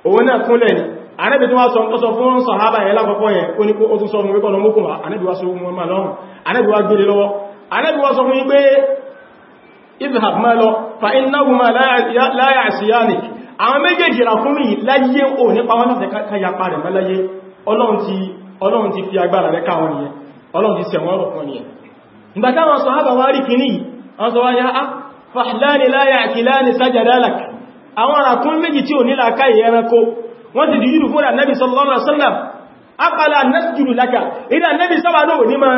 òun náà kúnlẹ̀ ni ànábì tí wọ́n sọ nǹkan sọ fún sàhábà yẹn lákọ̀ọ́kọ́ yẹn ó ní kó tún sọ fún wípọ́nà mọ́kùnwà ànábì wá sọ fún wọn máa lọ́rùn ànábì wá gbélé e lọ́wọ́ ànábì wá sọ fún yí pé izhab ma lọ fa innahuma la ya'siyanik àwọn méjèèjì ràkúnmí láyé ò nípa wọ́n láti káyapa rẹ̀ mẹ́láyé ọlọ́run ti fi agbára rẹ̀ káwọn nìyẹn ọlọ́run ti sẹ̀wọ́n rọ̀ fún nìyẹn ìgbàtá wọn sọ hábà wárí kìíní wọn sọ ah, wáyá á fàhìláni láyà àti láni sájàdálàk àwọn ràkún méjì tí ò nílà káyẹ ẹranko wọ́n ti dìjúdù fún ànábì sallallahu alaihi wasallam apala nasjudu laka ìdá ànábì sáwàlò ní máa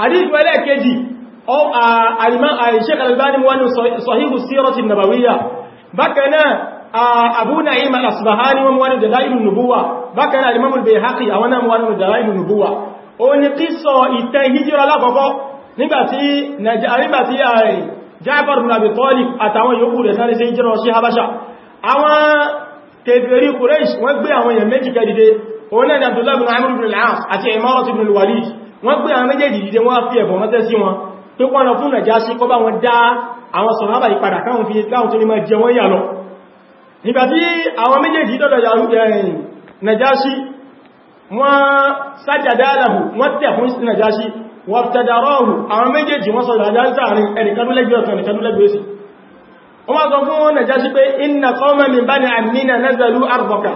hadith ẹlẹ́ẹ̀kejì Sheikh Al-Albani wà ní Sahihu Sirati Nabawiyya bákanáà Abu Na'im al-Asbahani wọn wani Dalailun Nubuwa bákanáà al-Imam al-Bayhaqi àwọn náà wani Dalailun Nubuwa ó ní kíso ìtẹ́ hijira lákọ̀ọ́kọ́ nígbàtí Ja'far ibn Abi Talib àtàwọn yòókù rẹ̀ sáré sí hijira sí Habasha àwọn kèfèrí Quraysh wọ́n gbé àwọn èèyàn méjì kẹ́dìde òun náà ni wọ́n gbé àwọn méjèèjì dìde wọ́n fi ẹ̀bọ̀n ránṣẹ́ sí wọn pé wọ́n lọ fún nàjá sí kọ́ bá wọn dá àwọn sọ̀rọ̀lábà ìpadà káwọn fi láwọn tó ní máa jẹ wọ́n yà lọ nígbàtí àwọn méjèèjì dọ́dọ̀ nàjá sí wọ́n sájàdá aláhù wọ́n tẹ̀ fún nàjá sí wọ́n tẹ̀dàrọ́hù àwọn méjèèjì wọ́n sọ̀rọ̀ àjá sáàrin ẹnìkanúlẹ́gbẹ̀ẹ́ ọ̀tọ̀ ẹnìkanúlẹ́gbẹ̀ẹ́ sí wọ́n sọ fún nàjá sí ardaka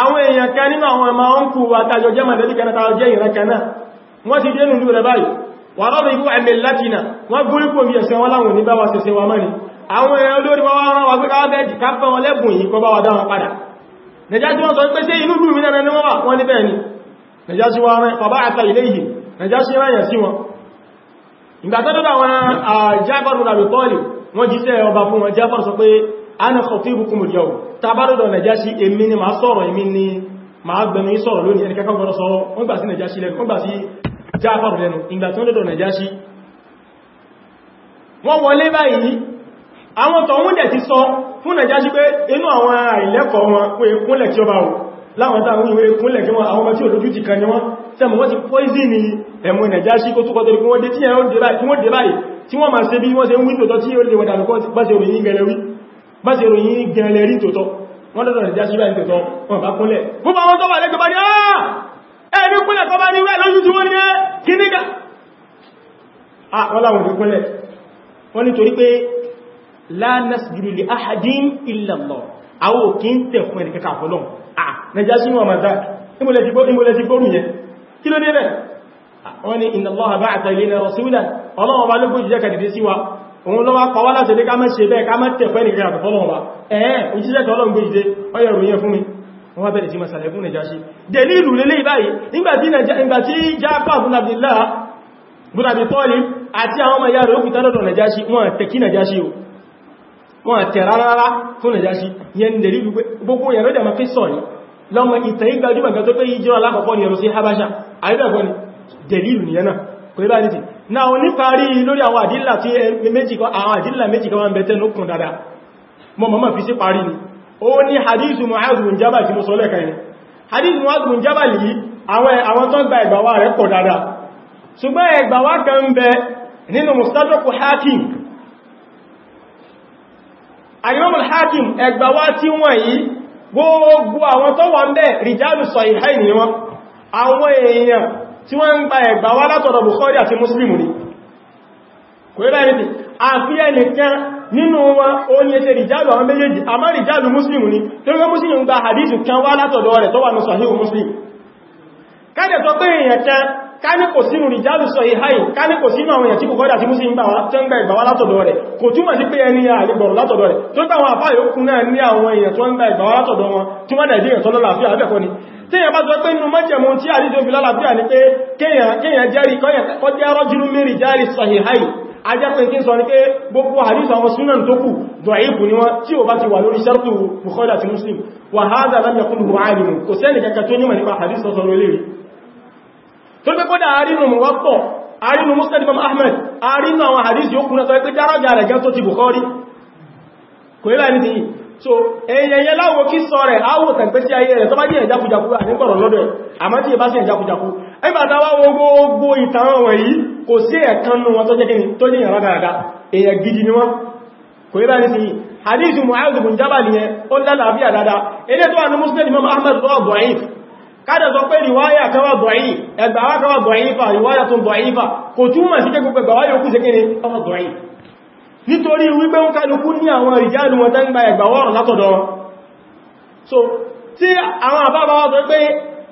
àwọn èèyàn kan nínú àwọn ọmọ ọkùnrin àtàjọ jẹ́ màdẹ́lì kanáà wọ́n ti dénú ìlú rẹ̀ báyìí wà rọ́bì ibú ẹ̀mẹ̀ látinà wọ́n gúrí kò bí ẹ̀sẹ̀ wọ́n láwọn oníbáwà sẹsẹ wa mẹ́rin àwọn èèyàn olórí wọ́n wọ́n wọ́n gbẹ́gbẹ́ bẹ́ẹ̀dì kápẹ́ wọn lẹ́bùn yìí kọba wa dáwọn padà nàjájú wọn sọ pé sí inú lùmí náà ni wọ́n wà wọ́n ní bẹ́ẹ̀ ni nàjájú wọn rẹ̀ ọba àta ilé yìí nàjájú rẹ̀ yàn sí wọn ìgbà tó dọ́dọ̀ àwọn jábọ̀rù rà lùtọ́ọ̀lì wọ́n jíṣẹ́ ọba fún wọn gbẹ̀mí sọ̀rọ̀ lónìí ẹni kẹ́kọ̀ọ́ gbọ́dọ̀ sọ wọ́n gbà sí nàjájú lẹ́nu wọ́n gbà sí Ja'far lẹ́nu ìgbà tó dọ̀dọ̀ Nàjáṣí wọ́n wọlé báyìí àwọn tọ̀hún dẹ̀ ti sọ fún Nàjáṣí pé inú àwọn àìlẹ́kọ̀ọ́ wọn pé kúnlẹ̀ kí ọba wọn láwọn táwọn ìwé kúnlẹ̀ kí wọn àwọn ọmọ tí olójú ti kan ní wọn tẹ́mù wọ́n ti poison ẹ̀mù Nàjáṣí kó túnkọ́ torí wọ́n dé tí wọ́n dé báyìí tí wọ́n máa ṣe bí wọ́n ṣe ń wíńtò tọ́ tí ó lè wọ̀dà lùkọ́ bá ṣe ròyìn ẹni pínlẹ̀ tó bá ní wẹ́ lójú tí wọ́n ní gínígà wọ́láwọ̀n fi pínlẹ̀ wọ́n ni torí pé la nasjudu li ahadin illa Allah àwọ̀ kí ń tẹ̀ fún ẹni kẹka fọ́lọ́n nàíjá sínú ọmọ dá ìmọ̀lẹ̀ òun lọ́wọ́ pàwọ́lá tẹ̀lé ká mẹ́ ṣe bẹ́ẹ̀ ká mẹ́ tẹ̀fẹ́ nìkan àtọ̀fọ́lọ́wọ́ ẹ̀ẹ́ òjíṣẹ́ tọ́lọ́ ìdé ọyẹ̀rùn yẹn fún mi wọ́n bẹ̀rẹ̀ sí ma sàlẹ̀ fún Nàjáṣì dẹ̀lì ìlú lélé ìbáyìí nígbàtí jápa fún Abdullah bin Abi Talib àti àwọn ọmọ ìyá rẹ̀ ó fi tánàdọ̀ Nàjáṣì wọ́n tẹ̀kí Nàjáṣì o wọ́n tẹ̀ rárá fún Nàjáṣì yẹn dẹ̀lì ìlú gbogbo yẹ̀rọ dẹ̀ ma fi sọ ní lọ́mọ ìtẹ̀ ìgbàjúmọ̀ kan tó pé yíjọ́ alákọ̀ọ́kọ́ ni ẹ̀rọ sí Habasha àìdàgbọ́n dẹ̀lì ìlú nìyẹn náà kò ibá nìtì náà o ní parí lórí àwọn àdílà tí méjì ó ní hadithu Mu'adh bin Jabal tí mo sọ lẹ́kan ní hadithu Mu'adh bin Jabal yìí àwọn tó gba ẹgbàwà rẹ̀ pọ̀ dáadáa ṣùgbọ́n ẹgbàwà kan bẹ nínú mustadrak Hakim Al-Imam Al-Hakim ẹgbàwà tí àfíẹ́ nìkan nínú wọn ó ní ẹsẹ̀ ríjálù àwọn méjèèjì àmá ríjálù muslim ni tó rẹ́ muslim ń gba hadith kan wá látọ̀dọ̀ rẹ̀ tó wà ní sahih muslim káàdẹ̀ sọ pé èèyàn kan ká ní kò sínú ríjálù sahihayn ká ní kò sínú àwọn èèyàn tí kò gọ́dà tí muslim gbà wá látọ̀dọ̀ rẹ̀ kò túmọ̀ sí pé ẹni àrígbọ̀rọ̀ látọ̀dọ̀ rẹ̀ tó gbà wọn àfáà yóò kún náà ní àwọn èèyàn tó ni tíyàn bá sọ pé inú mọ́jẹ̀mọ́ tí àrídò fi lálàáfíà ní pé kéyàn jẹ́rí kọjẹ́ rọ́jìrú mẹ́rin jẹ́rí sahihai ajẹ́pẹ̀ tí ń sọ ní pé gbogbo hadith àwọn sunan tó kù dọ̀ífù ni wọ́n tí ó bá ti wà lórí shartu Bukhari àti Muslim wà hádà lábẹ̀kún bù áàrìnù kò sẹ́ni kẹta tó nímọ̀ nípa hadith sọ sọ̀rọ̀ eléyìí tó gbé kódà àrínù mú wọ́pọ̀ àrínù Muslim Imam Ahmad àrínù àwọn hadith yóò kúnná sọ pé dáràjà so èyẹyẹ láwọ kí sọ rẹ̀ áwọ̀ tàgbẹ́sí ayé rẹ̀ tó bá jẹ́ ìjákújakú àníkọ̀rọ̀ lọ́dọ̀ àmọ́ tí ẹ bá ẹgbàtà wá gbogbo ìtàwọn wọ̀nyí kò sí ẹ̀kan nù wọn tó jẹ́ kìnnì tó jẹ́ ìyàrá dáadáa eya gidi ni wọ́n kò yí bá ní sí hadithu Mu'adh bin Jabal yẹn ó lálàáfíà dáadáa ilé tó wà ní Muslim Imam Ahmad tó ọgbọ̀nyí káàdà sọ pé riwaya i wà dọ̀yí ẹgbàwá kan wà dọ̀yí fa riwaya fa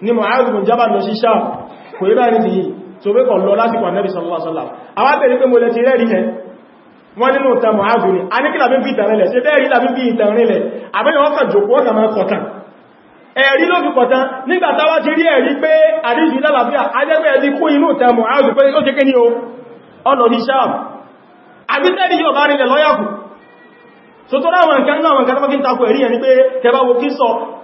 ní Mu'adh bin Jabal lọ sí Sham kò yí báyìí ti yìí tó pé kọ̀ lọ lásìkò Ànábì sallallahu alaihi wasallam àwọn bèèrè pé mo lẹ ti rẹ́rí ẹ wọ́n nínú ta Mu'adh ni a ní kí làbí bí ìtàn rẹ̀ ṣe bẹ́ẹ̀ rí làbí bí ìtàn rẹ̀ lẹ̀ àbẹ́yàn wọ́n kà jòkó ọ̀nà máa kọ̀tàn ẹ̀rí ló fi kọ̀tàn nígbà táwá ti rí ẹ̀rí pé àdíjù lálàáfíà ajẹ́gbẹ́ ẹ̀dí kún inú ta Mu'adh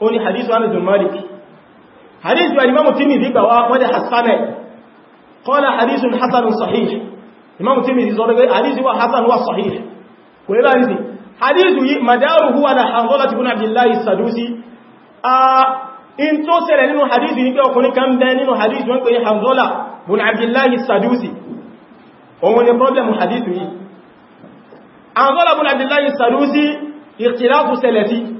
ó ní hadithu anas bin malik hadithu alimamu tirmidhi gbà wá wọ́n dẹ̀ hasanẹ̀ qala hadithu hasan sahih imamu tirmidhi sọ pé hadithu wa hasan wa sahih kò lè láti hadithu yìí madaru huwa na hanzola ti kuna abdullahi sadusi a in tó ṣẹlẹ̀ nínú hadithu yìí pé ọkùnrin kan bẹ nínú hadithu wọn pé hanzola bin abdullahi sadusi òun ni problem hadithu yìí hanzola bin abdullahi sadusi ikhtilafu salafi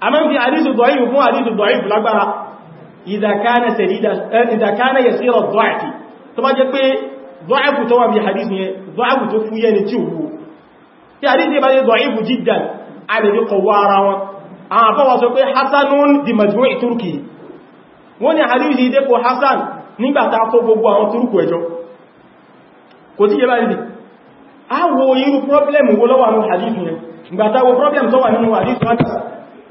a máa ń fi àdísù dọ̀ífù fún àdísù dọ̀ífù lágbára ìdàkánà yẹ sí ọ̀dọ̀ẹ̀tì tó bá jẹ́ pé dọ̀ífù tó wà bí àdísù yẹn dọ̀ífù tó fúyẹ́ ni tí òwú tí àdísù bá jẹ́ dọ̀ífù jiddan a lè kọwa ara wọn àwọn afọ́wọ́ sọ pé hassanun di majmu'i turki wọ́n ni àdísù ìdẹ́kọ̀ hassan nígbàtà kó gbogbo àwọn turku ẹjọ́ kò wọn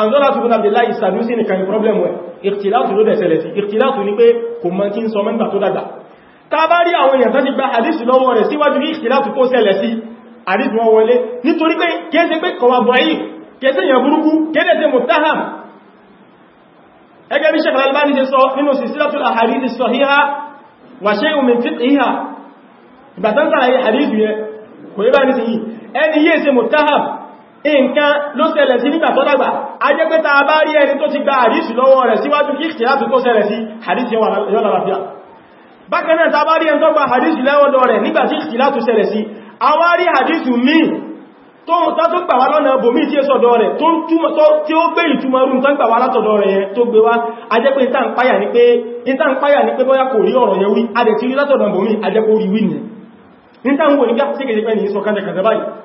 àǹdọ́lá tó fún àbdìlá ìsàdúsí nìkan ní pọ́blẹ̀mù ẹ̀ ìrtìlátù ló dẹ̀sẹ̀lẹ̀ sí ìrtìlátù ní pé kò mọ́ tí ń sọ mẹ́gbà tó dàgbà ta bá rí àwọn èèyàn tó ti gba àdísù lọ́wọ́ rẹ̀ síwájú ní ìrtìlátù tó ṣẹlẹ̀ sí àdísù wọn wọlé nítorí pé kéèsé pé kọwa bọ̀yí kéèsé èèyàn burúkú kéèsé sí mutaham ẹgẹ́ bí Sheikh al nǹkan ló ṣẹlẹ̀ sí nígbà tó dàgbà a ta bá rí ẹni tó ti gba àdísù lọ́wọ́ rẹ̀ síwájú kí ìṣẹ́ láti tó ṣẹlẹ̀ sí àdísù yọ́ lálàáfíà ta bá rí ẹni tó gba àdísù lọ́wọ́ rẹ̀ nígbà tí láti ṣẹlẹ̀ sí a wá rí tó gbà wá lọ́nà bòmí tí èsọ̀dọ̀ rẹ̀ tí ó gbé ìtumọ̀rún tán gbà wá látọ̀dọ̀ rẹ̀ yẹn tó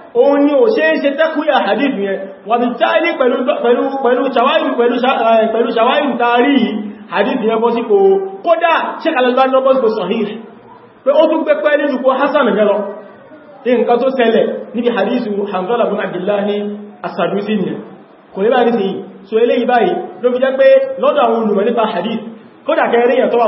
òun ni ò ṣe é ṣe tẹ́kùyà hadith yẹn wà bí táìlì pẹ̀lú ṣàwáyìn tarí hadith yẹn bọ́ sí kò kódà Sheikh Al-Albani bọ́ sí kò sahih pé ó tún pẹ́pẹ́ nínú kò Hasan gẹ́lọ nǹkan tó ṣẹlẹ̀ níbi hadithu Hanzala bin Abdullahi as-Sadusi ni kò ní bá ní sí so eléyìí báyìí ló fi jẹ́ pé lọ́dọ̀ àwọn olùmọ̀ nípa hadith kódà kẹrin yẹn tó wà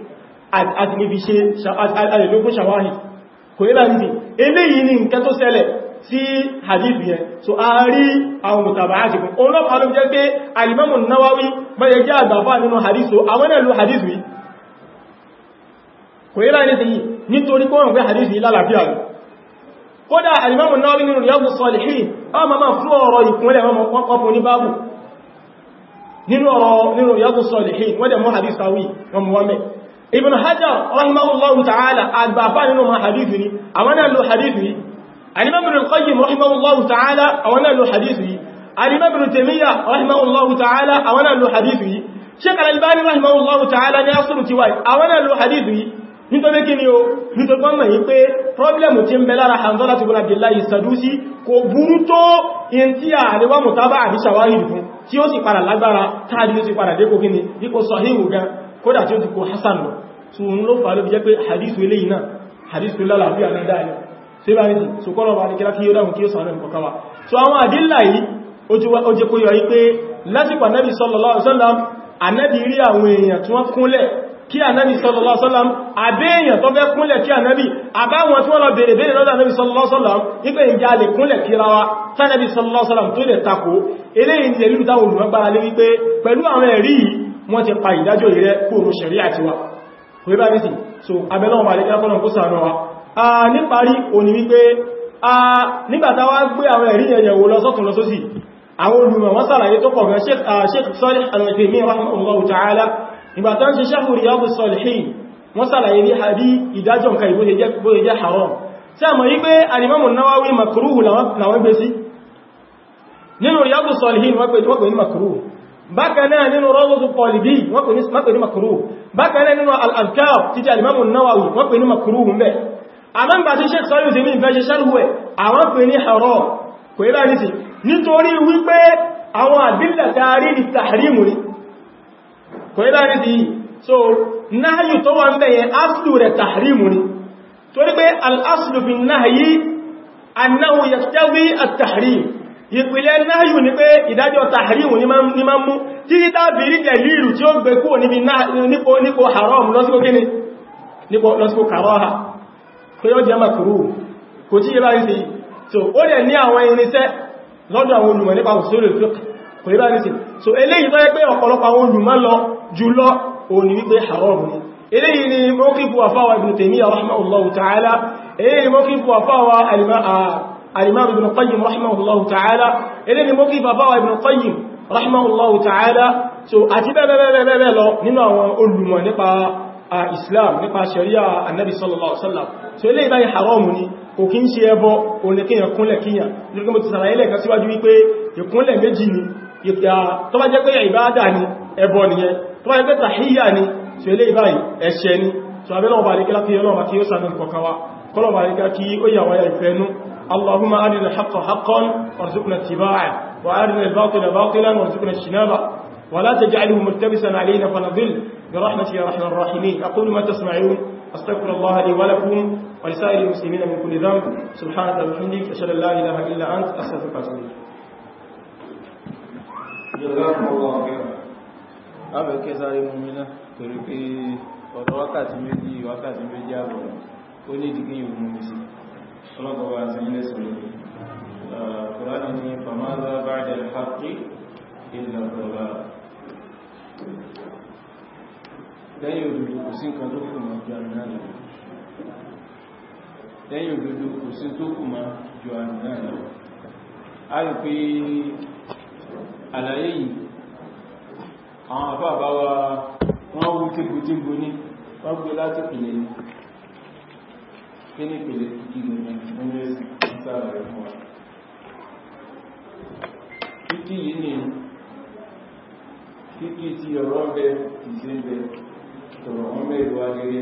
àti lè fi ṣe àlèlógún ṣàwáhì kò yílá ní eléyìí ni nǹkan tó ṣẹlẹ̀ sí hadith yẹn so a rí àwọn mùtàbà àṣìkún òun náà pàdó jẹ́ pé alìmọ́mù náwáwí bẹ́yẹ jẹ́ àgbàfà nínú hadith so àwọn ẹ̀lú hadith yìí kò yílá ní tìyí nítorí kó wọ́n pé hadith yìí lálàáfíà rẹ̀ kódà alìmọ́mù náwáwí nínú Riyadu Salihin ọmọ máa fún ọ̀rọ̀ ìkúnlẹ̀ ọmọ pọ́pọ́ ní báàbù nínú ọ̀rọ̀ nínú Riyadu Salihin wọ́n dẹ̀ mọ́ hadith sáwí wọn mú wọ́n mẹ́ ibn hajar rahimahullahu ta'ala agbafa nínú ma hadithi ni àwọn náà lo hadithi alimabin al-qayyim rahimahullahu ta'ala àwọn náà lo hadithi alimabin temiya rahimahullahu ta'ala àwọn náà lo hadithi sheikh al-albani rahimahullahu ta'ala ni asuru ti wai àwọn náà lo hadithi nítorí kí ni o nítorí wọ́n mọ̀ yí pé problem tí ń bẹ lára hanzola ti gbọ́nà billahi sadusi kò burú tó in tí a àríwá mutaba àbí shawahid fún tí ó sì padà lágbára tàbí ó sì padà dékò kí ni díkò sahihu gan kódà tí ó ti kò hasan lọ so òun ló fà ló fi jẹ́ pé hadith ilé iná hadith so kọ́lọ̀ bá ní kíra kí yóò dáhùn so àwọn àdílà yìí ó jẹ́ kó yọ yí pé lásìkò anábì sallallahu alaihi wasallam anábì rí àwọn èèyàn tí wọ́n kúnlẹ̀ kí anábì sallallahu alaihi wasallam àbẹ́ èèyàn tó fẹ́ kúnlẹ̀ kí anábì àbáwọn tí wọ́n lọ bèèrè bèèrè lọ́dọ̀ anábì sallallahu alaihi wasallam nípa ìjà lè kúnlẹ̀ kíra wa tánàbì sallallahu alaihi wasallam tó lè takò eléyìí ni ẹlú táwọn olùmọ́gbára lé wípé kò bá so abẹ́lọ́wọ̀n bá lẹ́gbẹ́ fọ́nà kó sàánà wa a níparí òní wípé a nígbàtá wá gbé àwọn ẹ̀rí ẹ̀yẹ̀wò lọ́sọ́tún lọ́sọ́sì àwọn olùmọ̀ wọ́n sàlàyé tó pọ̀ gan Sheikh Salih Al-Uthaymeen rahimahullahu ta'ala nígbàtá ń ṣe Sheikh Riyadus Salihin wọ́n sàlàyé ní àbí ìdájọ́ nǹkan ìbó ṣe jẹ́ haram tí a mọ̀ yí pé Al-Imam an bákanáà nínú rọ́wọ́dù pọ̀lìbí wọ́n pè ní makruh bákanáà nínú al-adhkar títí alimamu Nawawi wọ́n pè ní makruh mẹ́ àmọ́gbà tí sheik sọ́yọ̀ sí ní ìfẹ́ṣẹ́ sẹ́lúwẹ̀ àwọn pè ní haram kò yíra ní sí nítorí wípé àwọn àdílà tààrí ní tàhrímù ní kò yíra so náàyù tó wà ń bẹ̀yẹ aslu rẹ̀ tàhrímù ní torí pé al-aslu ìpìlẹ̀ náyù ní pé ìdájọ́ tàhrímù ní máa mú tí tàbí ríjẹ̀ líìrù tí ó gbé kúrò níbi nípo nípo haram lọ́síkò kíni nípo lọ́síkò kàrọ́ha pé ó jẹ́ makuru kò tí yẹba rí sí so ó dẹ̀ ní àwọn irinṣẹ́ lọ́dọ̀ àwọn olùmọ̀ nípa òṣèrè kò yẹba rí sí so eléyìí tó yẹ pé ọ̀pọ̀lọpọ̀ àwọn olùmọ̀ lọ jùlọ òní wípé ni eléyìí ni mọ́kíkù àfáwà ibn Taymiyyah rahimahullahu ta'ala eléyìí mọ́kíkù àfáwà alìmọ́ الإمام ابن القيم رحمه الله تعالى إليه موقف أباوة ابن القيم رحمه الله تعالى أتبع بابا لو نما أولما نقا إسلام نقا شريعة النبي صلى الله عليه وسلم إليه باي حرامني kò kí ń ṣe ẹbọ oníkíyàn kúnlẹ̀ kíyàn lórí mọ̀ ti sàrà ilẹ̀ kan síwájú wípé ìkúnlẹ̀ méjì ni tó bá jẹ́ pé ìbáadà ni ẹbọ nìyẹn tó bá jẹ́ pé tàhíyà ni tí ó lè báyìí ẹ̀ṣẹ̀ ni tó abẹ́lọ́ọ̀bà اللهم أرنا الحق حقا وارزقنا اتباعه وأرنا الباطل باطلا وارزقنا اجتنابه ولا تجعله ملتبسا علينا فنضل برحمتك يا أرحم الراحمين أقول ما تسمعون أستغفر الله لي ولكم ولسائر المسلمين من كل ذنب سبحانك وبحمدك أشهد أن لا إله إلا أنت أستغفرك وأتوب إليك جزاكم الله خيرا أبا كزاري مؤمنة تركي pé ọ̀dọ̀ wákàtí méjì wákàtí méjì àbọ̀ ó ọlọ́pàá wa sí ilé sọ̀rọ̀ kùránì ní fàmádà báyìí alhaqi ilẹ̀ ọ̀rọ̀lá lẹ́yìn òdòdó kò sí nǹkan tó kù ma ju àmìnà lọ lẹ́yìn òdòdó kò sí tó kù ma ju àmìnà lọ a rí pé àlàyé yìí àwọn àfáà bá wa wọ́n wú kégbòjégbò ní wọ́n gbé láti pìlẹ̀ kí ní pèlè kí ní nínú ẹ̀sìn sára rẹ̀ fún wa kíkí yìí ni kíkí ti ọ̀rọ̀ bẹ ìṣẹ́ bẹ tọ̀rọ̀ wọn bẹ ìlú agẹrẹ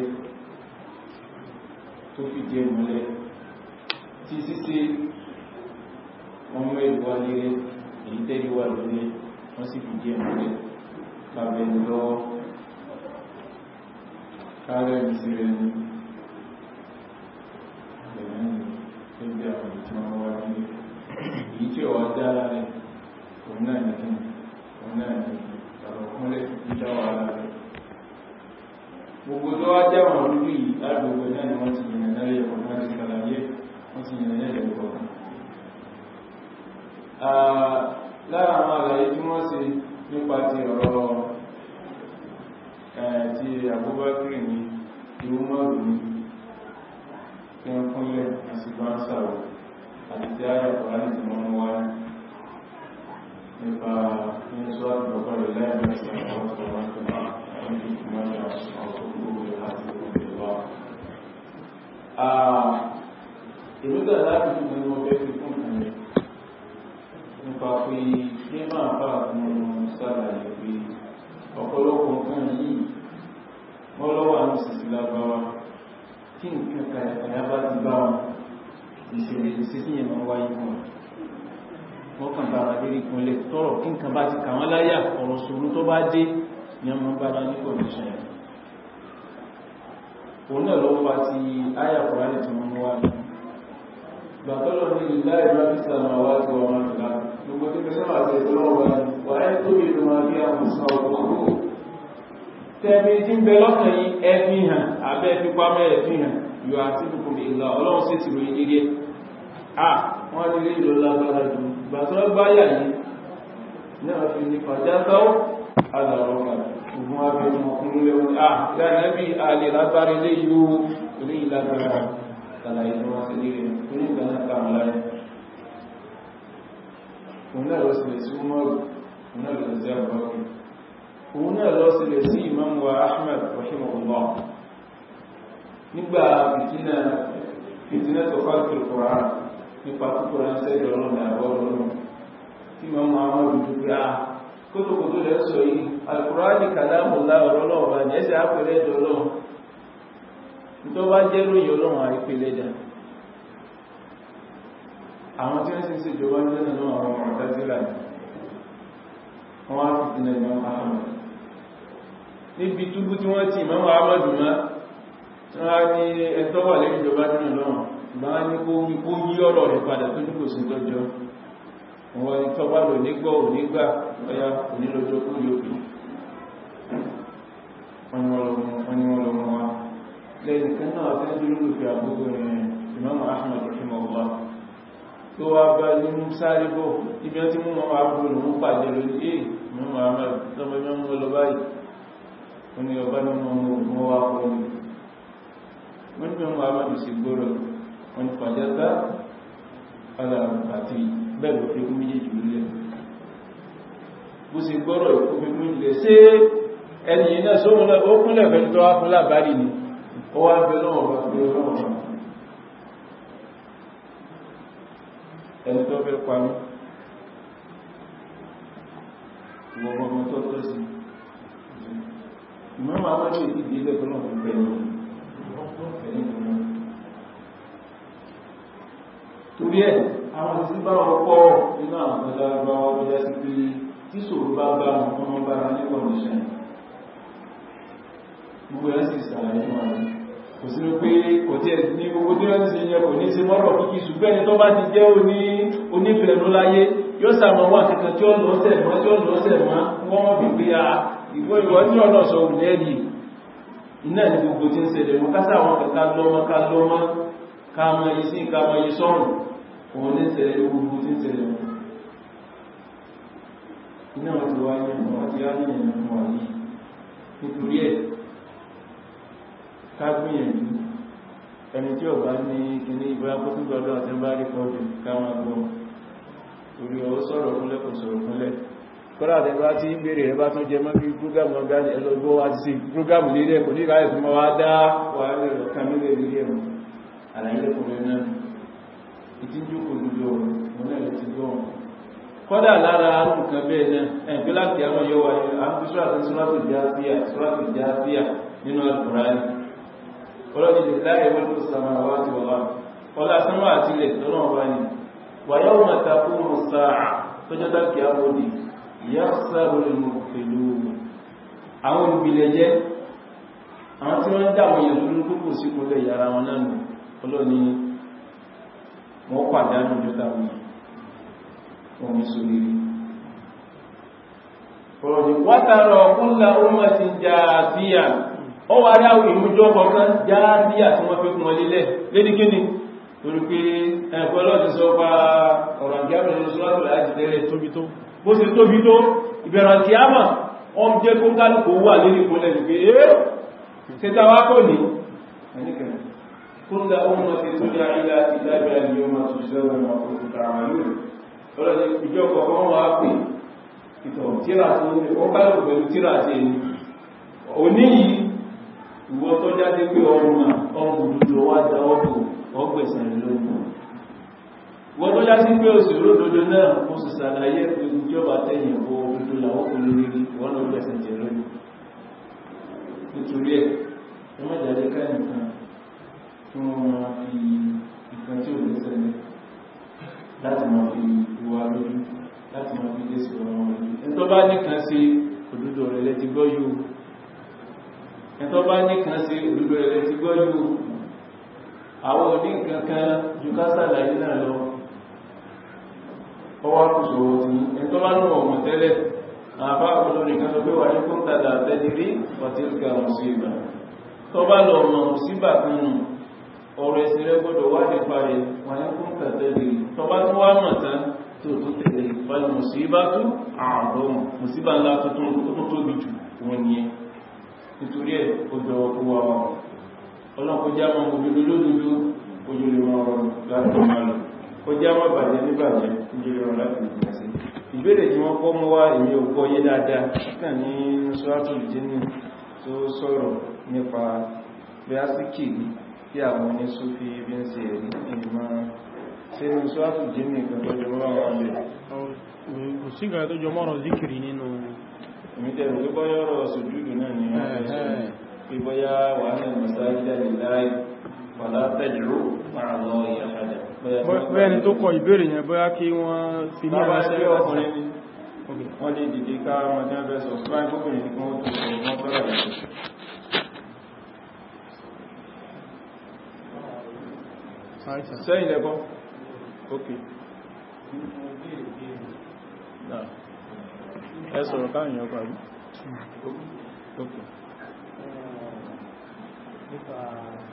tó fi jẹ múlẹ̀ tí síse wọn bẹ ìlú agẹrẹ èyí tẹ́lú wà lórí wọ́n sì fi jẹ múlẹ̀ kàbẹ̀ lọ kárẹ̀ ìṣẹ́ rẹ̀ ni ẹ̀yìn tó jẹ́ àwọn ìtàn wá sí èyí tí ọ̀wá dára rẹ̀ òun náà ní kíni òun náà ní àròkúnlẹ̀ jíjá wà lára gbogbo tó wá jẹ́ àwọn olúgbì yìí lágbègbè náà ni wọ́n ti yìnbọn náà yẹ̀ wọ́n ti ṣàlàyé wọ́n ti yìnbọn náà yẹ̀ wọ́n lára àwọn àlàyé tí wọ́n ṣe nípa ti ọ̀rọ̀ ti àbúbákìrì ní ìwúmọ́rù ní kí wọ́n kúnlẹ̀ ní sí bá ń sàrò àti tí ayà kọ̀rání ti mọ́ mú wá nípa ní ṣọ́ àgbọ̀gbọ̀ rẹ̀ láìpẹ́ sàrò àwọn ọ̀sán ìrúdà láti fi mọ́ ọ̀fẹ́ fi fún ìrìn nípa pé ní máa bá àwọn ọmọ sálàyé pé ọ̀pọ̀lọpọ̀ nǹkan yìí wọ́n lọ́wọ́ àwọn òṣìṣẹ́ lábáwá kí nǹkan kàyàkàyà bá ti bá wọn ìṣẹ̀lẹ̀ ìṣẹ́ sí ìyẹ̀mọ̀ wáyé wọn wọ́n kàn bára lérí ìpínlẹ̀ tọ́rọ̀ kí nǹkan bá ti kà wọ́n láyà ọ̀rọ̀ ṣòro tó bá dé ní ọmọ bára ní kọ̀díṣàn ẹ̀ òun náà ló fa ti áyà kùránì tó mú wá ní tẹ́bí tí ń bẹ lọ́kàn yí ẹfí hàn abẹ́ pípa mẹ́rẹ̀ fi hàn yóò àti kùkùn ìlà ọlọ́run sí ti ròyìn eré à wọ́n rí rí ìlú lágbára jù gbàtọ́ báyà yìí náà fi ní pàjátọ́ alàrọ̀kà òun náà lọ sílẹ̀ sí Imam wa Ahmad rahimahullah nígbà fìtínà fìtínà tó fàkìrì Qur'an nípa púpọ̀ ránṣẹ́ ìrọ̀lọ́nà àbọ̀lọ́nà tí Imam Ahmad dúdúgbà ah, kótókòtó lẹ́ sọ yìí al yi. ọ̀rọ̀lọ́ ọ̀bá á fi níbi túbú tí wọ́n ti Imam Ahmadu má wọ́n ní ẹ̀tọ́ wà lẹ́yìn ìjọba nínú lọ́wọ́ bá ní kó rí kó yí ọ̀rọ̀ rẹ̀ padà tó ní kò sí lọ́jọ́ wọ́n tó bá lò nígbọ́ onígbà ọya onílọ́jọ́ kó yóò pè wọ́n ni wọ́n lọ mọ́ wa lẹ́yìn kan náà fẹ́ jú lólùfẹ́ àgbógbò rẹ̀ Imam Ahmad rahimahullah tó wá bá nínú sáré ó ní ọba nínú ọmọ ogun wá kọ́ ní wọ́n ní ọmọ aláàbò sí gbọ́rọ̀ wọ́n ní pàjátá aláàbò àti bẹ́ẹ̀ ló fi kún méjèèjì lulẹ̀ bó sì gbọ́rọ̀ ìkó ni ó wá bẹ lọ́wọ́ bá fi lọ́wọ́ gbogbo ọmọ tó tọ́ sí ìmọ̀ràn àwọn ọmọdé ìdí ilé tó náà fún bẹ̀rẹ̀ torí ẹ̀ àwọn ti bá ọpọ́ nínú àwọn ọmọdé bá wọ́n jẹ́ sí pé tí ṣòro bá bá wọn ọmọ bára ní kọ̀ọ̀díṣẹ́ gbogbo ẹ̀ sì sàárẹ̀ fún àwọn kò sí ní pé kò tí ẹ̀ ní gbogbo tí wọ́n ti ṣe yẹ kò ní sí mọ́rọ̀ kíkí ṣùgbẹ́ ni tó bá ti jẹ́ onífẹ̀ẹ́nú láyé yóò sàmọ̀ wà kankan tí ó lọ́sẹ̀ mọ́ a ah, ìwọ ìwọ ní ọ̀nà sọ òlẹ́ẹ̀dì iná ní gbogbo tí ń ṣẹlẹ̀ mọ́ kásá àwọn isi ká mọ isi sọ́rùn òun ní ṣẹlẹ̀ gbogbo tí ń ṣẹlẹ̀ mọ́ iná wọn ti wá ní ọmọ àti á ní ẹ̀nà fún wa yìí nítorí ẹ̀ ká gbìyànjú ẹni tí ọba ní kíní ìbúra kó tó àti ń bá rí kọjú ká máa orí ọwọ́ sọ̀rọ̀ fúnlẹ̀ sọ̀rọ̀ fúnlẹ̀ kọ́lá àtẹ́gbá tí ń bèèrè ẹ̀bá tó jẹ mọ́ bí ọgbà ní ẹlọ́gbọ́ ti sí prógámù nílé ẹ̀kọ́ ní ìráyẹ̀ fún wa dá wà náà wa àti sọ́ràtì sọ́ràtì jáfíà sọ́ràtì jáfíà nínú alùpùránì ọlọ́dún ti láyé wọ́n tó sàmà wá ti wà ọlá sánmà yọ́sẹ̀rù ìmọ̀kèlú àwọn olùgbìlẹ̀ jẹ́ àwọn tí wọ́n dáwọn èèyàn lórí púpọ̀ sí kò lè yàrá wọn náà nù ọlọ́ni wọ́n pàdánù jọta wọn ní sórí rí ọ̀rọ̀dì wátàrà ọkúnlá ọmọ ti jàádíyà ó wà dáwò ìmújọ́ kọ̀ọ̀kan jàádíyà tí wọ́n fi kún wọn lílẹ̀ lédi kíni torí pé ẹ̀kọ́ lọ́dún sọ pa ọ̀rọ̀ àgbẹ̀rẹ̀ lọ́sọ́lọ́dún láti tẹ́lẹ̀ tóbi tó bó ṣe tóbi tó ìbẹ̀rẹ̀ tí a mọ̀ ọm jẹ́ kó kálùkù wà lérí ìpínlẹ̀ ìgbé ẹ́ ṣe tàwà kò ní كل أمة تدعى إلى كتابها اليوم تجزون ما كنتم تعملون ọlọ́dẹ ìjọba kan wọ́n wá pè ìtàn tíra tí ó ní wọ́n kálùkù pẹ̀lú tíra tí ẹni òní yìí ìwọ́n tó jáde pé ọrùn ọgbùn lọ wá dáwọ́pù ọgbẹ̀sàn lógún wọ́n tó yásí pé òsì olódodo náà kó sì sàlàyé pẹ̀lú jọba tẹ́yìn bó dúdú làwọn olórí wọ́n ló gbẹ̀sẹ̀ jẹ lórí nítorí ẹ̀ ẹ má jáde ká nìkan tí wọ́n máa fi ìkan tí ò lẹ́sẹ̀ ní láti máa fi ìwà lórí láti máa fi lẹ́sẹ̀ ọmọ lórí ẹ̀tọ́ bá nìkan sí òdodo àwọn òní nǹkan kan náà lọ ọwọ́ kò sọ̀rọ̀ tí ẹ̀tọ́ bá lọ́wọ́ ọmọ tẹ́lẹ̀ àbá olórin kan sọ pé wà ní kún tàdà tẹ́dìrí ọ̀tílùkà mùsíbà tọ́ bá lọ ọmọ mùsíbà kan nù ọ̀rọ̀ ẹ̀sìn rẹ gbọ́dọ̀ wá ní parí wà ní kún tàtẹ́dìrí tọ́ bá tó wá mọ̀ tán tó tó tẹ̀lé pẹ̀lú mùsíbà tó àrùn mùsíbà ńlá tó tóbi jù wọn ni ẹ nítorí ẹ ó jọ ọkọ wa wà ọlọ́kọjá mọ́ òjòlélódodo òjòlélọ́rọ̀ láti máa lọ kọjá mọ́ bàjẹ́ níbàjẹ́ ìjọba wọn láti ìjìnà sí ìbéèrè tí wọ́n kọ́ mọ́ wá èyí ògbọ́ yé dáadáa náà ní sọ́rọ̀tù ìjínú tó sọ̀rọ̀ nípa bíásíkì tí àwọn ní súfí bí ń se ẹ̀rí ìmọ̀ sínú sọ́rọ̀tù ìjínú ìgbẹ̀gbẹ̀ Fala tajru ma'a Allah ya hada bẹ́ẹ̀ni tó kọ ìbéèrè yẹn bóyá kí wọ́n fi ní àwáṣẹ́ ọkùnrin wọ́n lè dìde ká wọn jẹ́ bẹ́ẹ̀ sọ fún àìkókùnrin ní wọ́n ok ẹ sọ̀rọ̀ káwọn èèyàn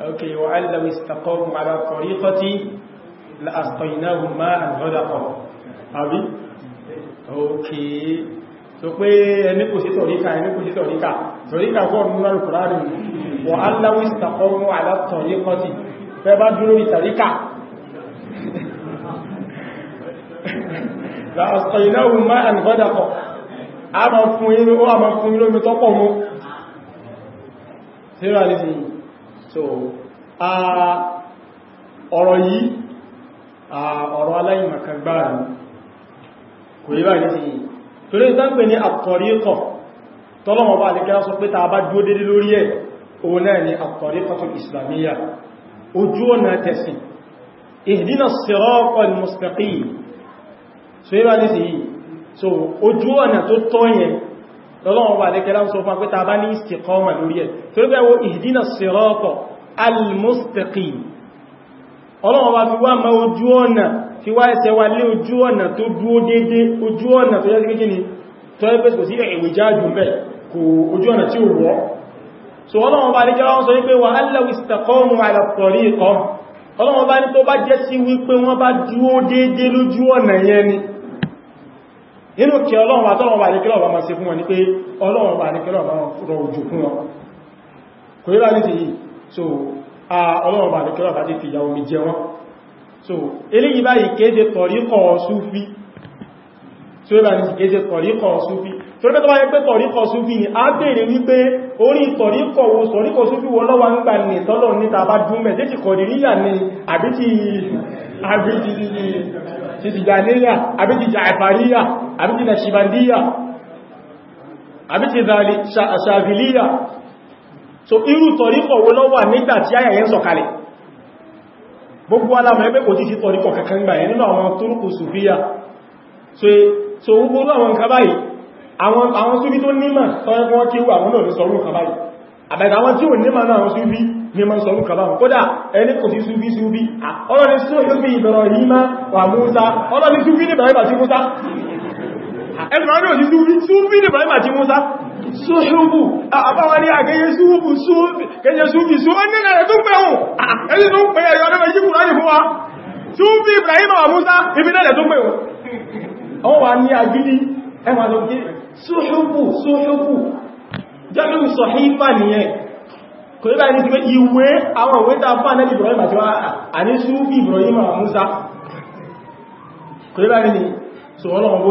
أوكي وأن لو استقاموا على طريقتي لأسقيناهم ماء غدقا أبي أوكي sọ pé ẹni kò sí tọ̀ríkà ẹni kò sí tọ̀ríkà tọ̀ríkà kọ́ nínú alùkùránì wọ aláwọ̀ ìsìtàkọ́mù alátọ̀ríkọ́tì fẹ́ bá dúró ní tọ̀ríkà láàstọ̀ìnáwò máa ń gọ́dàkọ̀ a ma fún inú ó a ma fún inú omi tọ́pọ̀ mú síra ọ̀rọ̀ yìí a ọ̀rọ̀ aláìmọ̀kagbáà kò yí báyìí sí torí ìtànpẹ̀ ní àtọ̀ríkọ̀ tọ́lọ́mọ̀ bá lè kí sọ pé tàbá dúó dédé lórí ẹ̀ òun náà ni àtọ̀ríkọ̀ tó islamiyya ojú ọ̀nà tẹ̀sìn ihdina siratal mustaqim so yíba ní sí yìí so ojú ọ̀nà tó tọ́ ọlọ́run wa fi wá ma ojú ọ̀nà fi wá ẹsẹ̀ wa lé ojú ọ̀nà tó dúó dédé ojú ọ̀nà tó yẹ́ gíní tó yẹ́ pẹ́sì sí ẹ̀wẹ̀ jáàjù mẹ́ kò ojú ọ̀nà tí ó wọ́ nínú kí ọlọ́run bá tọ́lọ́run bá bá máa ṣe fún wọn ni pé ọlọ́run bá ní bá máa rọ fún wọn kò yíra ní ti yìí so ọlọ́ọ̀bà àdìkẹ́lá bá ti fìyà omi jẹ wọn so eléyìí báyìí kéde tọ̀ríkọ̀ súfí tí ó bá ní kéde tọ̀ríkọ̀ súfí tí ó pẹ́ tó bá yẹ pé tọ̀ríkọ̀ súfí ni a bèèrè wípé orí tọ̀ríkọ̀ wo tọ̀ríkọ̀ súfí wọ lọ́wà ń gbà ní tọ́lọ̀ níta bá dúnmẹ̀ tí ti kọ̀dìríyà ni àbí ti tìjàníyà àbí ti jàìfàríyà àbí ti nàṣìbàndíyà àbí ti so irú tọ̀ríkọ̀ wo ló wà nígbà tí àyà yẹn sọ̀kalẹ̀ gbogbo alamọ̀ ẹgbẹ́ kò tí sí tọ̀ríkọ̀ kankan gbà yẹn nínú àwọn túrùkù sùfíyà so gbogbo àwọn nǹkan báyìí àwọn súfí tó nímà tọ́rọ wọn kí wà wọn náà ní sọ̀rọ̀ nǹkan báyìí àbẹ̀dà wọn tí ò nímà náà àwọn súfí ní ma ń sọ̀rọ̀ nǹkan báyìí kódà ẹni kò sí súfí súfí ah, ọlọ́ni súfí ìbẹ̀rọ̀ yìí má wà Músá ọlọ́ni súfí ní bẹ̀rẹ̀ bàtí Músá ẹgbẹ̀rún òní súnfí súnfí ní bàí màtí mọ́sá sóṣùbù àbáwárí àgẹ́yẹ súnfí súnfí kẹjẹ súnfí súnfí ẹni tó pẹ̀ ohun ẹni tó pẹ̀ ẹ̀yọ́ ọdọ́mọ̀ yíkù láyé fún wa súnfí Ibrahim àwọn Musa ibi náà tó pẹ̀ ohun ọwọ́ wa ní agílí ẹwà lọ gé sóṣùbù kò ní báyìí pé ìwé àwọn òwe ta fà náà Ibrahim àti wa àní súnfí Ibrahim àwọn Musa kò ní báyìí ni sọ̀rọ̀ ọlọ́run bó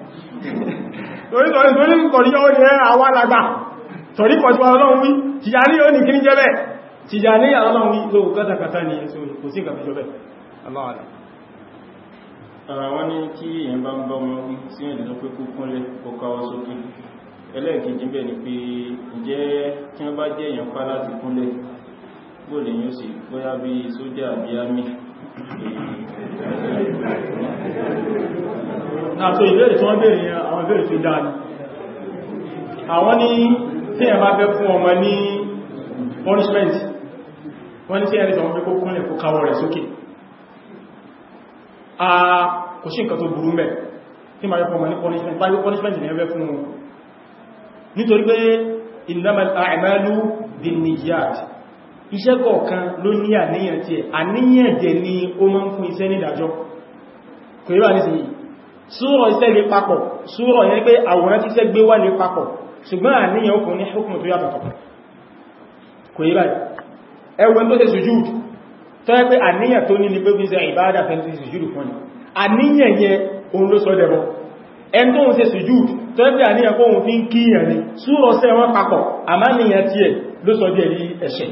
torí sọ̀rọ̀ ìtorí kọ̀ ní ọdún àwọn alàgbà torí pọ̀ ọlọ́run wí Tìjàní ó ní kí ní jẹ́ bẹ́ẹ̀ Tìjàní ọlọ́run wí ló kátàkátà ní ẹ̀sùn kò sí ìkàfẹ́ jọ bẹ́ẹ̀ aláàdà ara wọn ní tí èyàn bá ń bá àti ìbéèrè tí wọ́n béèrè àwọn ìbéèrè tí dáa ní àwọn ní tí ẹ̀ máa fẹ́ fún ọmọ ní punishment wọ́n ní tí ẹ̀rẹ́ tọ́wọ́n fẹ́ kó kúnlẹ̀ kó káwọ́ rẹ̀ sókè a kò sí nǹkan tó burú mẹ́ tí máa fẹ́ ọmọ ní punishment báyí punishment ní ẹgbẹ́ fún wọn nítorí pé innamal a'malu binniyat iṣẹ́ kọ̀ọ̀kan ló ní àníyàn tí ẹ̀ àníyàn jẹ ni ó máa ń fún iṣẹ́ ní ìdájọ́ kò yíwa ní sí yìí súrọ̀ iṣẹ́ lè papọ̀ súrọ̀ yẹn pé àwòrán tí iṣẹ́ gbé wà lè papọ̀ ṣùgbọ́n àníyàn okùn ní ṣùkùn tó yàtọ̀ kò yíwa ẹwọ́n tó ṣe sùjúd tó yẹ pé àníyàn tó ní ni pé fíṣẹ́ ìbáadà fẹ́ ti sùjúd fún ni àníyàn yẹn òun ló sọ dẹ̀bọ̀ ẹn tó ń ṣe sùjúd tó yẹ pé àníyàn kóhun fi ń kíyàn ni súrọ̀ sẹ́wọ́n papọ̀ àmáníyàn tí ẹ̀ ló sọ bí ẹ̀rí ẹ̀ṣẹ̀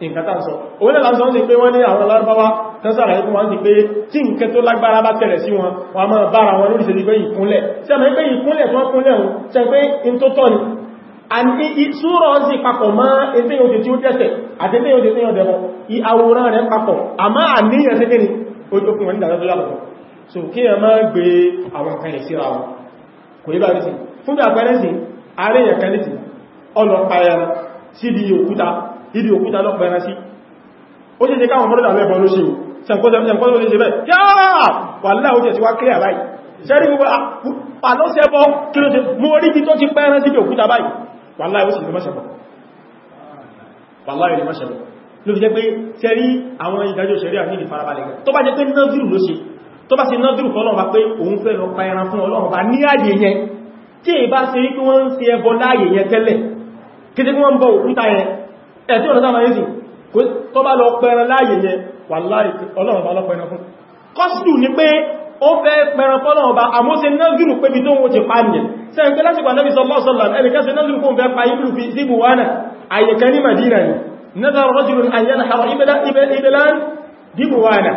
nǹkan tàà sọ òun náà lásán ní pé wọ́n ní àwọn alárúbáwá tán sára ikú wọ́n ti pé tí nǹkan tó lágbára bá tẹ̀rẹ̀ sí wọn wọ́n máa bára wọn lórí ìṣẹ́lẹ̀ pé ìkúnlẹ̀ tí a mẹ́ pé ìkúnlẹ̀ tó kúnlẹ̀ ohun tẹ́ pé in tó tọ́ ni àti ìṣúrọ̀ sí papọ̀ mọ́ ẹgbẹ́ yóò ti tí ó tẹ́sẹ̀ àti ẹgbẹ́ yóò ti tí ó dẹ̀bọ̀ ìhàwòrán rẹ̀ papọ̀ àmá àníyàn sí kéni ó tó fún wọn ní ìdájọ́ lápapọ̀ so kí ẹ máa gbé àwọn kan lè síra wọn kò yí bá rí sí fún bí àpẹẹrẹ sí àárẹ̀yàn kan lè òkúta ìdí òkúta lọ́pọ̀ ẹran sí ó sì ṣe káwọn mọ́rọ̀dà mẹ́bọn ló ṣe o sẹ̀kọ́ ló ṣe bẹ́ẹ̀ yáà wà láà ó jẹ́ ti wá kílẹ̀ báyìí sẹ́rí gbogbo ah, àlọ́sẹ́bọ́ kí ló ṣe mú orí bí tó ti pẹ́ ẹran sí òkúta báyìí wà láà ó sì lè mọ́ṣẹ̀bọ̀ wà láà ó lè mọ́ṣẹ̀bọ̀ ló fi jẹ́ pé sẹ́rí àwọn ìdájọ́ ìṣẹ̀rí àti ìfarabalẹ̀ tó bá jẹ́ pé nọ́dúrù ló ṣe tó bá ṣe nọ́dúrù fọ́lọ́run bá pé òun fẹ́ lọ pa ẹran fún Ọlọ́run bá ní àyè yẹn tí èbá ṣe rí pé wọ́n ń ṣe ẹbọ láàyè yẹn tẹ́lẹ̀ kí tí wọ́n ń bọ òkúta yẹn ẹ̀tí ọ̀nà táwọn ẹ̀sìn tó bá lọ pẹran láàyè yẹ wàláhì ọlọ́run bá lọ pẹran fún kọ́sìdù ní pé ó fẹ́ pẹran fọ́lọ́run bá àmóse náàzùrù pé bí tó ń wòce pàníyàn sẹ́yìn pé lásìkò anábi sọlọ́sọ́lọ́n ẹnìkẹ́sẹ̀ náàzùrù kó ń fẹ́ pa ìlú fi sí buwana àyẹ̀kẹ́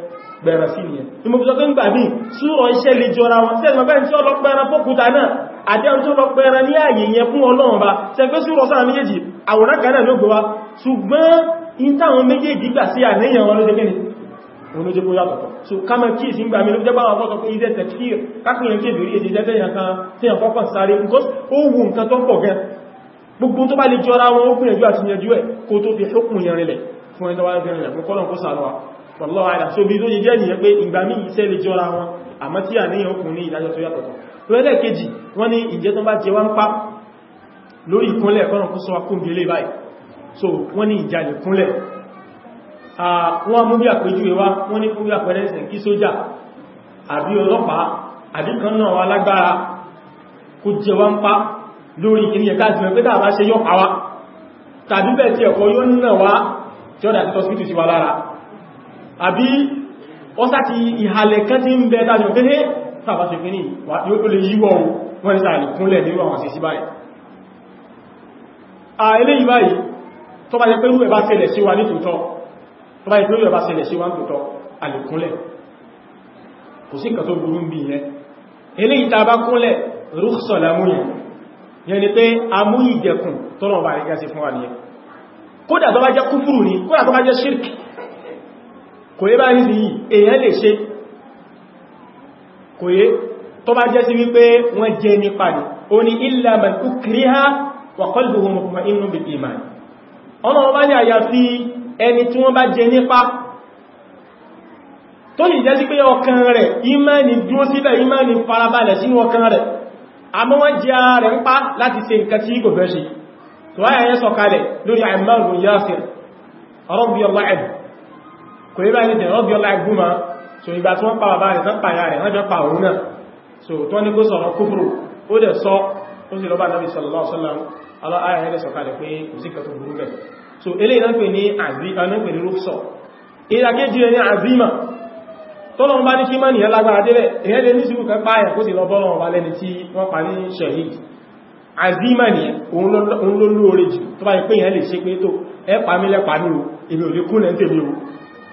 bẹ̀rẹ̀ sí ni ẹ̀. ní mo fi sọ pé ń gbà ní súrọ̀ iṣẹ́ lè jọra wọn tẹ́ ìmọ̀ bẹ́ẹ̀ tí ó lọ pẹ́ran fókúta náà àdéhùn tó lọ pẹ́ran ní ààyè yẹn fún ọlọ́run bá tẹ́ pé súrọ̀ sáà méjèèjì àwòrán kan náà ló gbọ́ wa ṣùgbọ́n in táwọn so ká mọ̀ kí ìsìn gbà mí ló jẹ́ bá wọn fọ́tọ̀ pé iṣẹ́ tẹ̀kír kápìyàn kí èdè èdè jẹ́ tẹ́yàn kan tí yàn fọ́kàn sáré because ó wù nǹkan tó pọ̀ gan gbogbo tó bá lè jọra wọn ó gbìyànjú àti yànjú ẹ̀ kó tó fi ṣókùn yẹn rinlẹ̀ fún ẹni tó wá fún kọ́lọ̀ kó sàánú wallahu a'lam so bí tó yẹ jẹ́ nìyẹn pé ìgbà míì iṣẹ́ lè jọra wọn àmọ́ tí àníyàn kùn ní ìdájọ́ tó yàtọ̀tọ̀ lọ́lẹ́ kejì wọ́n ní ìjẹ́ tó bá jẹ wá ń pá lórí ìkúnlẹ̀ kọ́nà kó sọ so wọ́n ní ìjà lè kúnlẹ̀ wọ́n mú bí àpéjúwe wá wọ́n ní fún bí àpẹẹrẹ ìsìn kí sójà àbí ọlọ́pàá àbí kan náà wà lágbára kó jẹ wá ń pá lórí kìí ẹ̀ká tí ẹ̀kọ́ yóò náà wá tí àbí ọ́sá ti ìhàlẹ̀ kan ti ń bẹ dájọ pé hé tàbá yóò lè yíwọ́ wọ́n ní sàrì kúnlẹ̀ nínú àwọn àṣìṣí báyìí à eléyìí báyìí tó bá jẹ́ pé wa ní tòótọ́ tó bá jẹ́ wa ní tòótọ́ àlèkúnlẹ̀ kò sí nǹkan tó burú ń bí yẹn eléyìí ta bá kúnlẹ̀ rúkṣọ̀ lámúyẹ̀ yẹn ni pé amú ìjẹkùn tọ́nà bá rí gá sí fún wa nìyẹn kódà tó bá jẹ́ kúfùrù ní kódà tó bá kò yé bá ní sí yìí èèyàn lè ṣe kò yé tó bá jẹ́ sí wípé wọ́n jẹ́ nípa ní ó ní illa man ukriha wa qalbuhu mutma'innun bil iman ọ̀nà wọ́n bá ní àyàfi ẹni tí wọ́n bá jẹ nípa tó lè jẹ́ sí pé ọkàn rẹ̀ ìmáni dúró síbẹ̀ ìmáni farabalẹ̀ sínú ọkàn rẹ̀ àmọ́ wọ́n jẹ́ rẹ̀ ń pa láti ṣe nǹkan tí kò ṣe tó wáyé ẹ̀yẹ́ sọ̀kalẹ̀ lórí Ammar bin Yasir radiyallahu anhu kò yí bá ní tẹ̀rọ bí ọlá ìgbúma so ìgbà tí wọ́n pa bàbá rẹ̀ tán pàyà rẹ̀ wọ́n jọ pa òun náà so tó ní kó sọ̀rọ̀ kúfùrù ó dẹ̀ sọ ó sì lọ́bà náà sallallahu alaihi wasallam aláàrẹ̀ ẹ̀rẹ́ sọ̀kalẹ̀ pé kò sí kẹtù burú bẹ̀ so eléyìí náà pè ní àzí ọ̀nà pè ní rúfsọ̀ ìdàkejì rẹ̀ ní àzímà tọ́lọ́run bá ní kí mọ́nì ẹlágbára délẹ̀ èyẹ́ lè ní síbù kan páyà kó sì lọ bọ́lọ́run wà lẹ́ni tí wọ́n pa ní ṣẹ̀yí àzímà ní òun ló lóore jù tó bá yí pé èyẹ́ lè ṣe pé tó ẹ pàmílẹ̀ pàmílò èmi ò lè kú lẹ́ntẹ̀mí o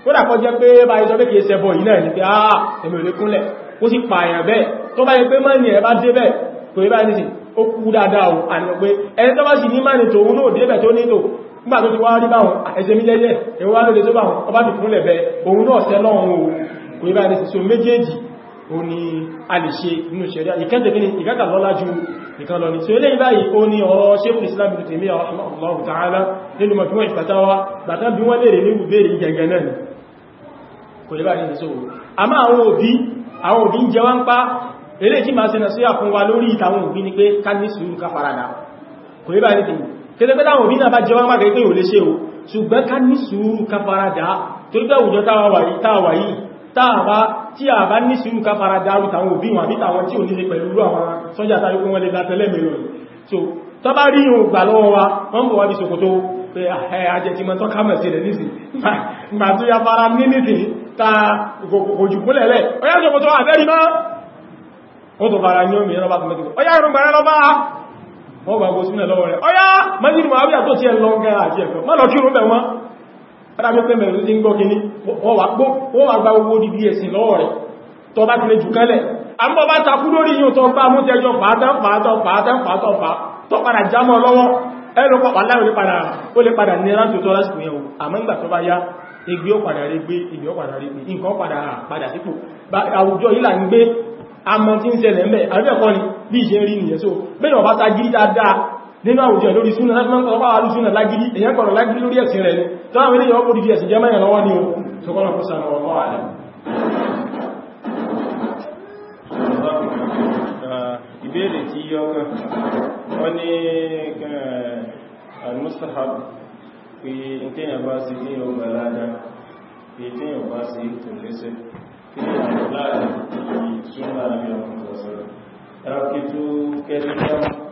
kódà kọ́ jẹ́ pé bá ìsọ mékèé sẹ́bọ̀ yìí náà ní pé àà ah, ẹ̀mì ò lè kúnlẹ̀ ó sì pààyàn bẹ́ẹ̀ tó bá yẹ pé mọ́ ní ẹ̀bá dé bẹ́ẹ̀ kò rí bá ní sí ó kú dáadáa o àníwọ̀ pé ẹni tó bá sì ní máni tòun náà débẹ̀ tó nílò nígbà tó ti wá rí báwọn ah, ẹsẹ̀ mi jẹ́jẹ́ o kò rí bá ní sí ó ní a lè ṣe inú ṣẹ̀ríà ìkẹ́ntẹ̀kí ni ìkẹ́kà lọ́lá ju ìkan lọ ní tí ó lè báyìí ó ní ọ̀rọ̀ ṣékùn Islam ibn Taymiyyah rahimahullah ta'ala nínú mọ̀fíwọ̀n ìfàtàwà bàtà bí wọ́n lè rí ní ìbéèrè gẹ̀gẹ̀ náà ni kò lè báyìí nìṣò àmá àwọn òbí àwọn òbí ń jẹ wá ń pá eré tí máa sẹ́nà sí àkún wa lórí ìtàwọn òbí ni pé ká ní sùúrù ká farada kò lè báyìí táwà yìí tí a bá ní sùúrù ká fara dárú tàwọn òbí wọn àbí tàwọn tí ò nílé pẹ̀lú àwọn sọ́jà tàbí kún wọ́n lè látẹ́lẹ̀ mìíràn so tọ́ bá rí ìhùn wa wọ́n bọ̀ wá bí ṣòkòtò pé àjẹ́ ah, ti mọ́ tọ́ ká mọ̀ sí rẹ̀ nísìn gbà tó ya fara ní nísìn ta òjùkúnlẹ̀lẹ̀ ọyá ṣòkòtò àbẹ́rí mọ́ ó tó fara ní omi ẹ̀rọ bá tó mẹ́tò ọyá ìrùn sínú lọ́wọ́ rẹ̀ ọyá mẹ́jìnmọ̀ àbíyà tó ti ẹ̀ lọ́gẹ́ àti ẹ̀kọ́ mọ́ lọ adájọ́ pé mẹ̀rin tí ń gbọ́ kìíní wọ́n wà gbọ́ wọ́n wà gba owó dìbí ẹ̀sìn lọ́wọ́ rẹ̀ tọ́ bá ti lè jù kẹ́lẹ̀ àmọ́ bá takú lórí yíò tọ́ bá mú tẹjọ pàátán pàátán pàátán pàátán pa tọ́ padà jámọ́ lọ́wọ́ ẹlùpọ̀ pàlá ó lè padà ní láti tọ́ lásìkò yẹn àmọ́ ìgbà tó bá yá egbé ó padà rí gbé ìgbé ó padà rí gbé nǹkan padà padà sípò àwùjọ yìí là ń gbé àmọ́ tí ń ṣẹlẹ̀ mẹ́ àríbẹ̀kọ́ ni bí ìṣẹ́ rí nìyẹn so bẹ́ẹ̀ ọ̀bá ta gírí dáadáa nínú àwùjọ lórí súnà láti máa ń kọ̀rọ̀ àrú súnà lágídí èyàn kọ̀rọ̀ lágídí lórí ẹ̀sìn rẹ̀ ni tó àwọn ilé ìyọ́pọ̀ dìdí ẹ̀sìn jẹ́mọ́ ìrànlọ́wọ́ ni o tó kọ́nà kó sàrọ̀ ọmọ ààrẹ ìbéèrè tí yọ́kàn wọ́n ní al-mustahab eh, eh, pé ìtẹ́yàn bá sí ní ọgbà láàdá pé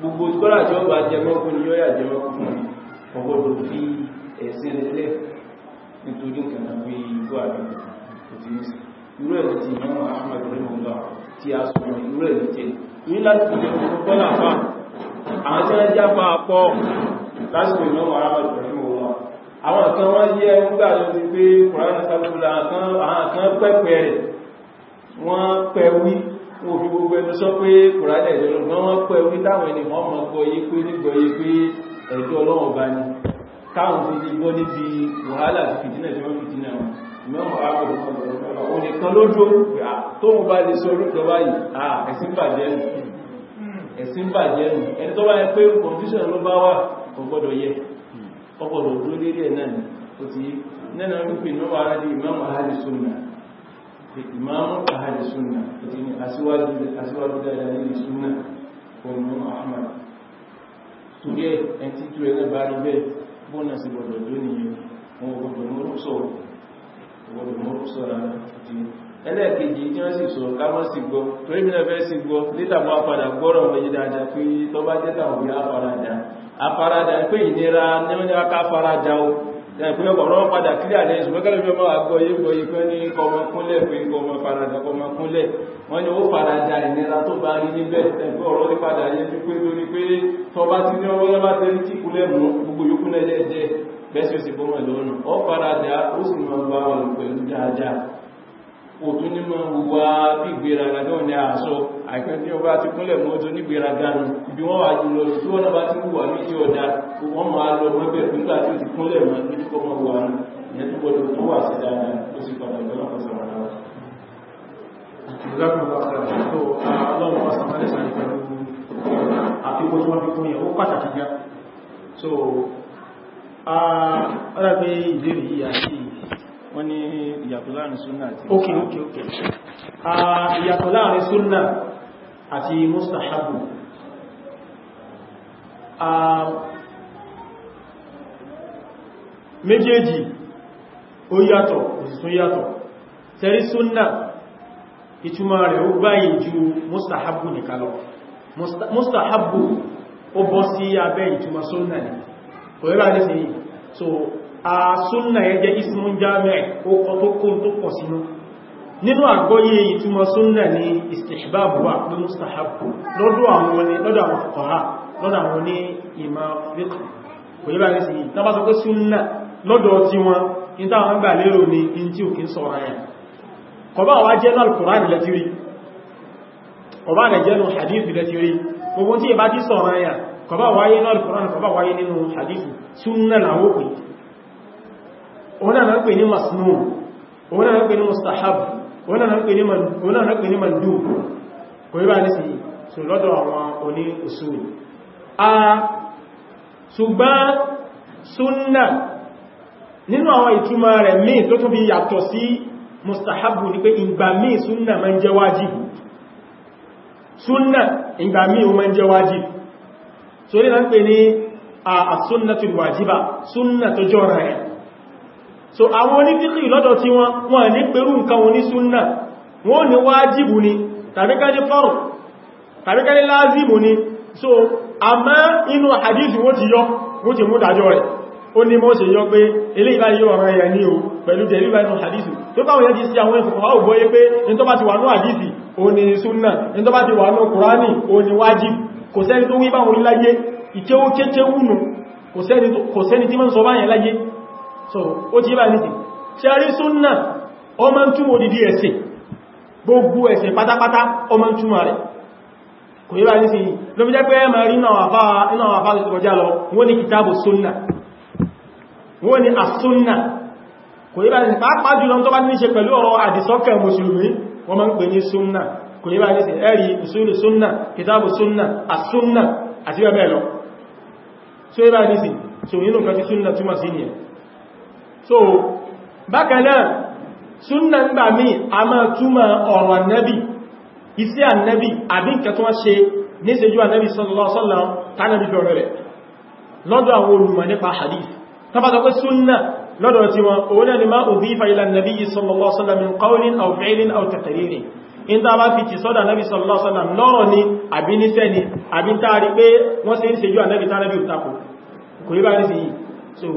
gbogbo kọ́lá tí ó bá jẹmọ́kú ni yóò yà jẹmọ́kú fún ọgbọ́dọ̀ fi ẹ̀sìn lẹ́lẹ́ nítorí nǹkan àgbé ikú àdúgbò òtí ní sí irú ẹ̀sìn tí ìyàn ahmed rẹ̀mọ́lá tí a sọ irú ẹ̀sìn tí ní láti fi ẹ̀kọ́ kọ́lá fà àwọn tí wọ́n jápa pọ̀ lásìkò ìyàn ahmed rẹ̀mọ́lá àwọn kan wọ́n yẹ nígbà tó ti pé kùránì sábúlà àwọn kan pẹ́pẹ́ rẹ̀ wọ́n pẹ́ wí wọ́n fi gbogbo ẹnu sọ pé kùránì ẹ̀jọ́ lọ́gbọ́n wọ́n pẹ́ wí táwọn ẹni wọ́n mọ̀ gbọ́ yé pé nígbọ́ yé pé ẹ̀jọ́ ọlọ́run ọba ni táwọn fi ti gbọ́ níbi wàhálà àti fìtínà tí wọ́n fìtínà wọn ìmọ̀mọ̀ àgbọ̀ òun nìkan ló dúró tóun bá lè sọ orúkọ báyìí ẹ̀sìn bàjẹ́ nù ẹ̀sìn bàjẹ́ nù ẹni tó bá yẹ pé condition ló bá wà kò gbọ́dọ̀ yẹ ọgbọ̀dọ̀ dúró lérí ẹ̀ náà إمام أهل السنة يعني أسواج أسواج دلالي السنة ومن أحمد today ẹni tí ó ẹ̀nà bá rí bẹ́ẹ̀ bọ́nà sí gbọdọ̀ lónìí wọn gbọdọ̀ mọ́rúsọ̀ gbọdọ̀ mọ́rúsọ̀ rárá tí wọ́n sì sọ kámọ́ sí gbọ́ sí gbọ́ gbọ́rọ̀ méjì pé pé ìnira ní ẹ̀kùn ọ̀rọ̀ padà kílẹ̀ àdẹ́ ìṣùgbọ́gẹ́lẹ̀ bí ọmọ àgbọ̀ yìí gbọ́ ikọ́ ní kọmọkúnlẹ̀ pé kọmọ farajà kọmọkúnlẹ̀ wọ́n ni ó farajà ìnira tó bá rí níbẹ̀ ẹ̀kùn ọ̀rọ̀ ní padà yìí ti pé lórí pé tọba ti ní ọwọ́ lọ́bá tẹ́rí tí kúlẹ̀ mú gbogbo yókù lẹ́jẹ́ jẹ́ bẹ́sí ó sì bọ́mọ̀ lọ́rùn ọ farajà ó sì mọ̀ bá wọn pẹ̀lú dáadáa òtún ní mọ́ wà bí ìgbéraga náà ní àṣọ àìkẹ́ tí ọba ti kúnlẹ̀ mọ́ tó nígbéraga nù ibi wọ́n wà jùlọ tí wọ́n bá ti wà ní ìjọ ọ̀dá wọ́n máa lọ mọ́bẹ̀ nígbà tí ó ti kúnlẹ̀ mọ́ ní kọ́ mọ́ wà nù ìyẹn tó gbọdọ̀ tó wà sí dáadáa ó sì padà lọ́nà kan sọ̀rọ̀ náà. ìgbàgbọ́n bá kàrà tó ọlọ́run wá sàmálẹ̀ sàn pẹ̀lú àfikún tí wọ́n fi kún wọ́n ní ìyàtọ̀ láàrin súnnà àti ok ok ok ah, ìyàtọ̀ láàrin súnnà àti mustahabu ah, méjèèjì ó yàtọ̀ òsìsún yàtọ̀ tẹ́rí súnnà ìtumọ̀ rẹ̀ ó gbáyé ju mustahabu nìkan lọ mustahabu ó bọ́ sí abẹ́ ìtumọ̀ súnnà ni kò ní sí so àsúnnà ẹjẹ́ ismun jami' ọkọ̀ tó kún tó pọ̀ sínú nínú àgbọ́yé ìtumọ̀ súnnà ní istihbabu wa pé mustahabu lọ́dọ̀ àwọn ní lọ́dọ̀ àwọn fuqaha lọ́dọ̀ àwọn ní ìmọ̀ fiqh kò yí bá ní sí tàbá sọ pé súnnà lọ́dọ̀ tí wọn in táwọn ń gbà lérò ní in tí òkín sọ ara yẹn òun náà pè ní masnun òun náà pè ní mustahab òun náà pè ní mandub kò yí bá ní sí so lọ́dọ̀ àwọn oní usul a ṣùgbọ́n súnnà nínú àwọn ìtumọ̀ rẹ̀ míì tó tún fi yàtọ̀ sí mustahabu ní pé ìgbà míì súnnà máa ń jẹ́ wájìbù súnnà ìgbà míì ó máa ń jẹ́ wájìbù so àwọn onífíkì lọ́dọ̀ tí wọ́n wọ́n ní pẹ̀lú nǹkan wọn ní súnnà wọ́n ní wájìbù ni tàbí ká ní fọ́rọ̀ tàbí ká ni so àmọ́ inú hadith wọ́n ti yọ wọ́n ti mú dájọ́ rẹ̀ ó ní mọ́ ṣe yọ pé ilé ìbáyíyọ ọ̀rọ̀ ẹ̀yà ní o pẹ̀lú jẹ̀ ríbá inú hadith tó bá wọ́n yẹ́ ti sí àwọn ìfòkòwà ò bóyé pé ní tó bá ti wà ní hadith ó ní súnnà ní tó kò sẹ́ni tí mọ́ sọ báyẹn láyé so ó ti bá nìtì tí a rí súnnà ó máa ń túmọ̀ òdìdí ẹ̀sìn gbogbo ẹ̀sìn pátápátá ó máa ń túmọ̀ rẹ̀ kò yíba ní sí ló fi jẹ́ pé ẹmà rí náà àfá tó kọjá lọ wọ́n ni kìtàbù súnnà wọ́n ni àsúnnà kò yíba ní sí pàápàá jùlọ tó bá ní ṣe pẹ̀lú ọ̀rọ̀ àdìsọ́kẹ̀ mùsùlùmí wọ́n máa ń pè ní súnnà kò yíba ní sí ẹ̀rí ìsúlù súnnà kìtàbù súnnà àsúnnà àti bẹ́ẹ̀ lọ so yíba ní sí so nínú kan ti súnnà túmọ̀ sí nìyẹn so bákanáà súnnà ń gbà mí a máa túmọ̀ ọ̀rọ̀ annabi iṣẹ́ annabi àbí nǹkan tó wọ́n ṣe níṣẹ́jú annabi sallallahu alaihi wasallam tánàbí fẹ́rẹ̀ rẹ̀ lọ́dọ̀ àwọn olùmọ̀ nípa hadith tàbátà pé súnnà lọ́dọ̀ tí wọn òun ni máa òbí ìfàílà nàbí sallallahu alaihi wasallam min qawlin aw fi'lin aw taqririn in ta bá fi ti sọ́dọ̀ nàbí sallallahu alaihi wasallam lọ́rọ̀ ni àbí níṣẹ́ ni àbí ń taari pé wọ́n sì ń ṣe jú ànàbí tánàbí òtakò kò rí bá rí sí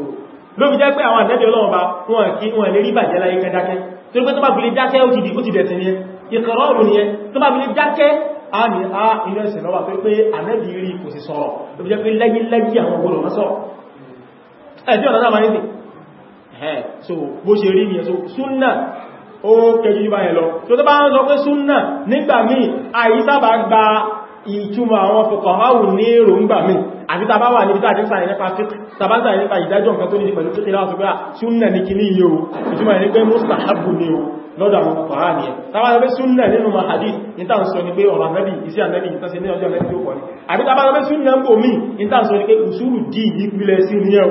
ló fi jẹ́ pé àwọn ànẹ́bì ọlọ́run bá wọn kí wọn lè rí bàjẹ́ láyé kan dákẹ́ tó pé tó bá fi lè dákẹ́ ó ti di ó ti dẹ̀sìn yẹn ìkọ̀rọ̀ ọ̀rùn yẹn tó bá fi dákẹ́ a ní a inú ẹ̀sìn lọ́wà pé pé ànẹ́bì rí kò sì sọ̀rọ̀ ló fi jẹ́ pé lẹ́yìn lẹ́yìn àwọn ọgbọ̀rọ̀ so bó ṣe so súnnà ó kẹjú ní báyẹ̀ lọ tó tó bá ń sọ pé súnnà nígbà míì àyíká bá gba ìtumọ̀ àti tàbá wà níbi tàbí sàrẹ̀ nípa fík tàbá sàrẹ̀ nípa ìdájọ́ nǹkan tó ní pẹ̀lú fíkì láwọn sọgbà ah, súnnà ní kìí yíò ìtumọ̀ ní pé mustahabu ni o lọ́dọ̀ àwọn fàá ni ẹ̀ tàbá sọ pé súnnà nínú mahadi níta ń sọ ní pé ọ̀rọ̀ nẹ́bì iṣẹ́ nẹ́bì níta sí ní ọjọ́ mẹ́bì tó pọ̀ ní àbí tàbá sọ pé súnnà ń bò mí níta ń sọ ní pé usulu dì ìpìlẹ̀ sí ní ẹ̀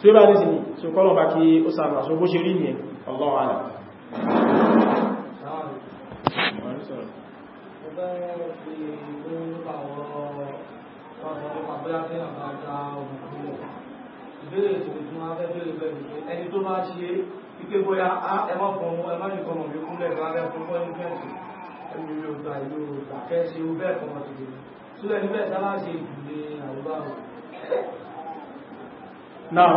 tí ó bá ní sí ni so kọ́lọ̀ bá kí ó sàmà so bó ṣe rí ni Allahu alam Thank you ìbéèrè tó tún wá fẹ́ bèèrè ẹni tó bá ṣe ike bóyá ẹmọ́ fún ẹmọ́ nìkan mọ̀ bí kúnlẹ̀ bá rẹ̀ fún ọmọ ẹnìfẹ́ǹsì ẹni ló gba ìlú ìgbàkẹ́ ṣe ó bẹ́ẹ̀ fọmọ ti dé sílẹ̀ níbẹ̀ sábà ìdílé àrùbá rẹ̀. náà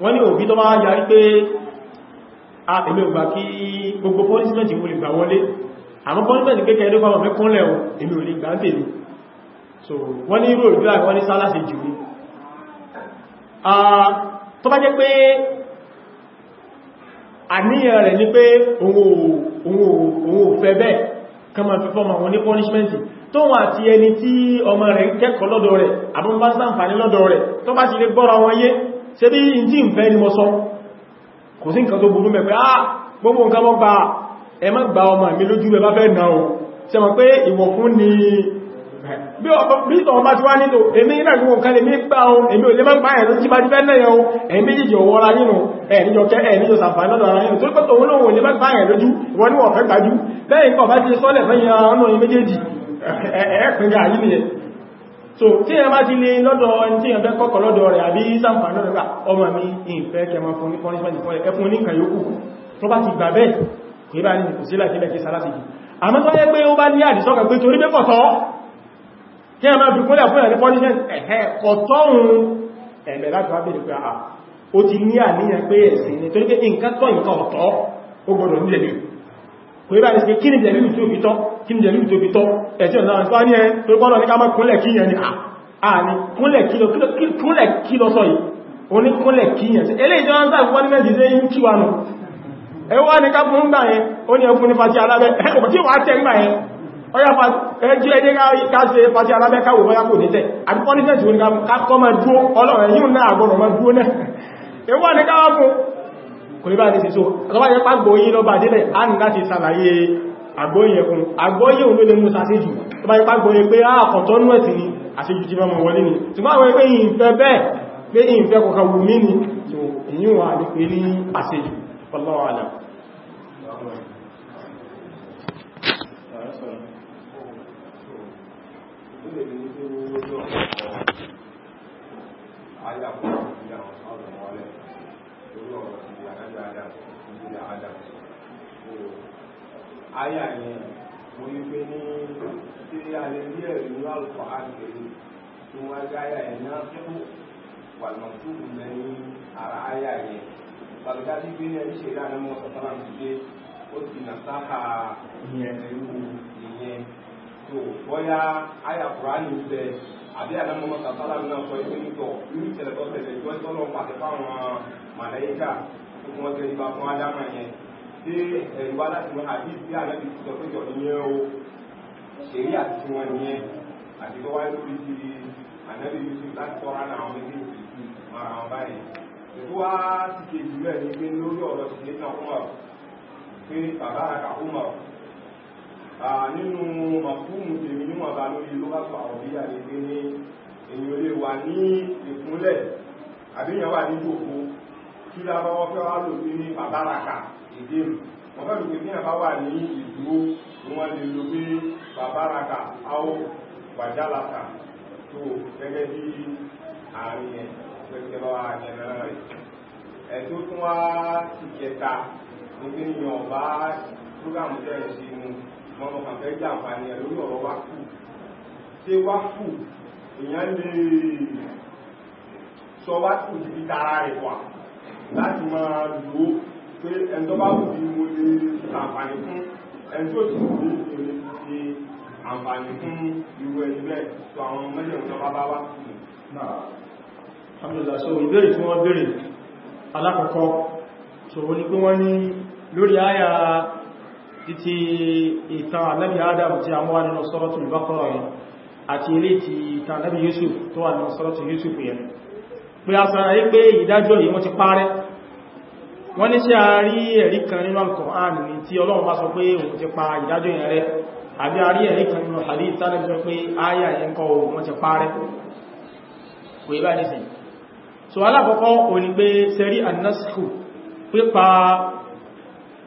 wọ́n ní òbí tó máa yarí pé a èmi ò gbà kí gbogbo pọ́nísímẹ̀tì mo gbà wọlé àmọ́ pọ́nísímẹ̀tì kékeré ló so wọ́n ní irú òjú àwọn ní sálá sí jùlọ tó bá jẹ́ pé àníyàn rẹ̀ ní pé òun ò fẹ́ bẹ́ẹ̀ kama fi fọ́mà wọn ní punishment tó wọ́n àti ẹni tí ọmọ rẹ̀ kẹ́kọ̀ọ́ lọ́dọ̀ rẹ̀ àbúmbá sáǹfàní lọ́dọ̀ rẹ̀ tó bá ti lè gbọ́ra wọn yé ṣe bí in tí ah gbogbo nǹkan mọ́ gba ẹmọ́ gba ọmọ mi lójú ẹ bá fẹ́ náà ṣe ni bí ọ̀pọ̀ ọba ti wá nílò èmi iná gbogbo nǹkan lè mí gbá ohun èmi ò lè máa ń bá ẹ̀rọ tí bá ti fẹ́ náà yẹun èmi jíjì ọwọ́ ara nínú ẹ̀níjọ kẹ́ ẹ̀níjọ sàfàní lọ́dọ̀ ara nínú tó pẹ́ tòun lóhun lè máa gbá ẹ̀rọ jú ìwọ́n níwọ̀n fẹ́ gbajú lẹ́yìn kọ̀ bá ti sọ́lẹ̀ fẹ́ yẹn ọ̀nà méjèèjì ẹ̀ẹ́pẹ̀gà yìí nìyẹn tó bá ti kí a máa dùkúnlẹ̀ fún ẹ̀rẹ́ pọ́líṣẹ́ ẹ̀ẹ́ kọ̀tọ́run ẹ̀mẹ̀ láti wá bèèrè pé àà ó ti ní àníyàn pé ẹ̀sìn ni torí pé nǹkan tọ́ nǹkan ọ̀tọ̀ ó gbọdọ̀ ní lẹ́lú ni ká fún ń gbà yẹn ó ní ẹkùn fàtí alábẹ́ ẹ̀kùn tí wà á tẹ́ ń gbà yẹn ọ̀yá ẹjọ́ ẹdẹ́ káṣẹ pàtí alábẹ́káwò bọ́yá kò nítẹ̀ àti pọ́nítẹ̀tì wọn kọ́ ma dúó ọlọ́rẹ̀ yíò náà àgbọ̀rọ̀ ma dúó náà ewọ́ ní káwọ́ fún kò níbà ní sísò àtọ́bá yẹ pàgbò yí lọ bà délẹ̀ á ní láti sàlàyé àgbóyìn ẹkùn àgbóyìn òun ló lè mú sàṣejù tó bá yẹ pàgbò yẹ pé ah, àkọ̀tọ́ nú ẹ̀sìn ni àṣejù ti máa wọlé ni ṣùgbọ́n àwọn ẹgbẹ́ yìí fẹ́ bẹ́ẹ̀ pé ìfẹ́ kọ̀kọ̀ wù mí ni ìyíwọ̀n àdìpé ní àṣejù ọlọ́wọ́ àdàpù Aya yẹn, mo ní pé ní tí a lè rí ẹ̀rí ní àlùkò àgbèrè tí wọ́n gá aya yẹn náà tó wà lọ́tùkù lẹ́yìn ara aya yẹn. Bàbá tí gbé ní ẹni ṣe dáná mọ́ sọ́tàlá ti gbé ó ti nà sáà ìyẹn ẹ̀rú ìyẹn tó bọ́yá àyà kùránì tẹ àbí àdámọ́mọ́ sàtàlà náà sọ ìpín nítọ̀ irú ìṣẹ̀lẹ̀ tó tẹ̀lẹ̀ ìjọ ìtọ́lọ̀ pàtẹ fáwọn màlẹ́yíkà tó fún ọjọ́ ìgbà fún ádámà yẹn tí ẹ̀rù wá láti mọ àbí sí àlẹ́bí sọ pé jọ ìyẹn o ṣeré àti tí wọ́n yẹn àti tó wáyé lórí ti àlẹ́bí yusuf láti tọ́ra náà àwọn méjèèjì mara wọn báyìí ètò wá ti kejì rẹ̀ ní pé lórí ọ̀rọ̀ ṣìlẹ̀ náà kúmọ̀ pé bàbá àkàkúmọ̀ nínú mọ̀fúnmù tèmi níwọ̀n bá lórí lókàpá ọ̀bí àdégbé ní èyàn lè wà ní ìkúnlẹ̀ àbíyàn wà ní gbogbo kí lábáwọ́ fẹ́ wá lò pé ní bàbáraka ìdérù wọ́n fẹ́ lòpé bí àbá wà ní ìdúró wọ́n lè lò pé bàbáraka áwọ̀ wàjálaka tó gẹ́gẹ́ bí àárín ẹ̀ pẹ̀lú bá wà jẹ̀rẹ̀ rẹ̀ ẹ̀ tó tún wá mọ́mọ́ kàn fẹ́ jàǹfààní ẹ̀ lórí ọ̀rọ̀ wá kù ṣé wá kù èèyàn lè sọ wá kù síbi tara rẹ̀ wà láti máa lò ó pé ẹni tó bá wù mí mo lè ṣàǹfààní fún ẹni tó sì wù mí mo lè ṣe àǹfààní fún irú ẹni bẹ́ẹ̀ tó àwọn mẹ́lẹ̀ tó bá wá kù. Alhamdulillah, so ìbéèrè tí wọ́n títí ìtàn ànábì adam tí a mọ́wà nínú suratul Baqara yẹn àti ilé ti ìtàn ànábì yusuf tó wà nínú suratul yusuf yẹn pé a sára yí pé ìdájọ́ yìí wọ́n ti parẹ́ wọ́n ní sí àárí ẹ̀rí kan nínú Al-Qur'an tí ọlọ́run bá sọ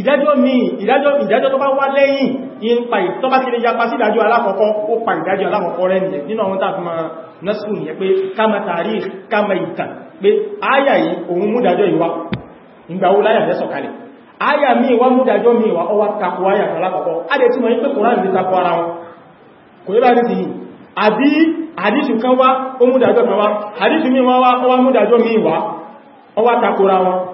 ìdájọ́ mi ìdájọ́ tó bá wá lẹ́yìn in pa ìtọ́bá ti lè yapa sí ìdájọ́ alákọ̀ọ́kọ́ ó pa ìdájọ́ alákọ̀ọ́kọ́ rẹ̀ nìyẹn nínú àwọn tàbí máa násù nìyẹn pé káma tàrí káma ìtàn pé áyà yìí òun mú dájọ́ ìwá ìgbàwó láyà rẹ̀ sọ̀kalẹ̀ áyà mi wá mú dájọ́ mi wá ọwá takò áyà alákọ̀ọ́kọ́ á dẹ̀ tí mọ̀ pé kòrán ní takò ara wọn kò yẹ́ bá ní ti yìí àbí àdíṣù kan wá ó mú dájọ́ kan wá àdíṣù mi wá wá ọwá mú dájọ́ mi wá ọwá takò ra wọn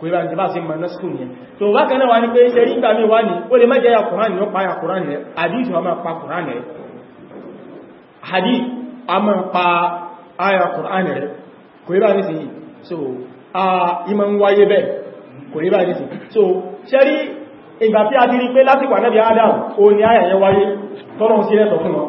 kò ibá ti bá sí mọ̀ná skùn yẹn tó bá kanáà wá ní pé ṣe rí ìgbà mi wá ní ó lè má jẹ́ ya kùránì ó pa ya kùránì a máa pa kùránì rẹ̀ a máa pa aya kùránì rẹ̀ kò ibá ní sí yìí so a ìmọ̀ ń wáyé bẹ́ kò ibá ní sí so ṣe rí ìgbà tí a ti rí pé lásìkò ànábì Adam ó ní aya yẹn wáyé tọ́lọ́ sí ẹ̀tọ̀ fún wọn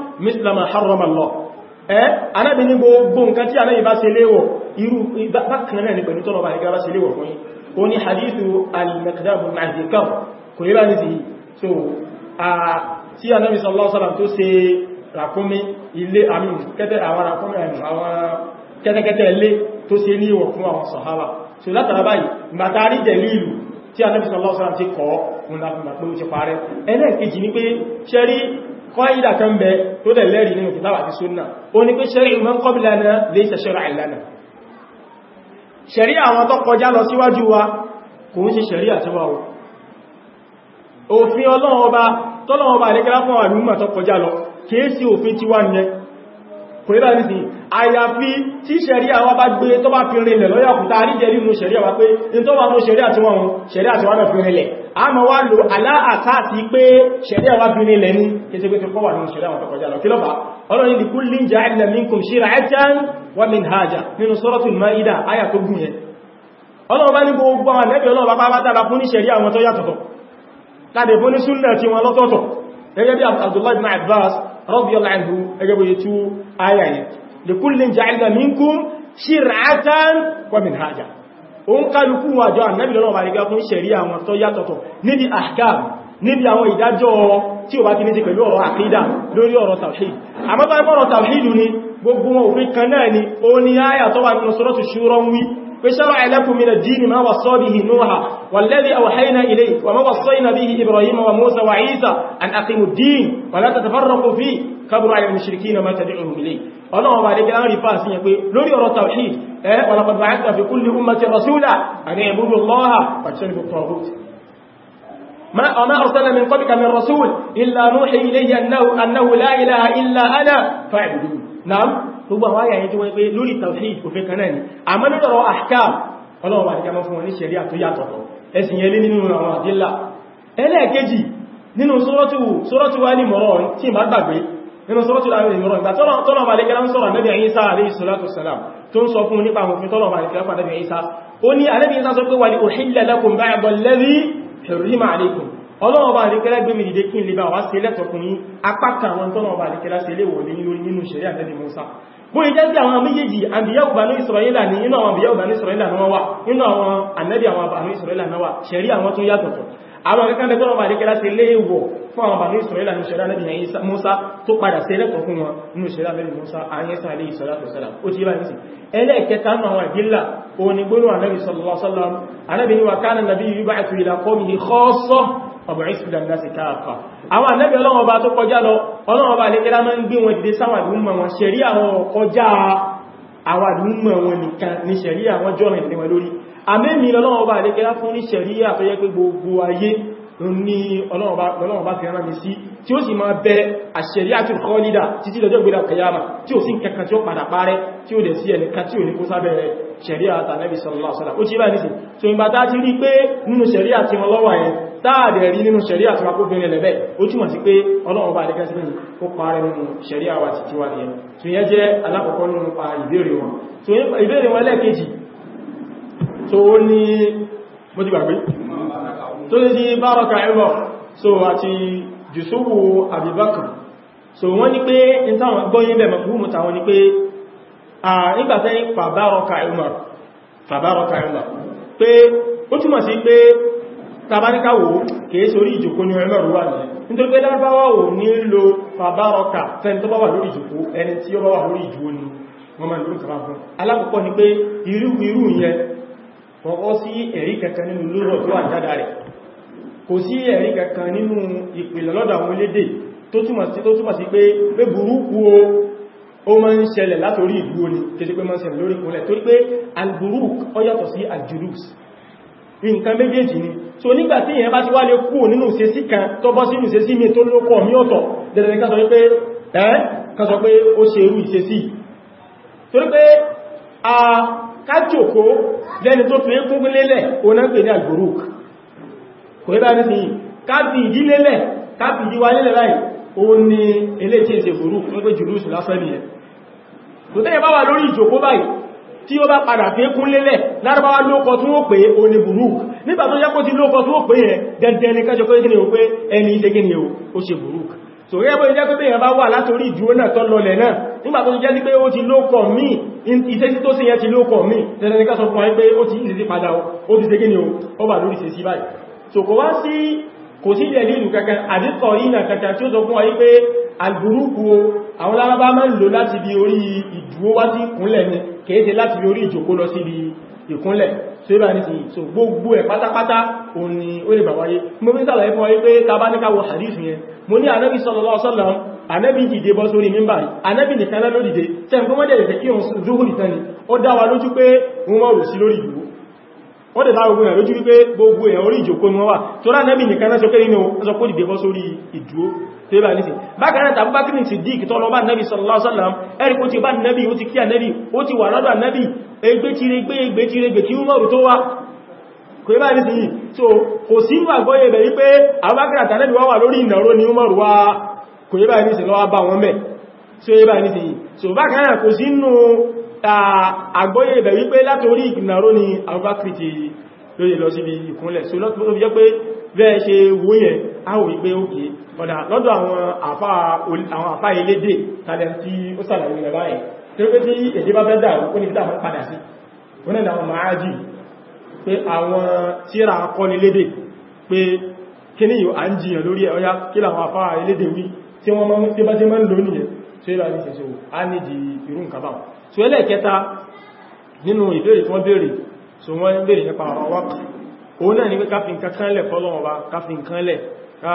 mislama harrama Allah eh Ànábì ní gbogbo nǹkan tí Ànábì bá ṣe léwọ̀ irú bákan náà ni pẹ̀lú tọ́nà bá ní gára ṣe léwọ̀ fún yín ó ní hadithu al-Miqdad ibn Azikam kò yíra ní sí so a tí Ànábì sallallahu alaihi wasallam tó ṣe ràkúnmí Kete àmì kẹ́tẹ́ àwọn ràkúnmí àwọn kẹ́tẹ́kẹ́tẹ́ ilé tó ṣe ní ìwọ̀ fún àwọn sàhábà so látara báyìí màtàrí jẹ̀lú ìlú tí Ànábì sallallahu alaihi wasallam ti kọ́ fáyídà kan bẹ tó dẹ̀ lẹ́rìí nínú kìtàbà àti súnnà ó ní pé ṣẹ́rí man qablana laysa shar'an lana ṣẹ̀rí àwọn tó kọjá lọ síwájú wa kò ń ṣe ṣẹ̀rí àtiwá o òfin ọlọ́run ọba tọ́lọ́run ọba àdékẹ́lá fún àwọn àlúmà tó kọjá lọ kéèsì òfin tiwa nìyẹn kò nílá nìsí àyàfi tí ṣẹ̀rí àwọn bá gbé tó bá fi rinlẹ̀ lọ́yàkùtà àríjẹ́ a ma wá lò aláàtà ti pé ṣẹ̀ríà wá bí nílẹ̀ ní kéṣe pé kọ́ wà ní ṣẹ̀ríà wọn tọ́kọjá lọ kílọ́fà ọlọ́rin di kullin ja'alna minkum shir'atan wa minhaja nínú suratul Maida áyà tó gùn yẹn ọlọ́run bá ní gbogbo àwọn ẹ̀bẹ̀ ọlọ́run bá bá dára fún ní ṣẹ̀ríà wọn tó yàtọ̀tọ̀ láti fún ní súnnà tí wọn lọ́tọ̀ọ̀tọ̀ gẹ́gẹ́ bí òun kálukú àjọ ànábì lọ́nà ọba nígbà fún ṣẹ̀rí àwọn tó yàtọ̀tọ̀ níbi ahkam níbi àwọn ìdájọ́ tí ó bá kí ní ti pẹ̀lú ọ̀rọ̀ àkídà lórí ọ̀rọ̀ tawhid àmọ́tọ́ ẹgbọ́rọ̀ tawhid ni gbogbo wọn òfin kan náà ni ó ní وشرع لكم من الدين ما وصى به نوح والذي أوحينا إليه وما وصينا به إبراهيم وموسى وعيسى أن أقيموا الدين ولا تتفرقوا فيه كبروا على المشركين ما تدعوهم إليه الله عليك dé láàrin fásí yẹn pé lórí ọ̀rọ̀ tawhid ẹ́ ọ̀lọ́pàá àti fi kúlù ummati rasúlá àti ìbúrú ما وما أرسل من قبلك من رسول إلا نوحي إليه أنه, أنه لا إله إلا أنا فاعبدوه نعم gbogbo àwọn àyà yẹn tí wọ́n pé lórí tawhid òfin kan náà ni àmọ́ nínú ọ̀rọ̀ ahkam ọlọ́run bá jẹ́ mọ́ fún wọn ní ṣẹ̀ríà tó yàtọ̀ ẹ̀sìn yẹn lé nínú àwọn àdílà ẹlẹ́ẹ̀kejì nínú sórọ́tù wá ní mọ̀rọ̀ tí ìbá gbàgbé nínú sórọ́tù láàrin ìmọ̀rọ̀ ìgbà tọ́nà bá lè kẹ́lá ń sọ̀rọ̀ nẹ́bí ẹ̀yìn sáà lè ṣọ́látù sàlám tó ń sọ fún nípa àwọn òfin tọ́nà bá lè kẹ́lá pàdé ẹ̀yìn sáà ó ní alẹ́bí ẹ̀yìn sáà sọ pé wà ní òṣìlẹ̀ lẹ́kùn bá ọlọ́wọ́ bá àríkẹ́lá gbémi dìde kí n lè bá wá sí lẹ́tọ̀kùnrin apákan àwọn tọ́nà bá àríkẹ́lá sí ilé ìwòlé lórí nínú ìṣẹ̀rí àtẹ́lẹ̀ bó ìjẹ́ sí àwọn méjèèjì àbíyàwó bànú ìsọ̀rọ̀yìnlá ní inú àwọn àbíyàwó bànú ìsọ̀rọ̀yìnlá náà wà inú àwọn ànẹ́bí àwọn bànú ìsọ̀rọ̀yìnlá náà wà ṣẹ̀rí àwọn tó yàtọ̀tọ̀ àwọn akẹ́kẹ́ lẹ́gbọ́n bá dékẹ́lá sí ilé ìwọ̀ fún àwọn bànú ìsọ̀rọ̀yìnlá ní ṣẹ̀rí ànẹ́bí Mùsá tó padà sí ẹlẹ́kọ̀ọ́ fún wọn nínú ṣẹ̀rí ànẹ́bí Mùsá àyẹ́sà alẹ́ ìsọ̀rọ̀tọ̀ sẹ́lá ó ti bá ní sí ẹlẹ́ẹ̀kẹta nù àwọn ìbílà òun ni gbónú ọ̀bọ̀rísì dandasi káàkà àwọn ànábì ọlọ́wọ́ bá tó kọjá lọ ọlọ́wọ́ bá lékẹ́lá máa ń gbé wọn dìde sáwàdúnmọ̀ wọn ṣẹ̀rí àwọn kọjá àwàdúnmọ̀ wọn nìkan ní ṣẹ̀rí àwọn jọ́rin ìdíwẹ̀ lórí àmẹ́mì ọlọ́wọ́ bá lékẹ́lá fún ní ṣẹ̀rí àfẹ́yẹ́ pé gbogbo ayé ní ọlọ́wọ́ bá fi rán mi sí tí ó sì máa bẹ àṣẹ̀rí àti kọ́ lídà títí lọ́jọ́ ìgbèdà kẹyàmà tí ó sì kankan tí ó padà táàdẹ̀ rí nínú ṣẹ̀ríà tó rákó fínrin lẹ́bẹ̀ ó túnmọ̀ sí pé ọlọ́run bá dẹ́kẹ́ sílẹ̀ kó parẹ́ nínú ṣẹ̀ríà wà ti tíwà nìyẹn tó yẹ jẹ́ alákọ̀ọ́kọ́ nínú pa ìbéèrè wọn tó ìbéèrè wọn lẹ́ẹ̀kejì tó ní mo ti gbàgbé tó ní sí bárọkà ẹ̀rọ so àti jùsúwò àbíbákan so wọ́n ní pé in táwọn gbọ́yìn bẹ̀ mọ̀kúrùmù táwọn ní pé à nígbàtẹ́ fàbárọkà ẹ̀rọ tàbáníkàwò kìí sórí ìjòkó ní ọlọ́rùn wà nìyẹn nítorí pé lárúbáwá ò ní lo fàbárọkà fẹ́ni tó bá wà lórí ìjòkó ẹni tí ó bá wà lórí ìjòkó ni wọ́n máa lórí ìjọba fún alákọ̀ọ́kọ́ ni pé irú irú yẹn kọ̀kọ́ sí ẹ̀rí kankan nínú lórọ̀ tó wà jáda rẹ̀ kò sí ẹ̀rí kankan nínú ìpìlẹ̀ lọ́dọ̀ àwọn elédè tó túmọ̀ sí pé nǹkan méjèèjì ni so nígbà tí èyàn bá ti wá lè kúrò nínú ìṣesí kan tó bọ́ sínú ìṣesí mi tó lókọ̀ mí ọ̀tọ̀ dẹ̀dẹ̀ ká sọ pé ẹ́ ká sọ pé ó ṣe irú ìṣesí torí pé a kájòkó lẹ́ni tó fi kúnkún lélẹ̀ oná pè ní alboruk kò yíba ní sìn ká fi ìdí lélẹ̀ tí ó bá padà fi kún lélẹ̀ lárúbáwá lóòkọ tún ó pé o ní burúk nígbà tó yẹ́kọ́ ti lóòkọ tún ó pé ẹ̀ dẹ̀dẹ̀ ní kájọ pé kíni pé ẹni ṣe kíni ó ṣe burúk so rẹ́ bó jẹ́ pé èèyàn bá wà látorí ìdúró náà tọ́ lọlẹ̀ náà nígbà tó jẹ́ sí pé ó ti lóòkọ mí iṣẹ́ sí tó sí yẹn ti lóòkọ mí tẹ́lẹ̀ ní ká so kò wá sí kò sí ìjẹ̀lì ìlú kankan àdíkọ̀ ìnà kankan tí ó sọ fún wa àwọn lábá máa ń láti bí orí ìdúró wá sí ni kéèdè láti bí orí ìjòkó lọ síbi ìkúnlẹ̀ tó bá ní so gbogbo ẹ̀ pátápátá òun ni ó lè bà wáyé mo fi sàlàyé fún ọ pé ta bá ní ká wo hadith yẹn mo ní anábì sallallahu alaihi wasallam anábì dìde bọ́ sórí mímbà anábì nìkan lọ dìde tẹ́ ń kó mọ́jẹ̀ ìfẹ́ kí òun zuhuri tán ni ó dá wa lójú pé wọ́n mọ̀ rò sí lórí ìlú wọ́n dẹ̀ láàrùn ìrìn lójú wípé gbogbo èèyàn orí ìjòkó ni wọ́n wà tó rá nẹ́bì nìkan náà sókè nínú ọjọ́pọ̀ ìdìbẹ̀ bọ́ sórí ìdúró tó yẹ bá nìsìn bákan náà ti dìkì sallallahu alaihi wasallam ẹ̀rí kó ti bá nẹ́bì ó ti kí ànẹ́bì ó ti wà lọ́dọ̀ ànẹ́bì egbé tire gbé so kò sí wà gbọ́yẹ bẹ̀ wípé àbákàrà tànẹ́bì wá wà lórí ìnàró ni so yẹ bá nìsìn àgbọ́yé ibẹ̀ wípé látorí ìgbìnàró ni Abubakar ti lóye lọ síbi ìkúnlẹ̀ so lọ́tọ́ jẹ́ pé bẹ́ẹ̀ ṣe wóyẹ̀ áwò wípé òkè ọ̀dà lọ́dọ̀ àwọn àfá elédè tàbí tí ó sàlàyé rẹ̀ báyìí tí ó pé tí èdè bá bẹ́dà ó ní fítà padà sí wọ́n ní àwọn máájì pé àwọn tíra akọni lédè pé kí ní yóò à ń jiyàn lórí ọya kí làwọn àfá elédè wí tí wọ́n bá ti mọ́ ń lò nìyẹn tí ó rà ní ṣe so á ní di irú nǹkan báwọn so ẹlẹ́ẹ̀kẹta nínú ìbéèrè tí wọ́n béèrè so wọ́n béèrè nípa ọ̀rọ̀ wákà òun náà ni pé káfí nǹkan kan lẹ̀ fọ́lọ́run ọba káfí nǹkan lẹ̀ ká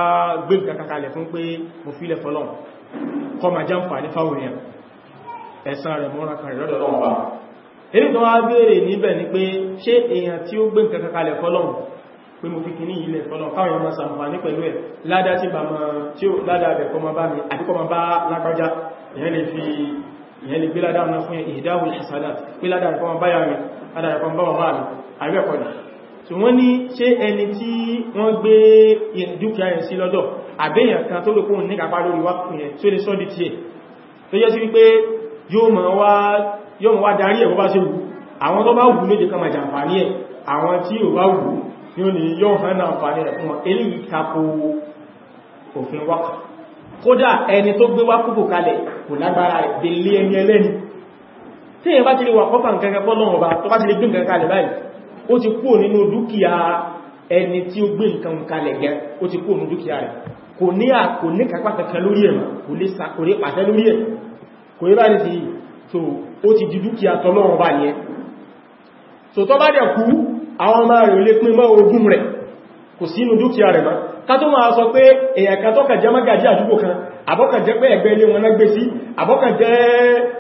gbé nǹkan kankan lẹ̀ fún pé mo fílẹ̀ fọ́lọ́run kọ́ ma jáǹfà ní fáwọn èèyàn ẹ̀sán rẹ̀ mọ́ra kan rẹ̀ lọ́dọ̀ lọ́wọ́ èyí tó wá béèrè níbẹ̀ ni pé ṣé èèyàn tí ó gbé nǹkan kankan lẹ̀ fọ́lọ́run pé mo fi kì ní ilẹ̀ fọ́lọ́run káwọn èèyàn máa sàǹfààní pẹ̀lú ẹ̀ ládá tí ó ládá bẹ̀ kọ́ ma bá mi àdíkọ́ ma bá lákọjá èèyàn lè fi ìyẹn ni gbíládà ọ̀nà fún ìdáhùn ìsàdá gbíládà ọ̀pọ̀ báyà mi adàdà ọ̀pọ̀ báwọn máa mi àríẹ̀kọ́ ni so wọ́n ní ṣé ẹni tí wọ́n gbé dúkìá yẹn sí lọ́dọ̀ àbẹ́yàn kan tó lókún ní kàpá lórí wá fún yẹn tó lè sọ́ di tiẹ̀ tó jẹ́ sí wípé yóò mọ̀ wá darí kódà ẹni tó gbé wá kúkù kalẹ̀ kò lágbára rẹ̀ délé ẹni ẹlẹ́ni tí èyàn bá ti lè wà kọ́fà nǹkan fọ́lọ́run ọba tó bá ti lè gbé nǹkan kalẹ̀ báyìí ó ti kúrò nínú dúkìá ẹni tí ó gbé nǹkan kalẹ̀ gẹ́ ó ti kúrò nínú dúkìá rẹ̀ kò ní àkò ní kápá kankan lórí ẹ̀ kò lè pàṣẹ lórí ẹ̀ kò ká tó máa sọ pé èyàn kan tó kàn jẹ́ mágàjí àdúgbò kan àbọ́kàn jẹ́ pé ẹgbẹ́ ilé wọn náà gbé sí àbọ́kàn jẹ́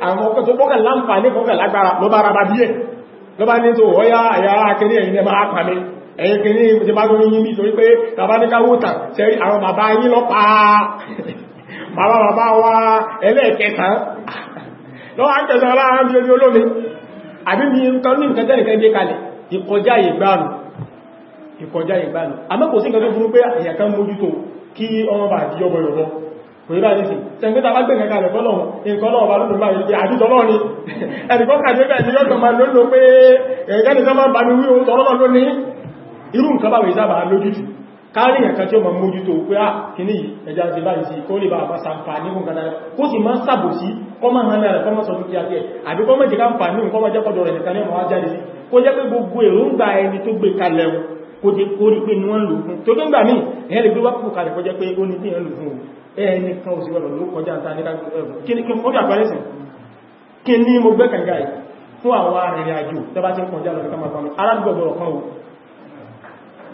àwọn ọkọ̀ tó bọ́kàn láǹfààní kọ́kàn lágbára ló bá rárá bí ẹ̀ ló bá ní tó ọ̀yá àyà akẹrí ẹ̀yìn ẹ̀mà àpàmì ẹ̀yìn kìíní ti bá gbóyìn yìí nítorí pé bàbá ní ká wòtà sẹ́rí ìkọjá ìgbàlù àmọ́ kò sí nǹkan tó burú pé èyàn kan mójútó kí ọmọ bá di ọbọ̀ ìrọ̀bọ̀ kò ní bá ní sí tẹ́gbẹ́ta bá gbẹ̀rẹ̀ kalẹ̀ fọ́lọ̀hún nǹkan náà bá lóòrùn báyìí àdíjọ́ náà ni ẹnìkan kàdé bẹ́ẹ̀ ni yọ́jọ́ máa lóòrùn pé ẹ̀gẹ́ni tó máa bá ní wí oúnjẹ ọlọ́nà lónìí irú nǹkan báwẹ̀ ìsábà lójútù kárí nǹkan tí ó máa mójútó pé à ah, kìíní ẹja ti bá ìsì kó lè bá àpá sàǹfà ní mú kanáà kó sì máa sàbòsí kọ́ máa hàn náà kọ́mọ́ sọ̀rọ̀ kí a tẹ́ àbí kọ́mọ́ jẹ́ ká ń fà ní nǹkan wájẹ́ kọ́dọ̀ rẹ̀ nìkan ní ọmọ wájá ní kó jẹ́ pé gbogbo èròǹgbà ẹni tó gbé kalẹ̀ kódé kórí pé ní wọ́n lò fún tó gbígbà mí ẹ̀yẹ́ lè gbé wá púpù kalẹ̀ kọjá pé ó ní tí ẹ̀ lò fún ẹni kan ò sí wọ́n lò kọjá ta ní káàkiri kí ní mo gbé kànga ẹ̀ fún àwọn arìnrìn àjò tẹ́bá ti kọjá lọ kọjá pàmì aládùgbọ̀gbọ̀rọ̀ kan o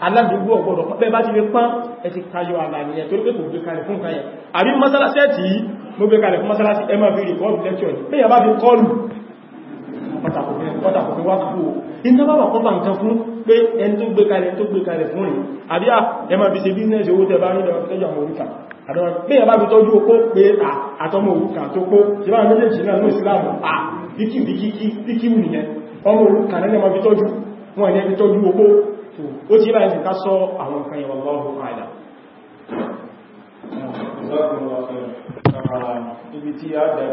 aládùgbò ọgbọ̀rọ̀ kan tẹ́bá ti lè pán ẹ ti tayọ àlànìyàn torí pé kò gbé kalẹ̀ fún kanyẹ àbí mọ́sálásí ẹ̀tì mo gbé kalẹ̀ fún mọ́sálásí ẹmà fi rìkọ́ọ̀dù lẹ́kṣọ̀ bùkátà kò fi wá kú o in tó bá wà kọ́bà nǹkan fún pé ẹni tó gbé kalẹ̀ tó gbé kalẹ̀ fún rìn àbí à ẹ máa ṣe bíznẹ́sì owó tẹ bá ní ìdọ̀rọ̀ ibi tí a dájú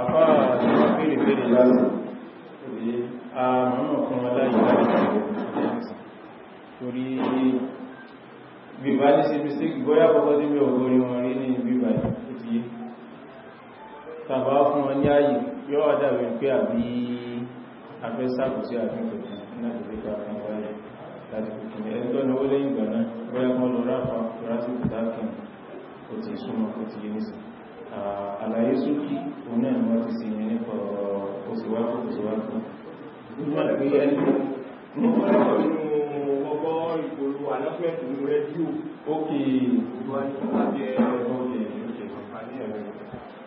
àfáà àti àfíìrì lásìí sí àmọ́ fún ọláyìí láti torí bíbá ní sí mistake bóyá kọ́kọ́ tí mi ò gorí wọn rí ní bíbá ó ti yé tàbá fún ọ ní ààyè yóò wá dàbí pé àbí afẹ́ sàkóso àfihàn tuntun náà lè gbà fún wáyé láti kòkòrò ẹgbẹ́ ní ó lẹ́yìn ìgbà náà bóyá kan lọ ráfà rásìkò dákìn ó ti súnmọ́ ó ti yé nísìn àlàyé sókí òun náà ni wọ́n ti sinmi nípa òṣèwákò òṣèwákò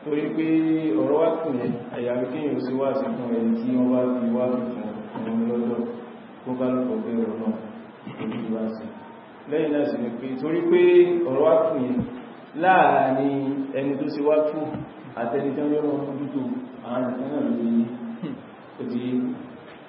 torí pé ọ̀rọ̀ wá kù ní àyàrí kí yíò sí wá sí fún ẹni tí wọ́n bá fi wá fún ọmọ lọ́dọ̀ tó bá lọ́pọ̀ pé ọ̀rọ̀ náà ojú wá sí lẹ́yìn náà sì ní pé torí pé ọ̀rọ̀ wá kù ní láàárín ẹni tó sí wá kù àtẹni tí wọ́n yọ́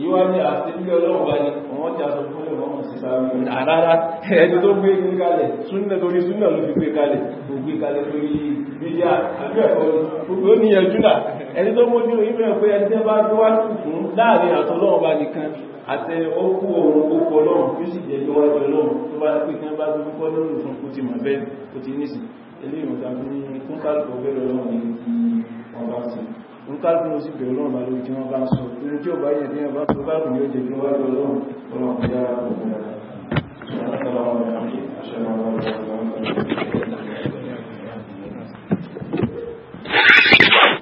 èyí wá ní àti bí ọlọ́run bá ní wọ́n ti aṣọ fún ẹ̀rọ ọmọ sí sáré àrárá ah, ẹni tó gbé ní kalẹ̀ súnnà torí súnnà ló fi gbé kalẹ̀ kò gbé kalẹ̀ torí bíyà àbí ẹ̀kọ́ ló ní ẹjú náà ẹni tó mójú ìfẹ́ pé ẹni tẹ́ bá tó wá sí fún láàrin àtọ́ ọlọ́run bá nìkan àtẹ ókú ohun ókú ọlọ́run tó sì jẹ́ jọ wájú ọlọ́run tó bá pè kí wọ́n bá tó kọ́ lórí fún kó ti mọ̀ bẹ́ẹ̀ kó ti nísìn eléyìí mo ta fún kálùkù ọgbẹ́rẹ̀ ọlọ́run ní ọba sí kálùkùn ó sì bẹ̀rẹ̀ lọ́wọ́ bá lórí tí wọ́n bá ń sọ ní tí ó bá yẹ̀ tí wọ́n kálùkùn yóò jẹ́ kí